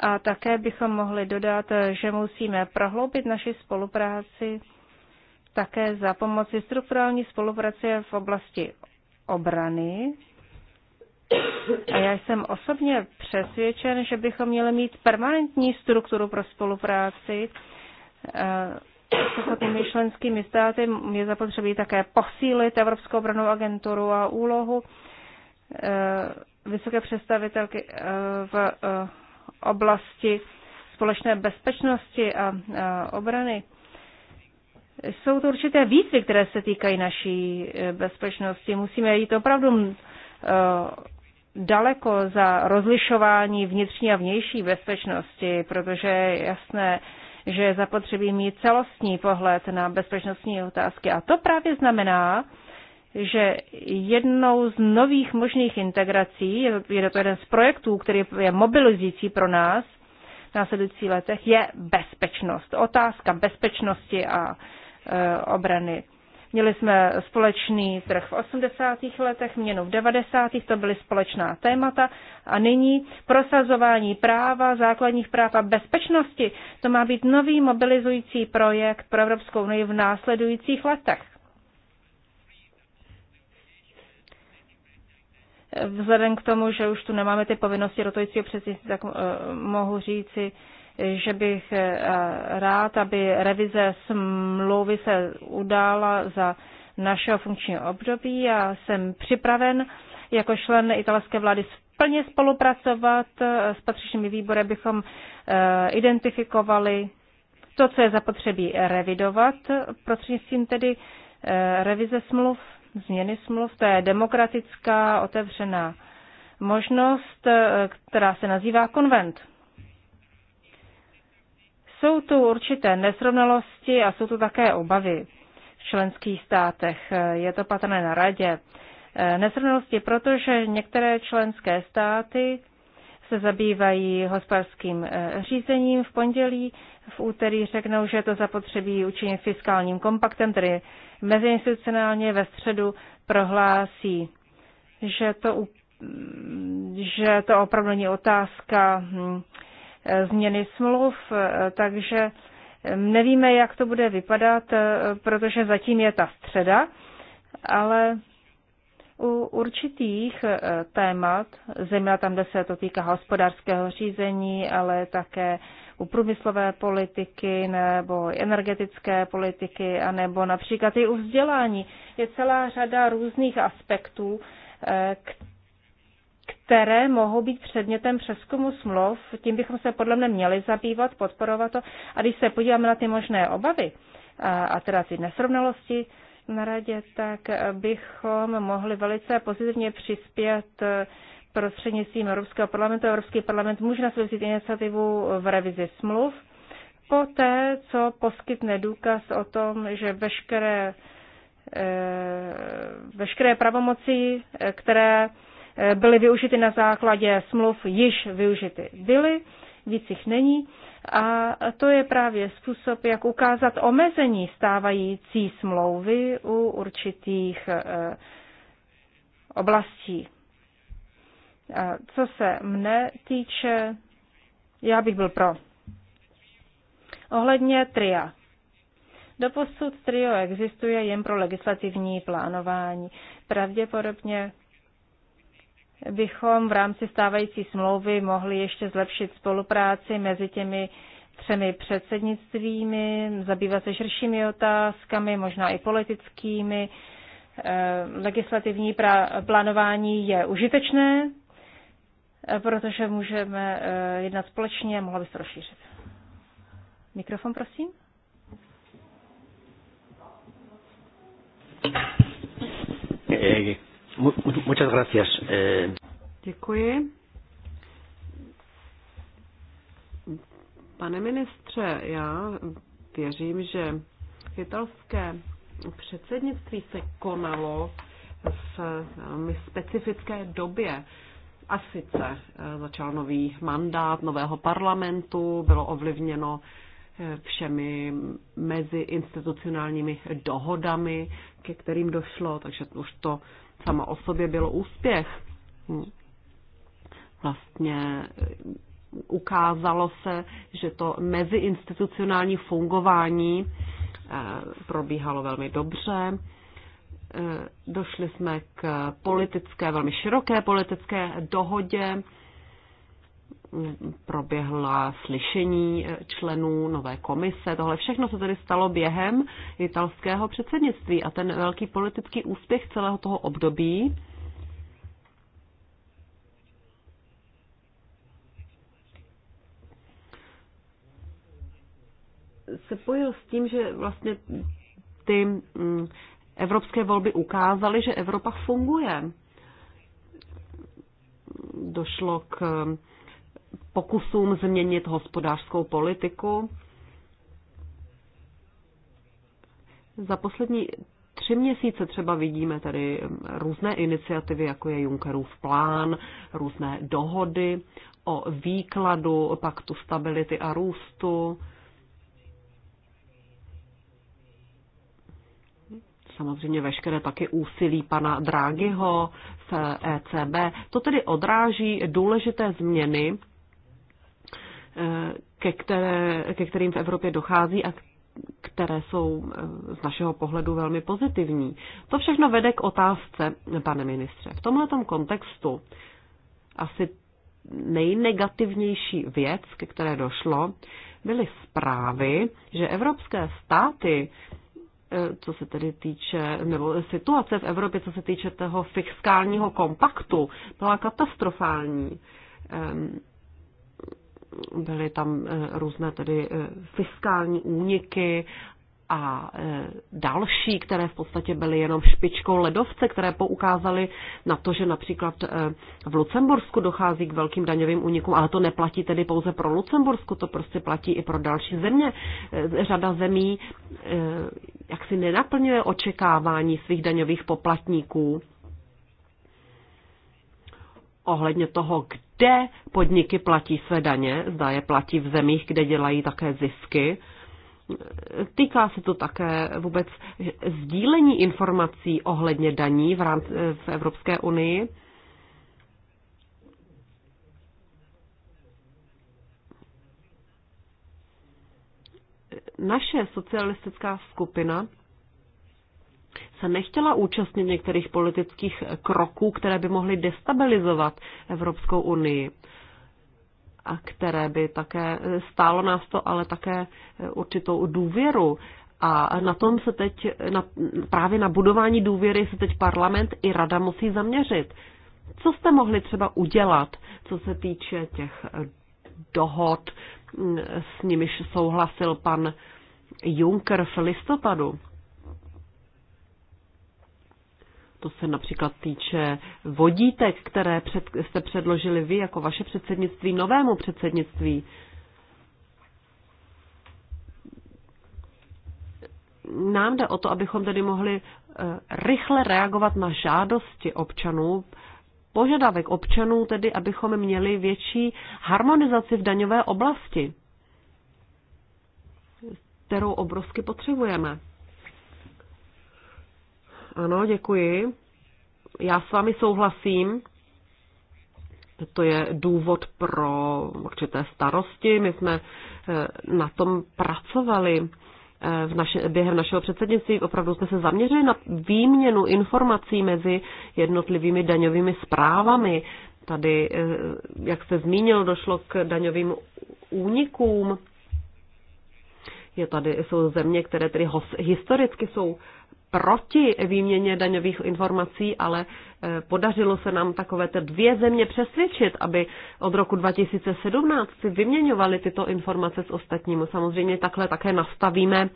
a také bychom mohli dodat, že musíme prohloubit naši spolupráci také za pomoci strukturální spolupráce v oblasti obrany. A já jsem osobně přesvědčen, že bychom měli mít permanentní strukturu pro spolupráci eh, S těmi členskými státy. Je zapotřebí také posílit Evropskou obranou agenturu a úlohu eh, vysoké představitelky eh, v oblasti společné bezpečnosti a obrany. Jsou to určité výzvy, které se týkají naší e, bezpečnosti. Musíme jít opravdu e, daleko za rozlišování vnitřní a vnější bezpečnosti, protože je jasné, že je zapotřebí mít celostní pohled na bezpečnostní otázky. A to právě znamená, že jednou z nových možných integrací, je to jeden z projektů, který je mobilizující pro nás v následujících letech, je bezpečnost. Otázka bezpečnosti a e, obrany. Měli jsme společný trh v 80. letech, měnu v 90. to byly společná témata a nyní prosazování práva, základních práv a bezpečnosti. To má být nový mobilizující projekt pro Evropskou unii v následujících letech. Vzhledem k tomu, že už tu nemáme ty povinnosti rotujícího předsednictví, tak eh, mohu říci, že bych eh, rád, aby revize smlouvy se udála za našeho funkčního období a jsem připraven jako člen italské vlády plně spolupracovat eh, s patřičnými výbory, abychom identifikovali to, co je zapotřebí revidovat prostřednictvím tedy revize smluv změny smluv. To je demokratická otevřená možnost, eh, která se nazývá konvent. Jsou tu určité nesrovnalosti a jsou tu také obavy v členských státech. Eh, je to patrné na radě. Eh, nesrovnalosti, protože některé členské státy se zabývají hospodářským řízením v pondělí, v úterý řeknou, že to zapotřebí učinit fiskálním kompaktem, tedy meziinstitucionálně ve středu prohlásí, že to, že to opravdu není otázka hm, změny smluv, eh, takže hm, nevíme, jak to bude vypadat, eh, protože zatím je ta středa, ale u určitých eh, témat, zejména tam, kde se to týká hospodářského řízení, ale také u průmyslové politiky nebo energetické politiky a nebo například i u vzdělání. Je celá řada různých aspektů, eh, které mohou být předmětem přeskumu smluv. Tím bychom se podle mě měli zabývat, podporovat to. A když se podíváme na ty možné obavy a, a teda ty nesrovnalosti, na radě, tak bychom mohli velice pozitivně přispět prostřednictvím Evropského parlamentu. Evropský parlament může na iniciativu v revizi smluv, poté co poskytne důkaz o tom, že veškeré, eh, veškeré pravomoci, eh, které eh, byly využity na základě smluv, již využity byly, víc jich není. A to je právě způsob, jak ukázat omezení stávající smlouvy u určitých oblastí co se mne týče, já bych byl pro. Ohledně tria. Doposud trio existuje jen pro legislativní plánování. Pravděpodobně bychom v rámci stávající smlouvy mohli ještě zlepšit spolupráci mezi těmi třemi předsednictvími, zabývat se širšími otázkami, možná i politickými. Eh, legislativní plánování je užitečné, Eh, protože můžeme eh, jednat společně, mohla se rozšířit. Mikrofon, prosím. Eh, muchas gracias. Děkuji. Pane ministře, já věřím, že italské předsednictví se konalo v specifické době a sice eh, začal nový mandát nového parlamentu, bylo ovlivněno eh, všemi meziinstitucionálními dohodami, ke kterým došlo, takže už to samo o sobě bylo úspěch. Hm. Vlastně eh, ukázalo se, že to meziinstitucionální fungování probíhalo velmi dobře Eh, došli jsme k politické, velmi široké politické dohodě. Proběhla slyšení eh, členů nové komise. Tohle všechno se tedy stalo během italského předsednictví a ten velký politický úspěch celého toho období se pojil s tím, že vlastně ty mm, evropské volby ukázaly, že Evropa funguje. Došlo k pokusům změnit hospodářskou politiku. Za poslední tři měsíce třeba vidíme tady různé iniciativy, jako je Junckerův plán, různé dohody o výkladu paktu stability a růstu, samozřejmě veškeré taky úsilí pana Drágyho z ECB. To tedy odráží důležité změny, eh, ke, které, ke kterým v Evropě dochází a které jsou eh, z našeho pohledu velmi pozitivní. To všechno vede k otázce, pane ministře. V tomto kontextu asi nejnegativnější věc, ke které došlo, byly zprávy, že evropské státy Eh, co se tedy týče, nebo situace v Evropě, co se týče toho fiskálního kompaktu, byla katastrofální. Byly tam eh, různé tedy eh, fiskální úniky a e, další, které v podstatě byly jenom špičkou ledovce, které poukázaly na to, že například e, v Lucembursku dochází k velkým daňovým únikům, ale to neplatí tedy pouze pro Lucembursko, to prostě platí i pro další země. E, řada zemí jak si nenaplňuje očekávání svých daňových poplatníků ohledně toho, kde podniky platí své daně, zda je platí v zemích, kde dělají také zisky, Týká se to také vůbec sdílení informací ohledně daní v, rámci, v Evropské unii. Naše socialistická skupina se nechtěla účastnit některých politických kroků, které by mohly destabilizovat Evropskou unii a které by také eh, stálo nás to, ale také eh, určitou důvěru. A na tom se teď, na, právě na budování důvěry se teď parlament i rada musí zaměřit. Co jste mohli třeba udělat, co se týče těch eh, dohod, mm, s nimiž souhlasil pan Juncker v listopadu? To se například týče vodítek, které před, jste předložili vy jako vaše předsednictví novému předsednictví. Nám jde o to, abychom tedy mohli eh, rychle reagovat na žádosti občanů, požadavek občanů, tedy abychom měli větší harmonizaci v daňové oblasti, kterou obrovsky potřebujeme. Ano, děkuji. Já s vámi souhlasím. To je důvod pro určité starosti. My jsme eh, na tom pracovali eh, v naše, během našeho předsednictví. Opravdu jsme se zaměřili na výměnu informací mezi jednotlivými daňovými zprávami. Tady, eh, jak jste zmínil, došlo k daňovým únikům. Je tady, jsou země, které tedy historicky jsou proti výměně daňových informací, ale eh, podařilo se nám takové ty dvě země přesvědčit, aby od roku 2017 si vyměňovali tyto informace s ostatním. Samozřejmě takhle také nastavíme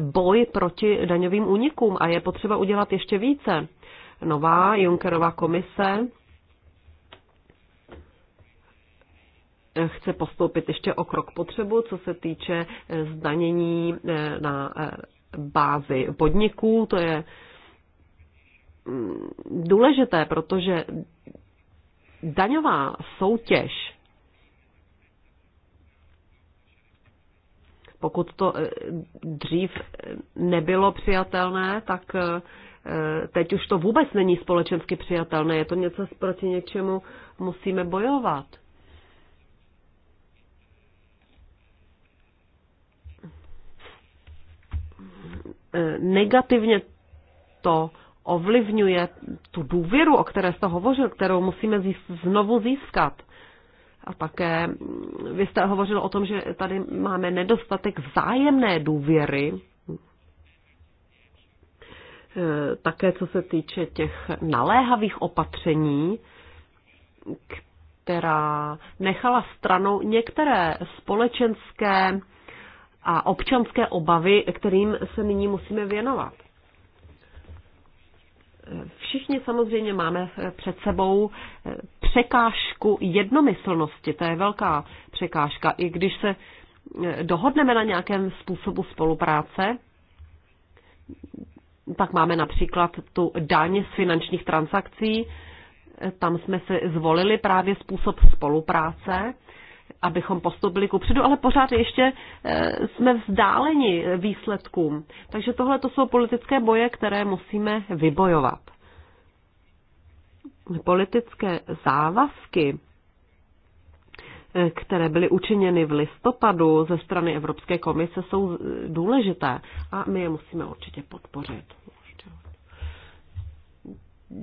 boj proti daňovým únikům a je potřeba udělat ještě více. Nová Junckerová komise chce postoupit ještě o krok potřebu, co se týče eh, zdanění eh, na bázi podniků. To je mm, důležité, protože daňová soutěž, pokud to eh, dřív nebylo přijatelné, tak eh, teď už to vůbec není společensky přijatelné. Je to něco, proti něčemu musíme bojovat. Eh, negativně to ovlivňuje tu důvěru, o které jste hovořil, kterou musíme znovu získat. A také mm, vy jste hovořil o tom, že tady máme nedostatek vzájemné důvěry, eh, také co se týče těch naléhavých opatření, která nechala stranou některé společenské a občanské obavy, kterým se nyní musíme věnovat. Všichni samozřejmě máme před sebou překážku jednomyslnosti. To je velká překážka. I když se dohodneme na nějakém způsobu spolupráce, tak máme například tu daň z finančních transakcí. Tam jsme se zvolili právě způsob spolupráce abychom postoupili ku předu, ale pořád ještě eh, jsme vzdáleni výsledkům. Takže tohle to jsou politické boje, které musíme vybojovat. Politické závazky, eh, které byly učiněny v listopadu ze strany Evropské komise, jsou důležité a my je musíme určitě podpořit.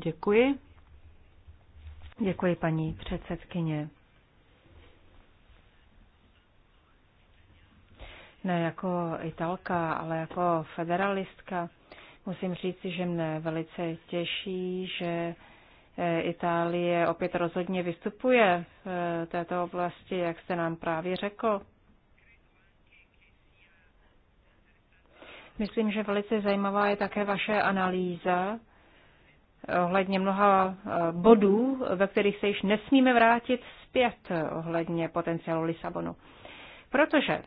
Děkuji. Děkuji, paní předsedkyně. ne jako italka, ale jako federalistka, musím říct, že mne velice těší, že eh, Itálie opět rozhodně vystupuje v eh, této oblasti, jak jste nám právě řekl. Myslím, že velice zajímavá je také vaše analýza ohledně mnoha eh, bodů, ve kterých se již nesmíme vrátit zpět ohledně potenciálu Lisabonu. Protože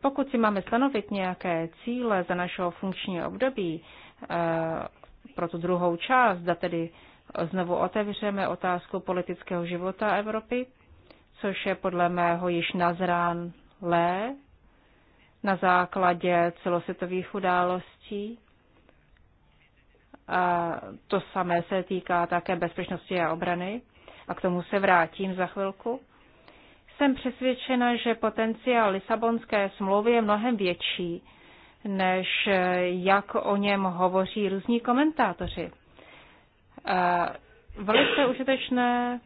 pokud si máme stanovit nějaké cíle za našeho funkčního období eh, pro tu druhou část, zda tedy znovu otevřeme otázku politického života Evropy, což je podle mého již nazránlé na základě celosvětových událostí. A to samé se týká také bezpečnosti a obrany. A k tomu se vrátím za chvilku. Jsem přesvědčena, že potenciál Lisabonské smlouvy je mnohem větší, než jak o něm hovoří různí komentátoři. Eh, velice užitečné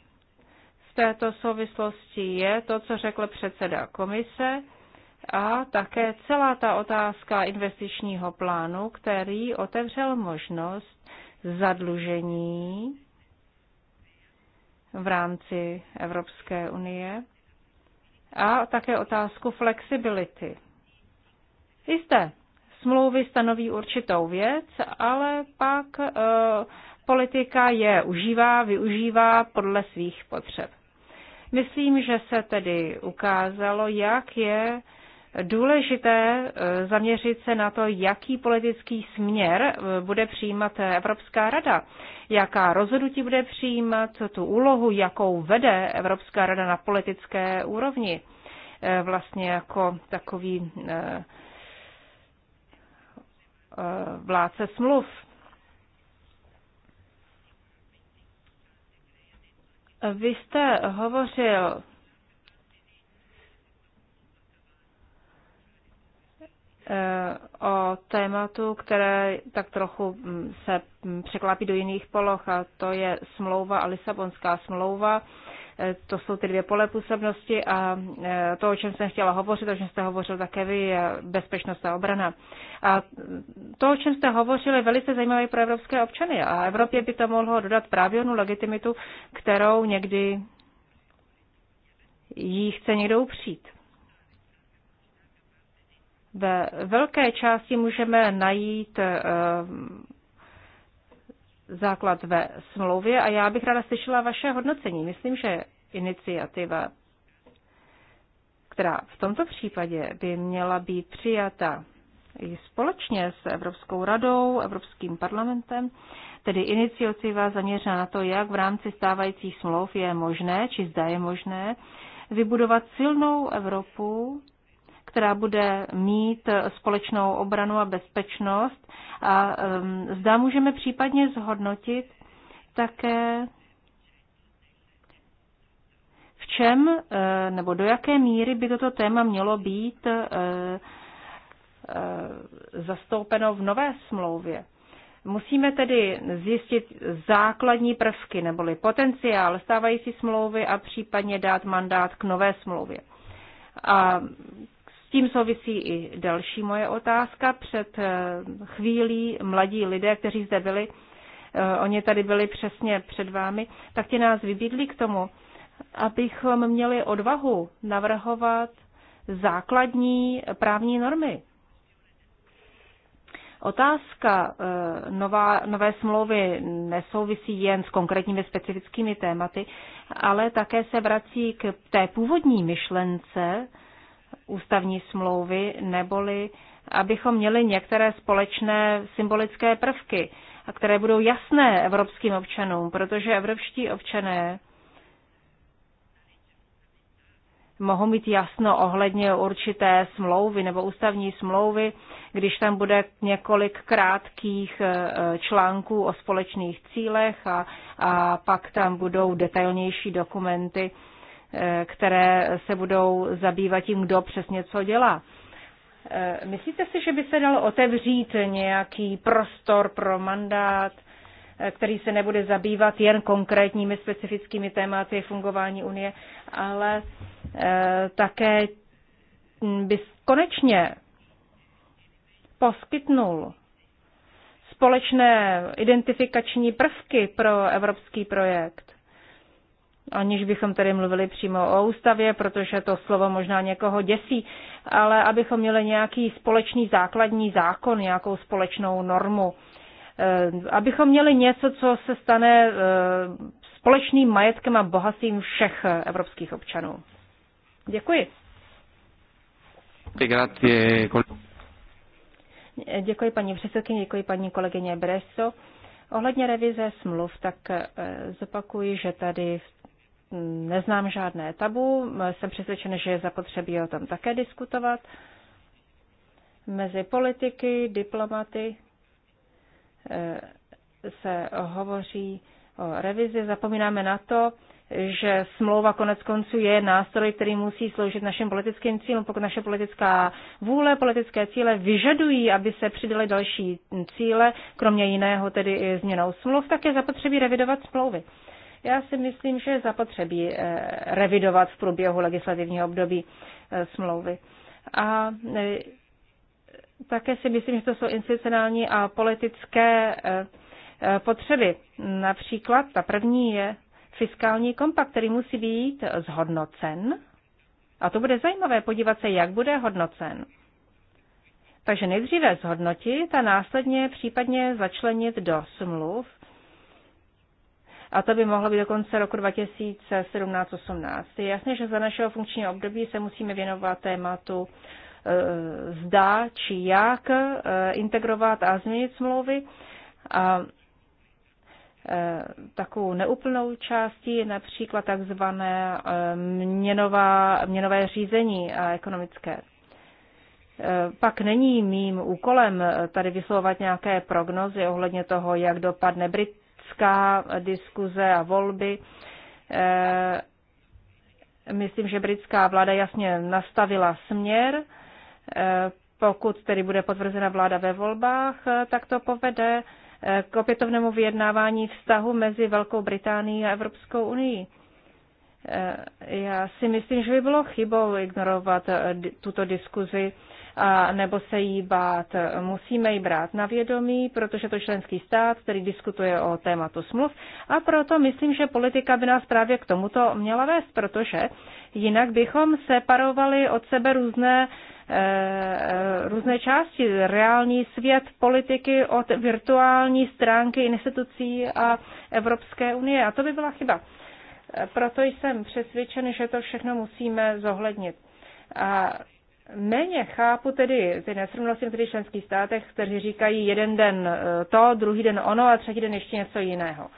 v této souvislosti je to, co řekl předseda komise, a také celá ta otázka investičního plánu, který otevřel možnost zadlužení v rámci Evropské unie a také otázku flexibility. Jisté, smlouvy stanoví určitou věc, ale pak e, politika je užívá, využívá podle svých potřeb. Myslím, že se tedy ukázalo, jak je důležité eh, zaměřit se na to, jaký politický směr eh, bude přijímat Evropská rada, jaká rozhodnutí bude přijímat, tu úlohu, jakou vede Evropská rada na politické úrovni. Eh, vlastně jako takový vládce smluv. Vy jste hovořil Eh, o tématu, které tak trochu mm, se mm, překlápí do jiných poloh, a to je smlouva a Lisabonská smlouva. Eh, to jsou ty dvě pole působnosti a eh, to, o čem jsem chtěla hovořit, o čem jste hovořil také vy, je bezpečnost a obrana. A to, o čem jste hovořil, je velice zajímavé pro evropské občany a Evropě by to mohlo dodat právě onu legitimitu, kterou někdy jí chce někdo upřít. Ve velké části můžeme najít eh, základ ve smlouvě a já bych ráda slyšela vaše hodnocení. Myslím, že iniciativa, která v tomto případě by měla být přijata i společně s Evropskou radou, Evropským parlamentem, tedy iniciativa zaměřená na to, jak v rámci stávajících smlouv je možné, či zda je možné, vybudovat silnou Evropu která bude mít společnou obranu a bezpečnost. A um, zda můžeme případně zhodnotit také, v čem uh, nebo do jaké míry by toto téma mělo být uh, uh, zastoupeno v nové smlouvě. Musíme tedy zjistit základní prvky neboli potenciál stávající smlouvy a případně dát mandát k nové smlouvě. A s tím souvisí i další moje otázka. Před eh, chvílí mladí lidé, kteří zde byli, eh, oni tady byli přesně před vámi, tak ti nás vybídli k tomu, abychom měli odvahu navrhovat základní právní normy. Otázka eh, nová, nové smlouvy nesouvisí jen s konkrétními specifickými tématy, ale také se vrací k té původní myšlence, ústavní smlouvy, neboli abychom měli některé společné symbolické prvky, které budou jasné evropským občanům, protože evropští občané mohou mít jasno ohledně určité smlouvy nebo ústavní smlouvy, když tam bude několik krátkých eh, článků o společných cílech a, a pak tam budou detailnější dokumenty které se budou zabývat tím, kdo přesně co dělá. Eh, myslíte si, že by se dalo otevřít nějaký prostor pro mandát, eh, který se nebude zabývat jen konkrétními specifickými tématy fungování Unie, ale eh, také hm, by konečně poskytnul společné identifikační prvky pro evropský projekt aniž bychom tedy mluvili přímo o ústavě, protože to slovo možná někoho děsí, ale abychom měli nějaký společný základní zákon, nějakou společnou normu. Eh, abychom měli něco, co se stane eh, společným majetkem a bohatým všech evropských občanů. Děkuji. Eh, děkuji paní předsedkyně, děkuji paní kolegyně Bresso. Ohledně revize smluv, tak zopakuji, že tady v neznám žádné tabu, jsem přesvědčena, že je zapotřebí o tom také diskutovat mezi politiky, diplomaty eh, se hovoří o revizi. Zapomínáme na to, že smlouva konec konců je nástroj, který musí sloužit našim politickým cílům. Pokud naše politická vůle, politické cíle vyžadují, aby se přidaly další cíle, kromě jiného tedy i změnou smluv, tak je zapotřebí revidovat smlouvy. Já si myslím, že je zapotřebí eh, revidovat v průběhu legislativního období eh, smlouvy. A eh, také si myslím, že to jsou institucionální a politické potřeby. Například ta první je fiskální kompakt, který musí být zhodnocen. A to bude zajímavé podívat se, jak bude hodnocen. Takže nejdříve zhodnotit a následně případně začlenit do smluv a to by mohlo být do konce roku 2017-18. Je jasné, že za našeho funkčního období se musíme věnovat tématu e, zda či jak e, integrovat a změnit smlouvy. A e, takovou neúplnou částí je například takzvané měnová, měnové řízení a ekonomické. Pak není mým úkolem tady vyslovovat nějaké prognozy ohledně toho, jak dopadne Brit, britská diskuze a volby. Eh, myslím, že britská vláda jasně nastavila směr. Eh, pokud tedy bude potvrzena vláda ve volbách, eh, tak to povede k opětovnému vyjednávání vztahu mezi Velkou Británií a Evropskou unii. Já si myslím, že by bylo chybou ignorovat tuto diskuzi a nebo se jí bát. Musíme ji brát na vědomí, protože to členský stát, který diskutuje o tématu smluv. A proto myslím, že politika by nás právě k tomuto měla vést, protože jinak bychom separovali od sebe různé e, e, různé části, reální svět politiky od virtuální stránky institucí a Evropské unie. A to by byla chyba. Proto jsem přesvědčen, že to všechno musíme zohlednit. A Méně chápu tedy ty nesrovnalosti v členských státech, kteří říkají jeden den eh, to, druhý den ono a třetí den ještě něco jiného.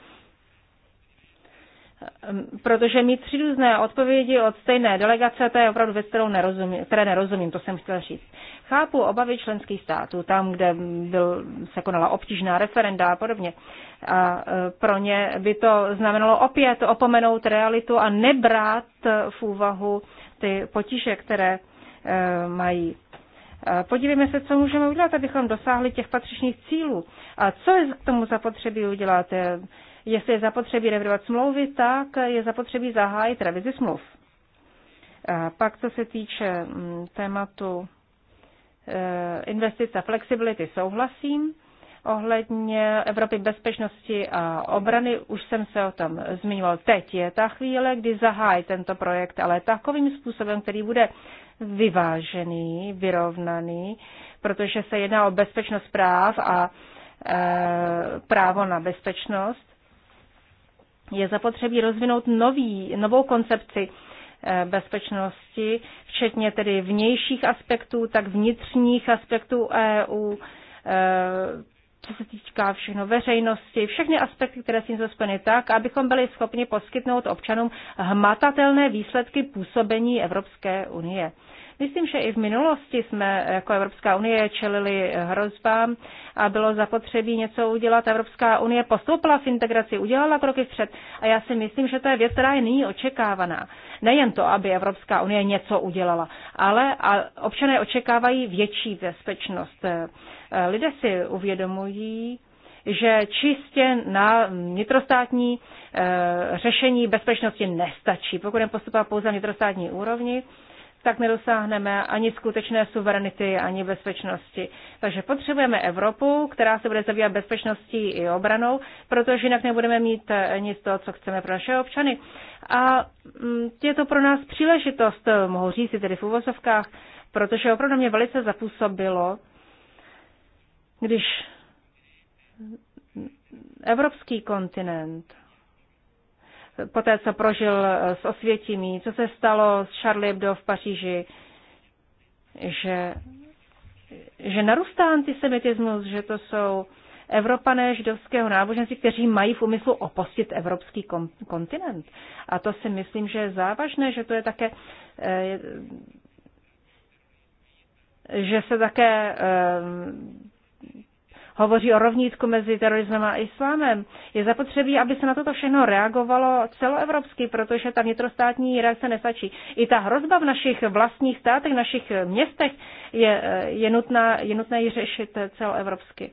Ehm, protože mít tři různé odpovědi od stejné delegace, to je opravdu věc, kterou nerozumím, které nerozumím, to jsem chtěla říct. Chápu obavy členských států, tam, kde byl, se konala obtížná referenda a podobně. A eh, pro ně by to znamenalo opět opomenout realitu a nebrát eh, v úvahu ty potíže, které Eh, mají. Eh, podívejme se, co můžeme udělat, abychom dosáhli těch patřičných cílů. A co je k tomu zapotřebí udělat? Eh, jestli je zapotřebí revidovat smlouvy, tak je zapotřebí zahájit revizi smluv. A pak, co se týče mm, tématu investice a flexibility, souhlasím. Ohledně Evropy bezpečnosti a obrany, už jsem se o tom zmiňoval. Teď je ta chvíle, kdy zahájí tento projekt, ale takovým způsobem, který bude vyvážený, vyrovnaný, protože se jedná o bezpečnost práv a e, právo na bezpečnost. Je zapotřebí rozvinout nový, novou koncepci e, bezpečnosti, včetně tedy vnějších aspektů, tak vnitřních aspektů EU, e, co se týká všechno veřejnosti, všechny aspekty, které s tím jsou spojeny tak, abychom byli schopni poskytnout občanům hmatatelné výsledky působení Evropské unie. Myslím, že i v minulosti jsme jako Evropská unie čelili hrozbám a bylo zapotřebí něco udělat. Evropská unie postoupila v integraci, udělala kroky vpřed a já si myslím, že to je věc, která je nyní očekávaná. Nejen to, aby Evropská unie něco udělala, ale občané očekávají větší bezpečnost. Lidé si uvědomují, že čistě na vnitrostátní e, řešení bezpečnosti nestačí. Pokud jen postupá pouze na vnitrostátní úrovni, tak nedosáhneme ani skutečné suverenity, ani bezpečnosti. Takže potřebujeme Evropu, která se bude zabývat bezpečností i obranou, protože jinak nebudeme mít eh, nic toho, co chceme pro naše občany. A mm, je to pro nás příležitost, eh, mohu říct si tedy v uvozovkách, protože opravdu mě velice zapůsobilo, když evropský kontinent poté, co prožil eh, s Osvětimí, co se stalo s Charlie Hebdo v Paříži, že, že narůstá antisemitismus, že to jsou Evropané židovského náboženství, kteří mají v úmyslu opustit evropský kontinent. A to si myslím, že je závažné, že to je také eh, že se také eh, hovoří o rovnítku mezi terorismem a islámem. Je zapotřebí, aby se na toto všechno reagovalo celoevropsky, protože ta vnitrostátní reakce nestačí. I ta hrozba v našich vlastních státech, v našich městech je, je, nutná, je nutné ji řešit celoevropsky.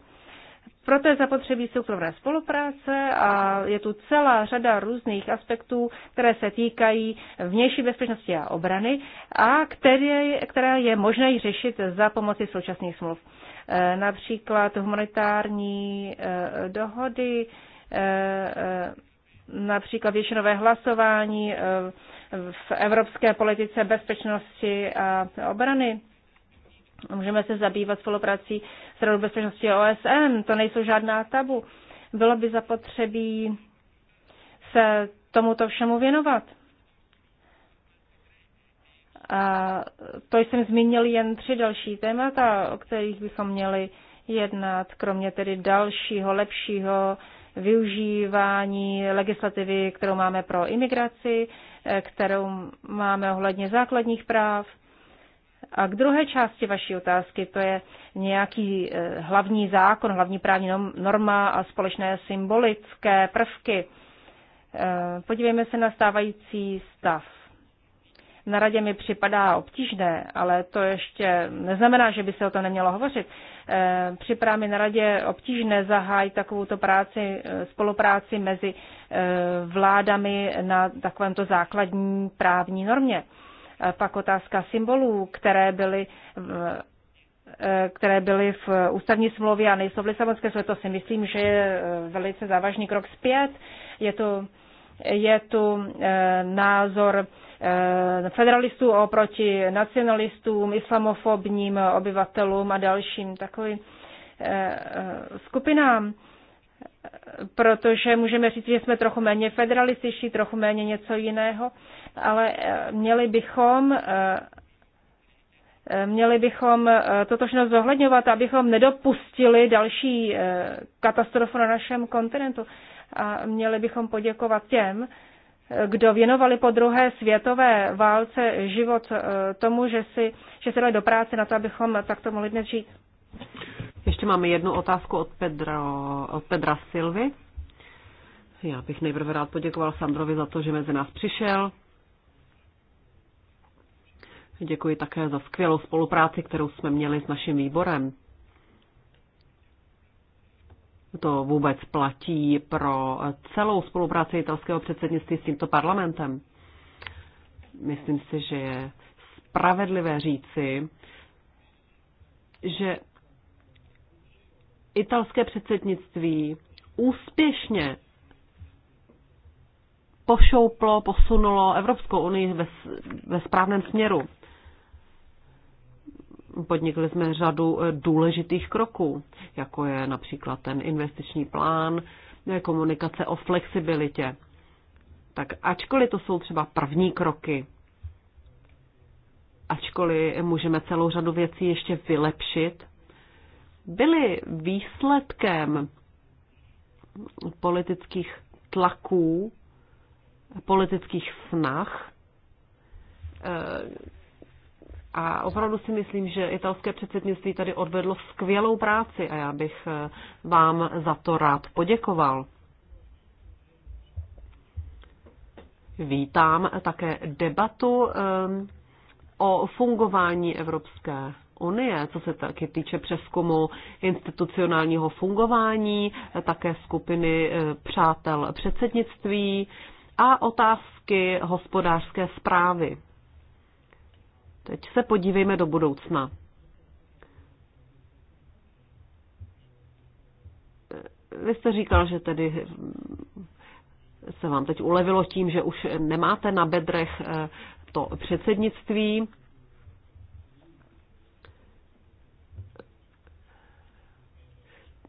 Proto je zapotřebí soukromé spolupráce a je tu celá řada různých aspektů, které se týkají vnější bezpečnosti a obrany a které, které je možné řešit za pomoci současných smluv. Eh, například humanitární eh, dohody, eh, například většinové hlasování v evropské politice bezpečnosti a obrany. Můžeme se zabývat spoluprací s Radou bezpečnosti OSN, to nejsou žádná tabu. Bylo by zapotřebí se tomuto všemu věnovat. A to jsem zmínil jen tři další témata, o kterých bychom měli jednat, kromě tedy dalšího lepšího využívání legislativy, kterou máme pro imigraci, eh, kterou máme ohledně základních práv. A k druhé části vaší otázky, to je nějaký eh, hlavní zákon, hlavní právní norma a společné symbolické prvky. Eh, podívejme se na stávající stav na radě mi připadá obtížné, ale to ještě neznamená, že by se o tom nemělo hovořit. Eh, připadá mi na radě obtížné zahájit takovouto práci, eh, spolupráci mezi eh, vládami na takovémto základní právní normě. Pak otázka symbolů, které byly které byly v ústavní smlouvě a nejsou v Lisabonské smlouvě, to si myslím, že je velice závažný krok zpět. Je to je tu názor Eh, federalistů oproti nacionalistům, islamofobním obyvatelům a dalším takovým eh, eh, skupinám, protože můžeme říct, že jsme trochu méně federalističtí, trochu méně něco jiného, ale měli bychom měli bychom totožnost zohledňovat, abychom nedopustili další katastrofu na našem kontinentu. A měli bychom poděkovat těm, kdo věnovali po druhé světové válce život eh, tomu, že, si, že se dali do práce na to, abychom takto mohli dnes žít. Ještě máme jednu otázku od Pedra, od Pedra Silvy. Já bych nejprve rád poděkoval Sandrovi za to, že mezi nás přišel. Děkuji také za skvělou spolupráci, kterou jsme měli s naším výborem to vůbec platí pro celou spolupráci italského předsednictví s tímto parlamentem. Myslím si, že je spravedlivé říci, že italské předsednictví úspěšně pošouplo, posunulo Evropskou unii ve, ve správném směru podnikli jsme řadu eh, důležitých kroků, jako je například ten investiční plán, eh, komunikace o flexibilitě. Tak ačkoliv to jsou třeba první kroky, ačkoliv můžeme celou řadu věcí ještě vylepšit, byly výsledkem politických tlaků, politických snah, eh, a opravdu si myslím, že italské předsednictví tady odvedlo skvělou práci a já bych eh, vám za to rád poděkoval. Vítám také debatu ehm, o fungování Evropské unie, co se taky týče přeskumu institucionálního fungování, také skupiny eh, přátel předsednictví a otázky hospodářské zprávy. Teď se podívejme do budoucna. Vy jste říkal, že tedy se vám teď ulevilo tím, že už nemáte na bedrech eh, to předsednictví.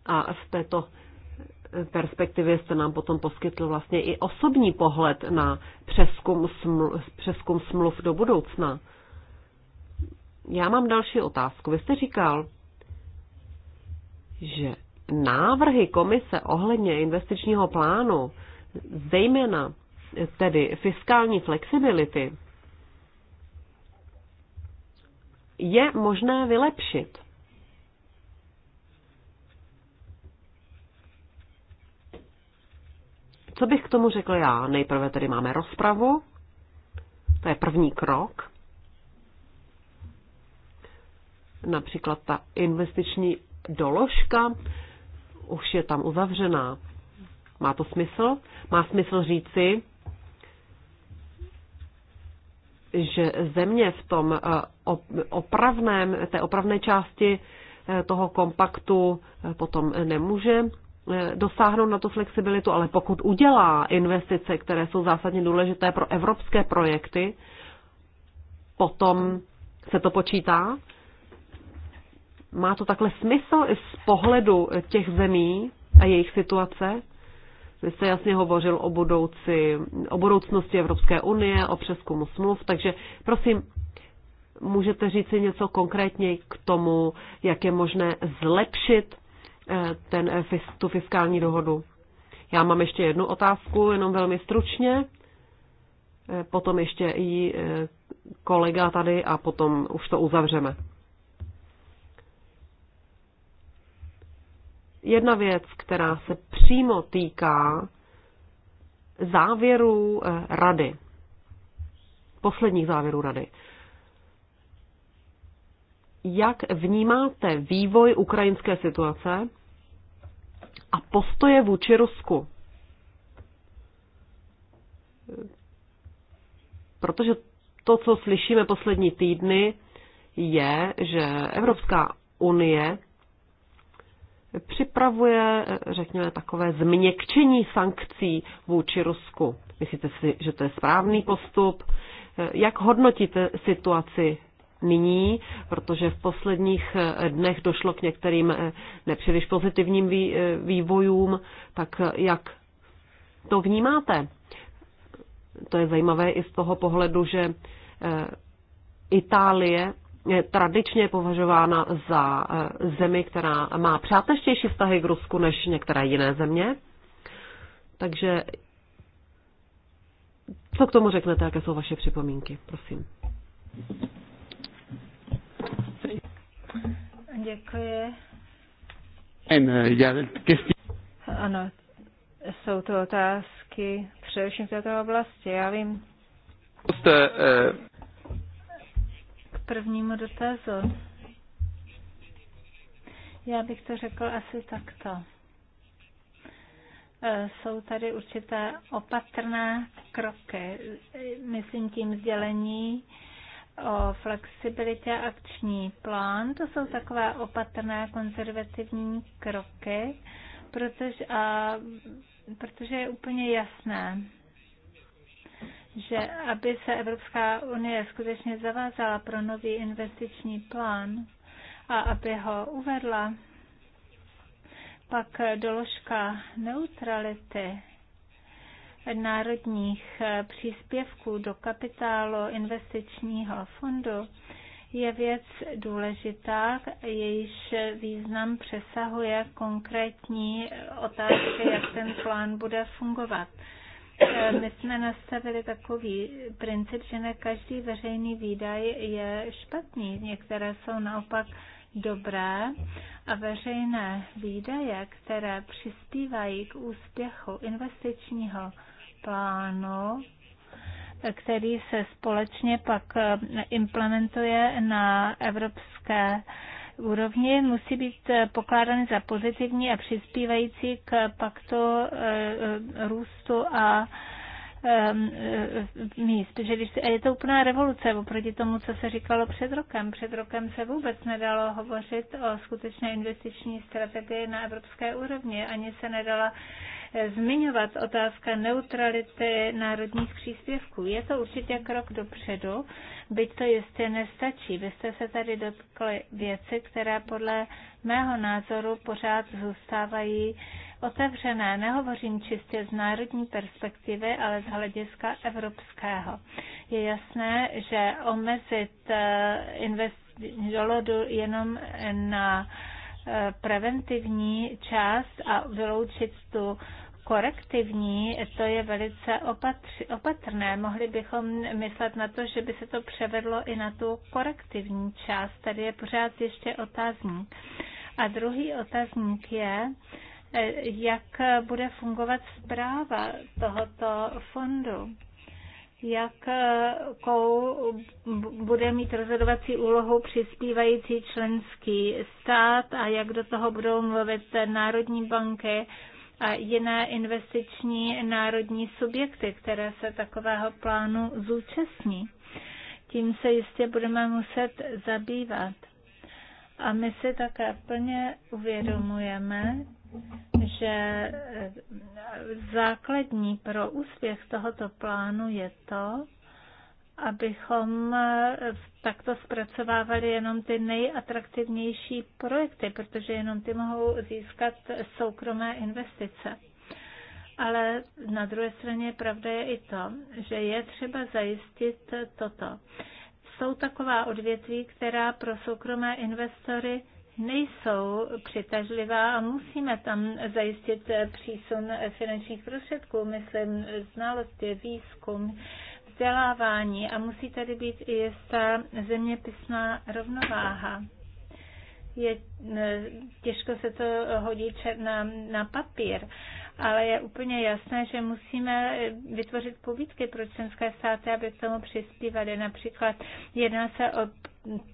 A v této perspektivě jste nám potom poskytl vlastně i osobní pohled na přeskum smluv, přeskum smluv do budoucna. Já mám další otázku. Vy jste říkal, že návrhy komise ohledně investičního plánu, zejména tedy fiskální flexibility, je možné vylepšit. Co bych k tomu řekl já? Nejprve tedy máme rozpravu, to je první krok. například ta investiční doložka už je tam uzavřená. Má to smysl? Má smysl říci, že země v tom eh, opravném, té opravné části eh, toho kompaktu eh, potom nemůže dosáhnout na tu flexibilitu, ale pokud udělá investice, které jsou zásadně důležité pro evropské projekty, potom se to počítá má to takhle smysl i z pohledu těch zemí a jejich situace? Vy jste jasně hovořil o, budoucí, o budoucnosti Evropské unie, o přeskumu smluv, takže prosím, můžete říct si něco konkrétně k tomu, jak je možné zlepšit eh, ten, tu fiskální dohodu? Já mám ještě jednu otázku, jenom velmi stručně. Eh, potom ještě i eh, kolega tady a potom už to uzavřeme. jedna věc, která se přímo týká závěrů eh, rady. Posledních závěrů rady. Jak vnímáte vývoj ukrajinské situace a postoje vůči Rusku? Protože to, co slyšíme poslední týdny, je, že Evropská unie připravuje, řekněme, takové změkčení sankcí vůči Rusku. Myslíte si, že to je správný postup? Jak hodnotíte situaci nyní, protože v posledních dnech došlo k některým nepříliš pozitivním vývojům, tak jak to vnímáte? To je zajímavé i z toho pohledu, že eh, Itálie tradičně je považována za eh, zemi, která má přátelštější vztahy k Rusku než některé jiné země. Takže co k tomu řeknete, jaké jsou vaše připomínky, prosím. Děkuji. Eh, ano, jsou to otázky především v této oblasti, já vím prvnímu dotazu. Já bych to řekl asi takto. E, jsou tady určité opatrné kroky, myslím tím sdělení o flexibilitě akční plán. To jsou takové opatrné konzervativní kroky, protože, a, protože je úplně jasné, že aby se Evropská unie skutečně zavázala pro nový investiční plán a aby ho uvedla, pak doložka neutrality národních eh, příspěvků do kapitálu investičního fondu je věc důležitá, jejíž význam přesahuje konkrétní otázky, jak ten plán bude fungovat. Eh, my jsme nastavili takový princip, že ne každý veřejný výdaj je špatný. Některé jsou naopak dobré a veřejné výdaje, které přispívají k úspěchu investičního plánu, který se společně pak eh, implementuje na evropské úrovni musí být eh, pokládány za pozitivní a přispívající k paktu eh, eh, růstu a míst. Že když, a je to úplná revoluce oproti tomu, co se říkalo před rokem. Před rokem se vůbec nedalo hovořit o skutečné investiční strategii na evropské úrovni. Ani se nedala zmiňovat otázka neutrality národních příspěvků. Je to určitě krok dopředu, byť to jistě nestačí. Vy jste se tady dotkli věci, které podle mého názoru pořád zůstávají otevřené. Nehovořím čistě z národní perspektivy, ale z hlediska evropského. Je jasné, že omezit eh, invest- žolodu jenom na uh, Eh, preventivní část a vyloučit tu korektivní, to je velice opatrné. Mohli bychom myslet na to, že by se to převedlo i na tu korektivní část. Tady je pořád ještě otázník. A druhý otázník je, eh, jak bude fungovat zpráva tohoto fondu kou bude mít rozhodovací úlohu přispívající členský stát a jak do toho budou mluvit národní banky a jiné investiční národní subjekty, které se takového plánu zúčastní. Tím se jistě budeme muset zabývat. A my si také plně uvědomujeme, že eh, základní pro úspěch tohoto plánu je to, abychom eh, takto zpracovávali jenom ty nejatraktivnější projekty, protože jenom ty mohou získat soukromé investice. Ale na druhé straně pravda je i to, že je třeba zajistit toto. Jsou taková odvětví, která pro soukromé investory nejsou přitažlivá a musíme tam zajistit přísun finančních prostředků, myslím znalosti, výzkum, vzdělávání a musí tady být i jistá zeměpisná rovnováha. Je, e, těžko se to hodí na, na papír, ale je úplně jasné, že musíme vytvořit povídky pro členské státy, aby k tomu přispívali. Například jedná se o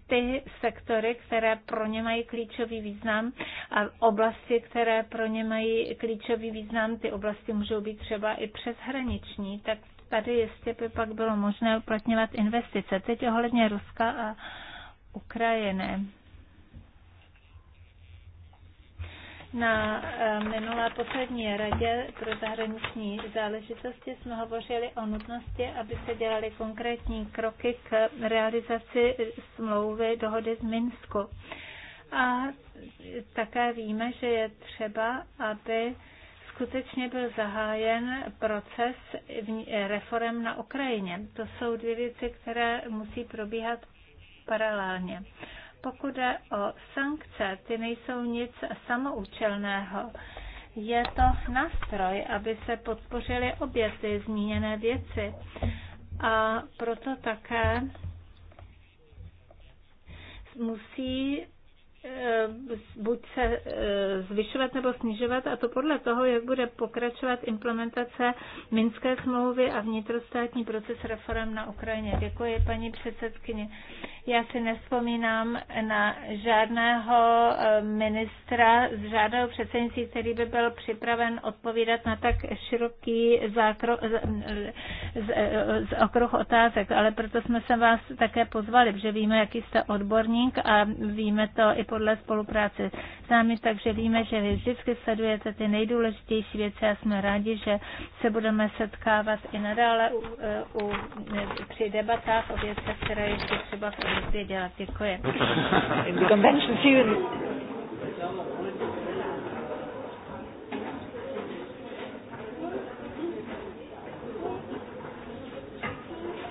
ty sektory, které pro ně mají klíčový význam a oblasti, které pro ně mají klíčový význam, ty oblasti můžou být třeba i přeshraniční, tak tady jistě by pak bylo možné uplatňovat investice. Teď ohledně Ruska a Ukrajiny. Na eh, minulé poslední radě pro zahraniční záležitosti jsme hovořili o nutnosti, aby se dělaly konkrétní kroky k realizaci smlouvy dohody z Minsku. A také víme, že je třeba, aby skutečně byl zahájen proces eh, reform na Ukrajině. To jsou dvě věci, které musí probíhat paralelně. Pokud jde o sankce, ty nejsou nic samoučelného. Je to nástroj, aby se podpořily obě ty zmíněné věci. A proto také musí eh, buď se eh, zvyšovat nebo snižovat a to podle toho, jak bude pokračovat implementace Minské smlouvy a vnitrostátní proces reform na Ukrajině. Děkuji paní předsedkyně. Já si nespomínám na žádného eh, ministra z žádného předsednictví, který by byl připraven odpovídat na tak široký zákro, z, eh, z, eh, z okruh otázek, ale proto jsme se vás také pozvali, protože víme, jaký jste odborník a víme to i podle spolupráce s námi, takže víme, že vy vždycky sledujete ty nejdůležitější věci a jsme rádi, že se budeme setkávat i nadále u, u, při debatách o věcech, které ještě třeba v dělat, Děkuji. No the convention series.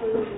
Thank you.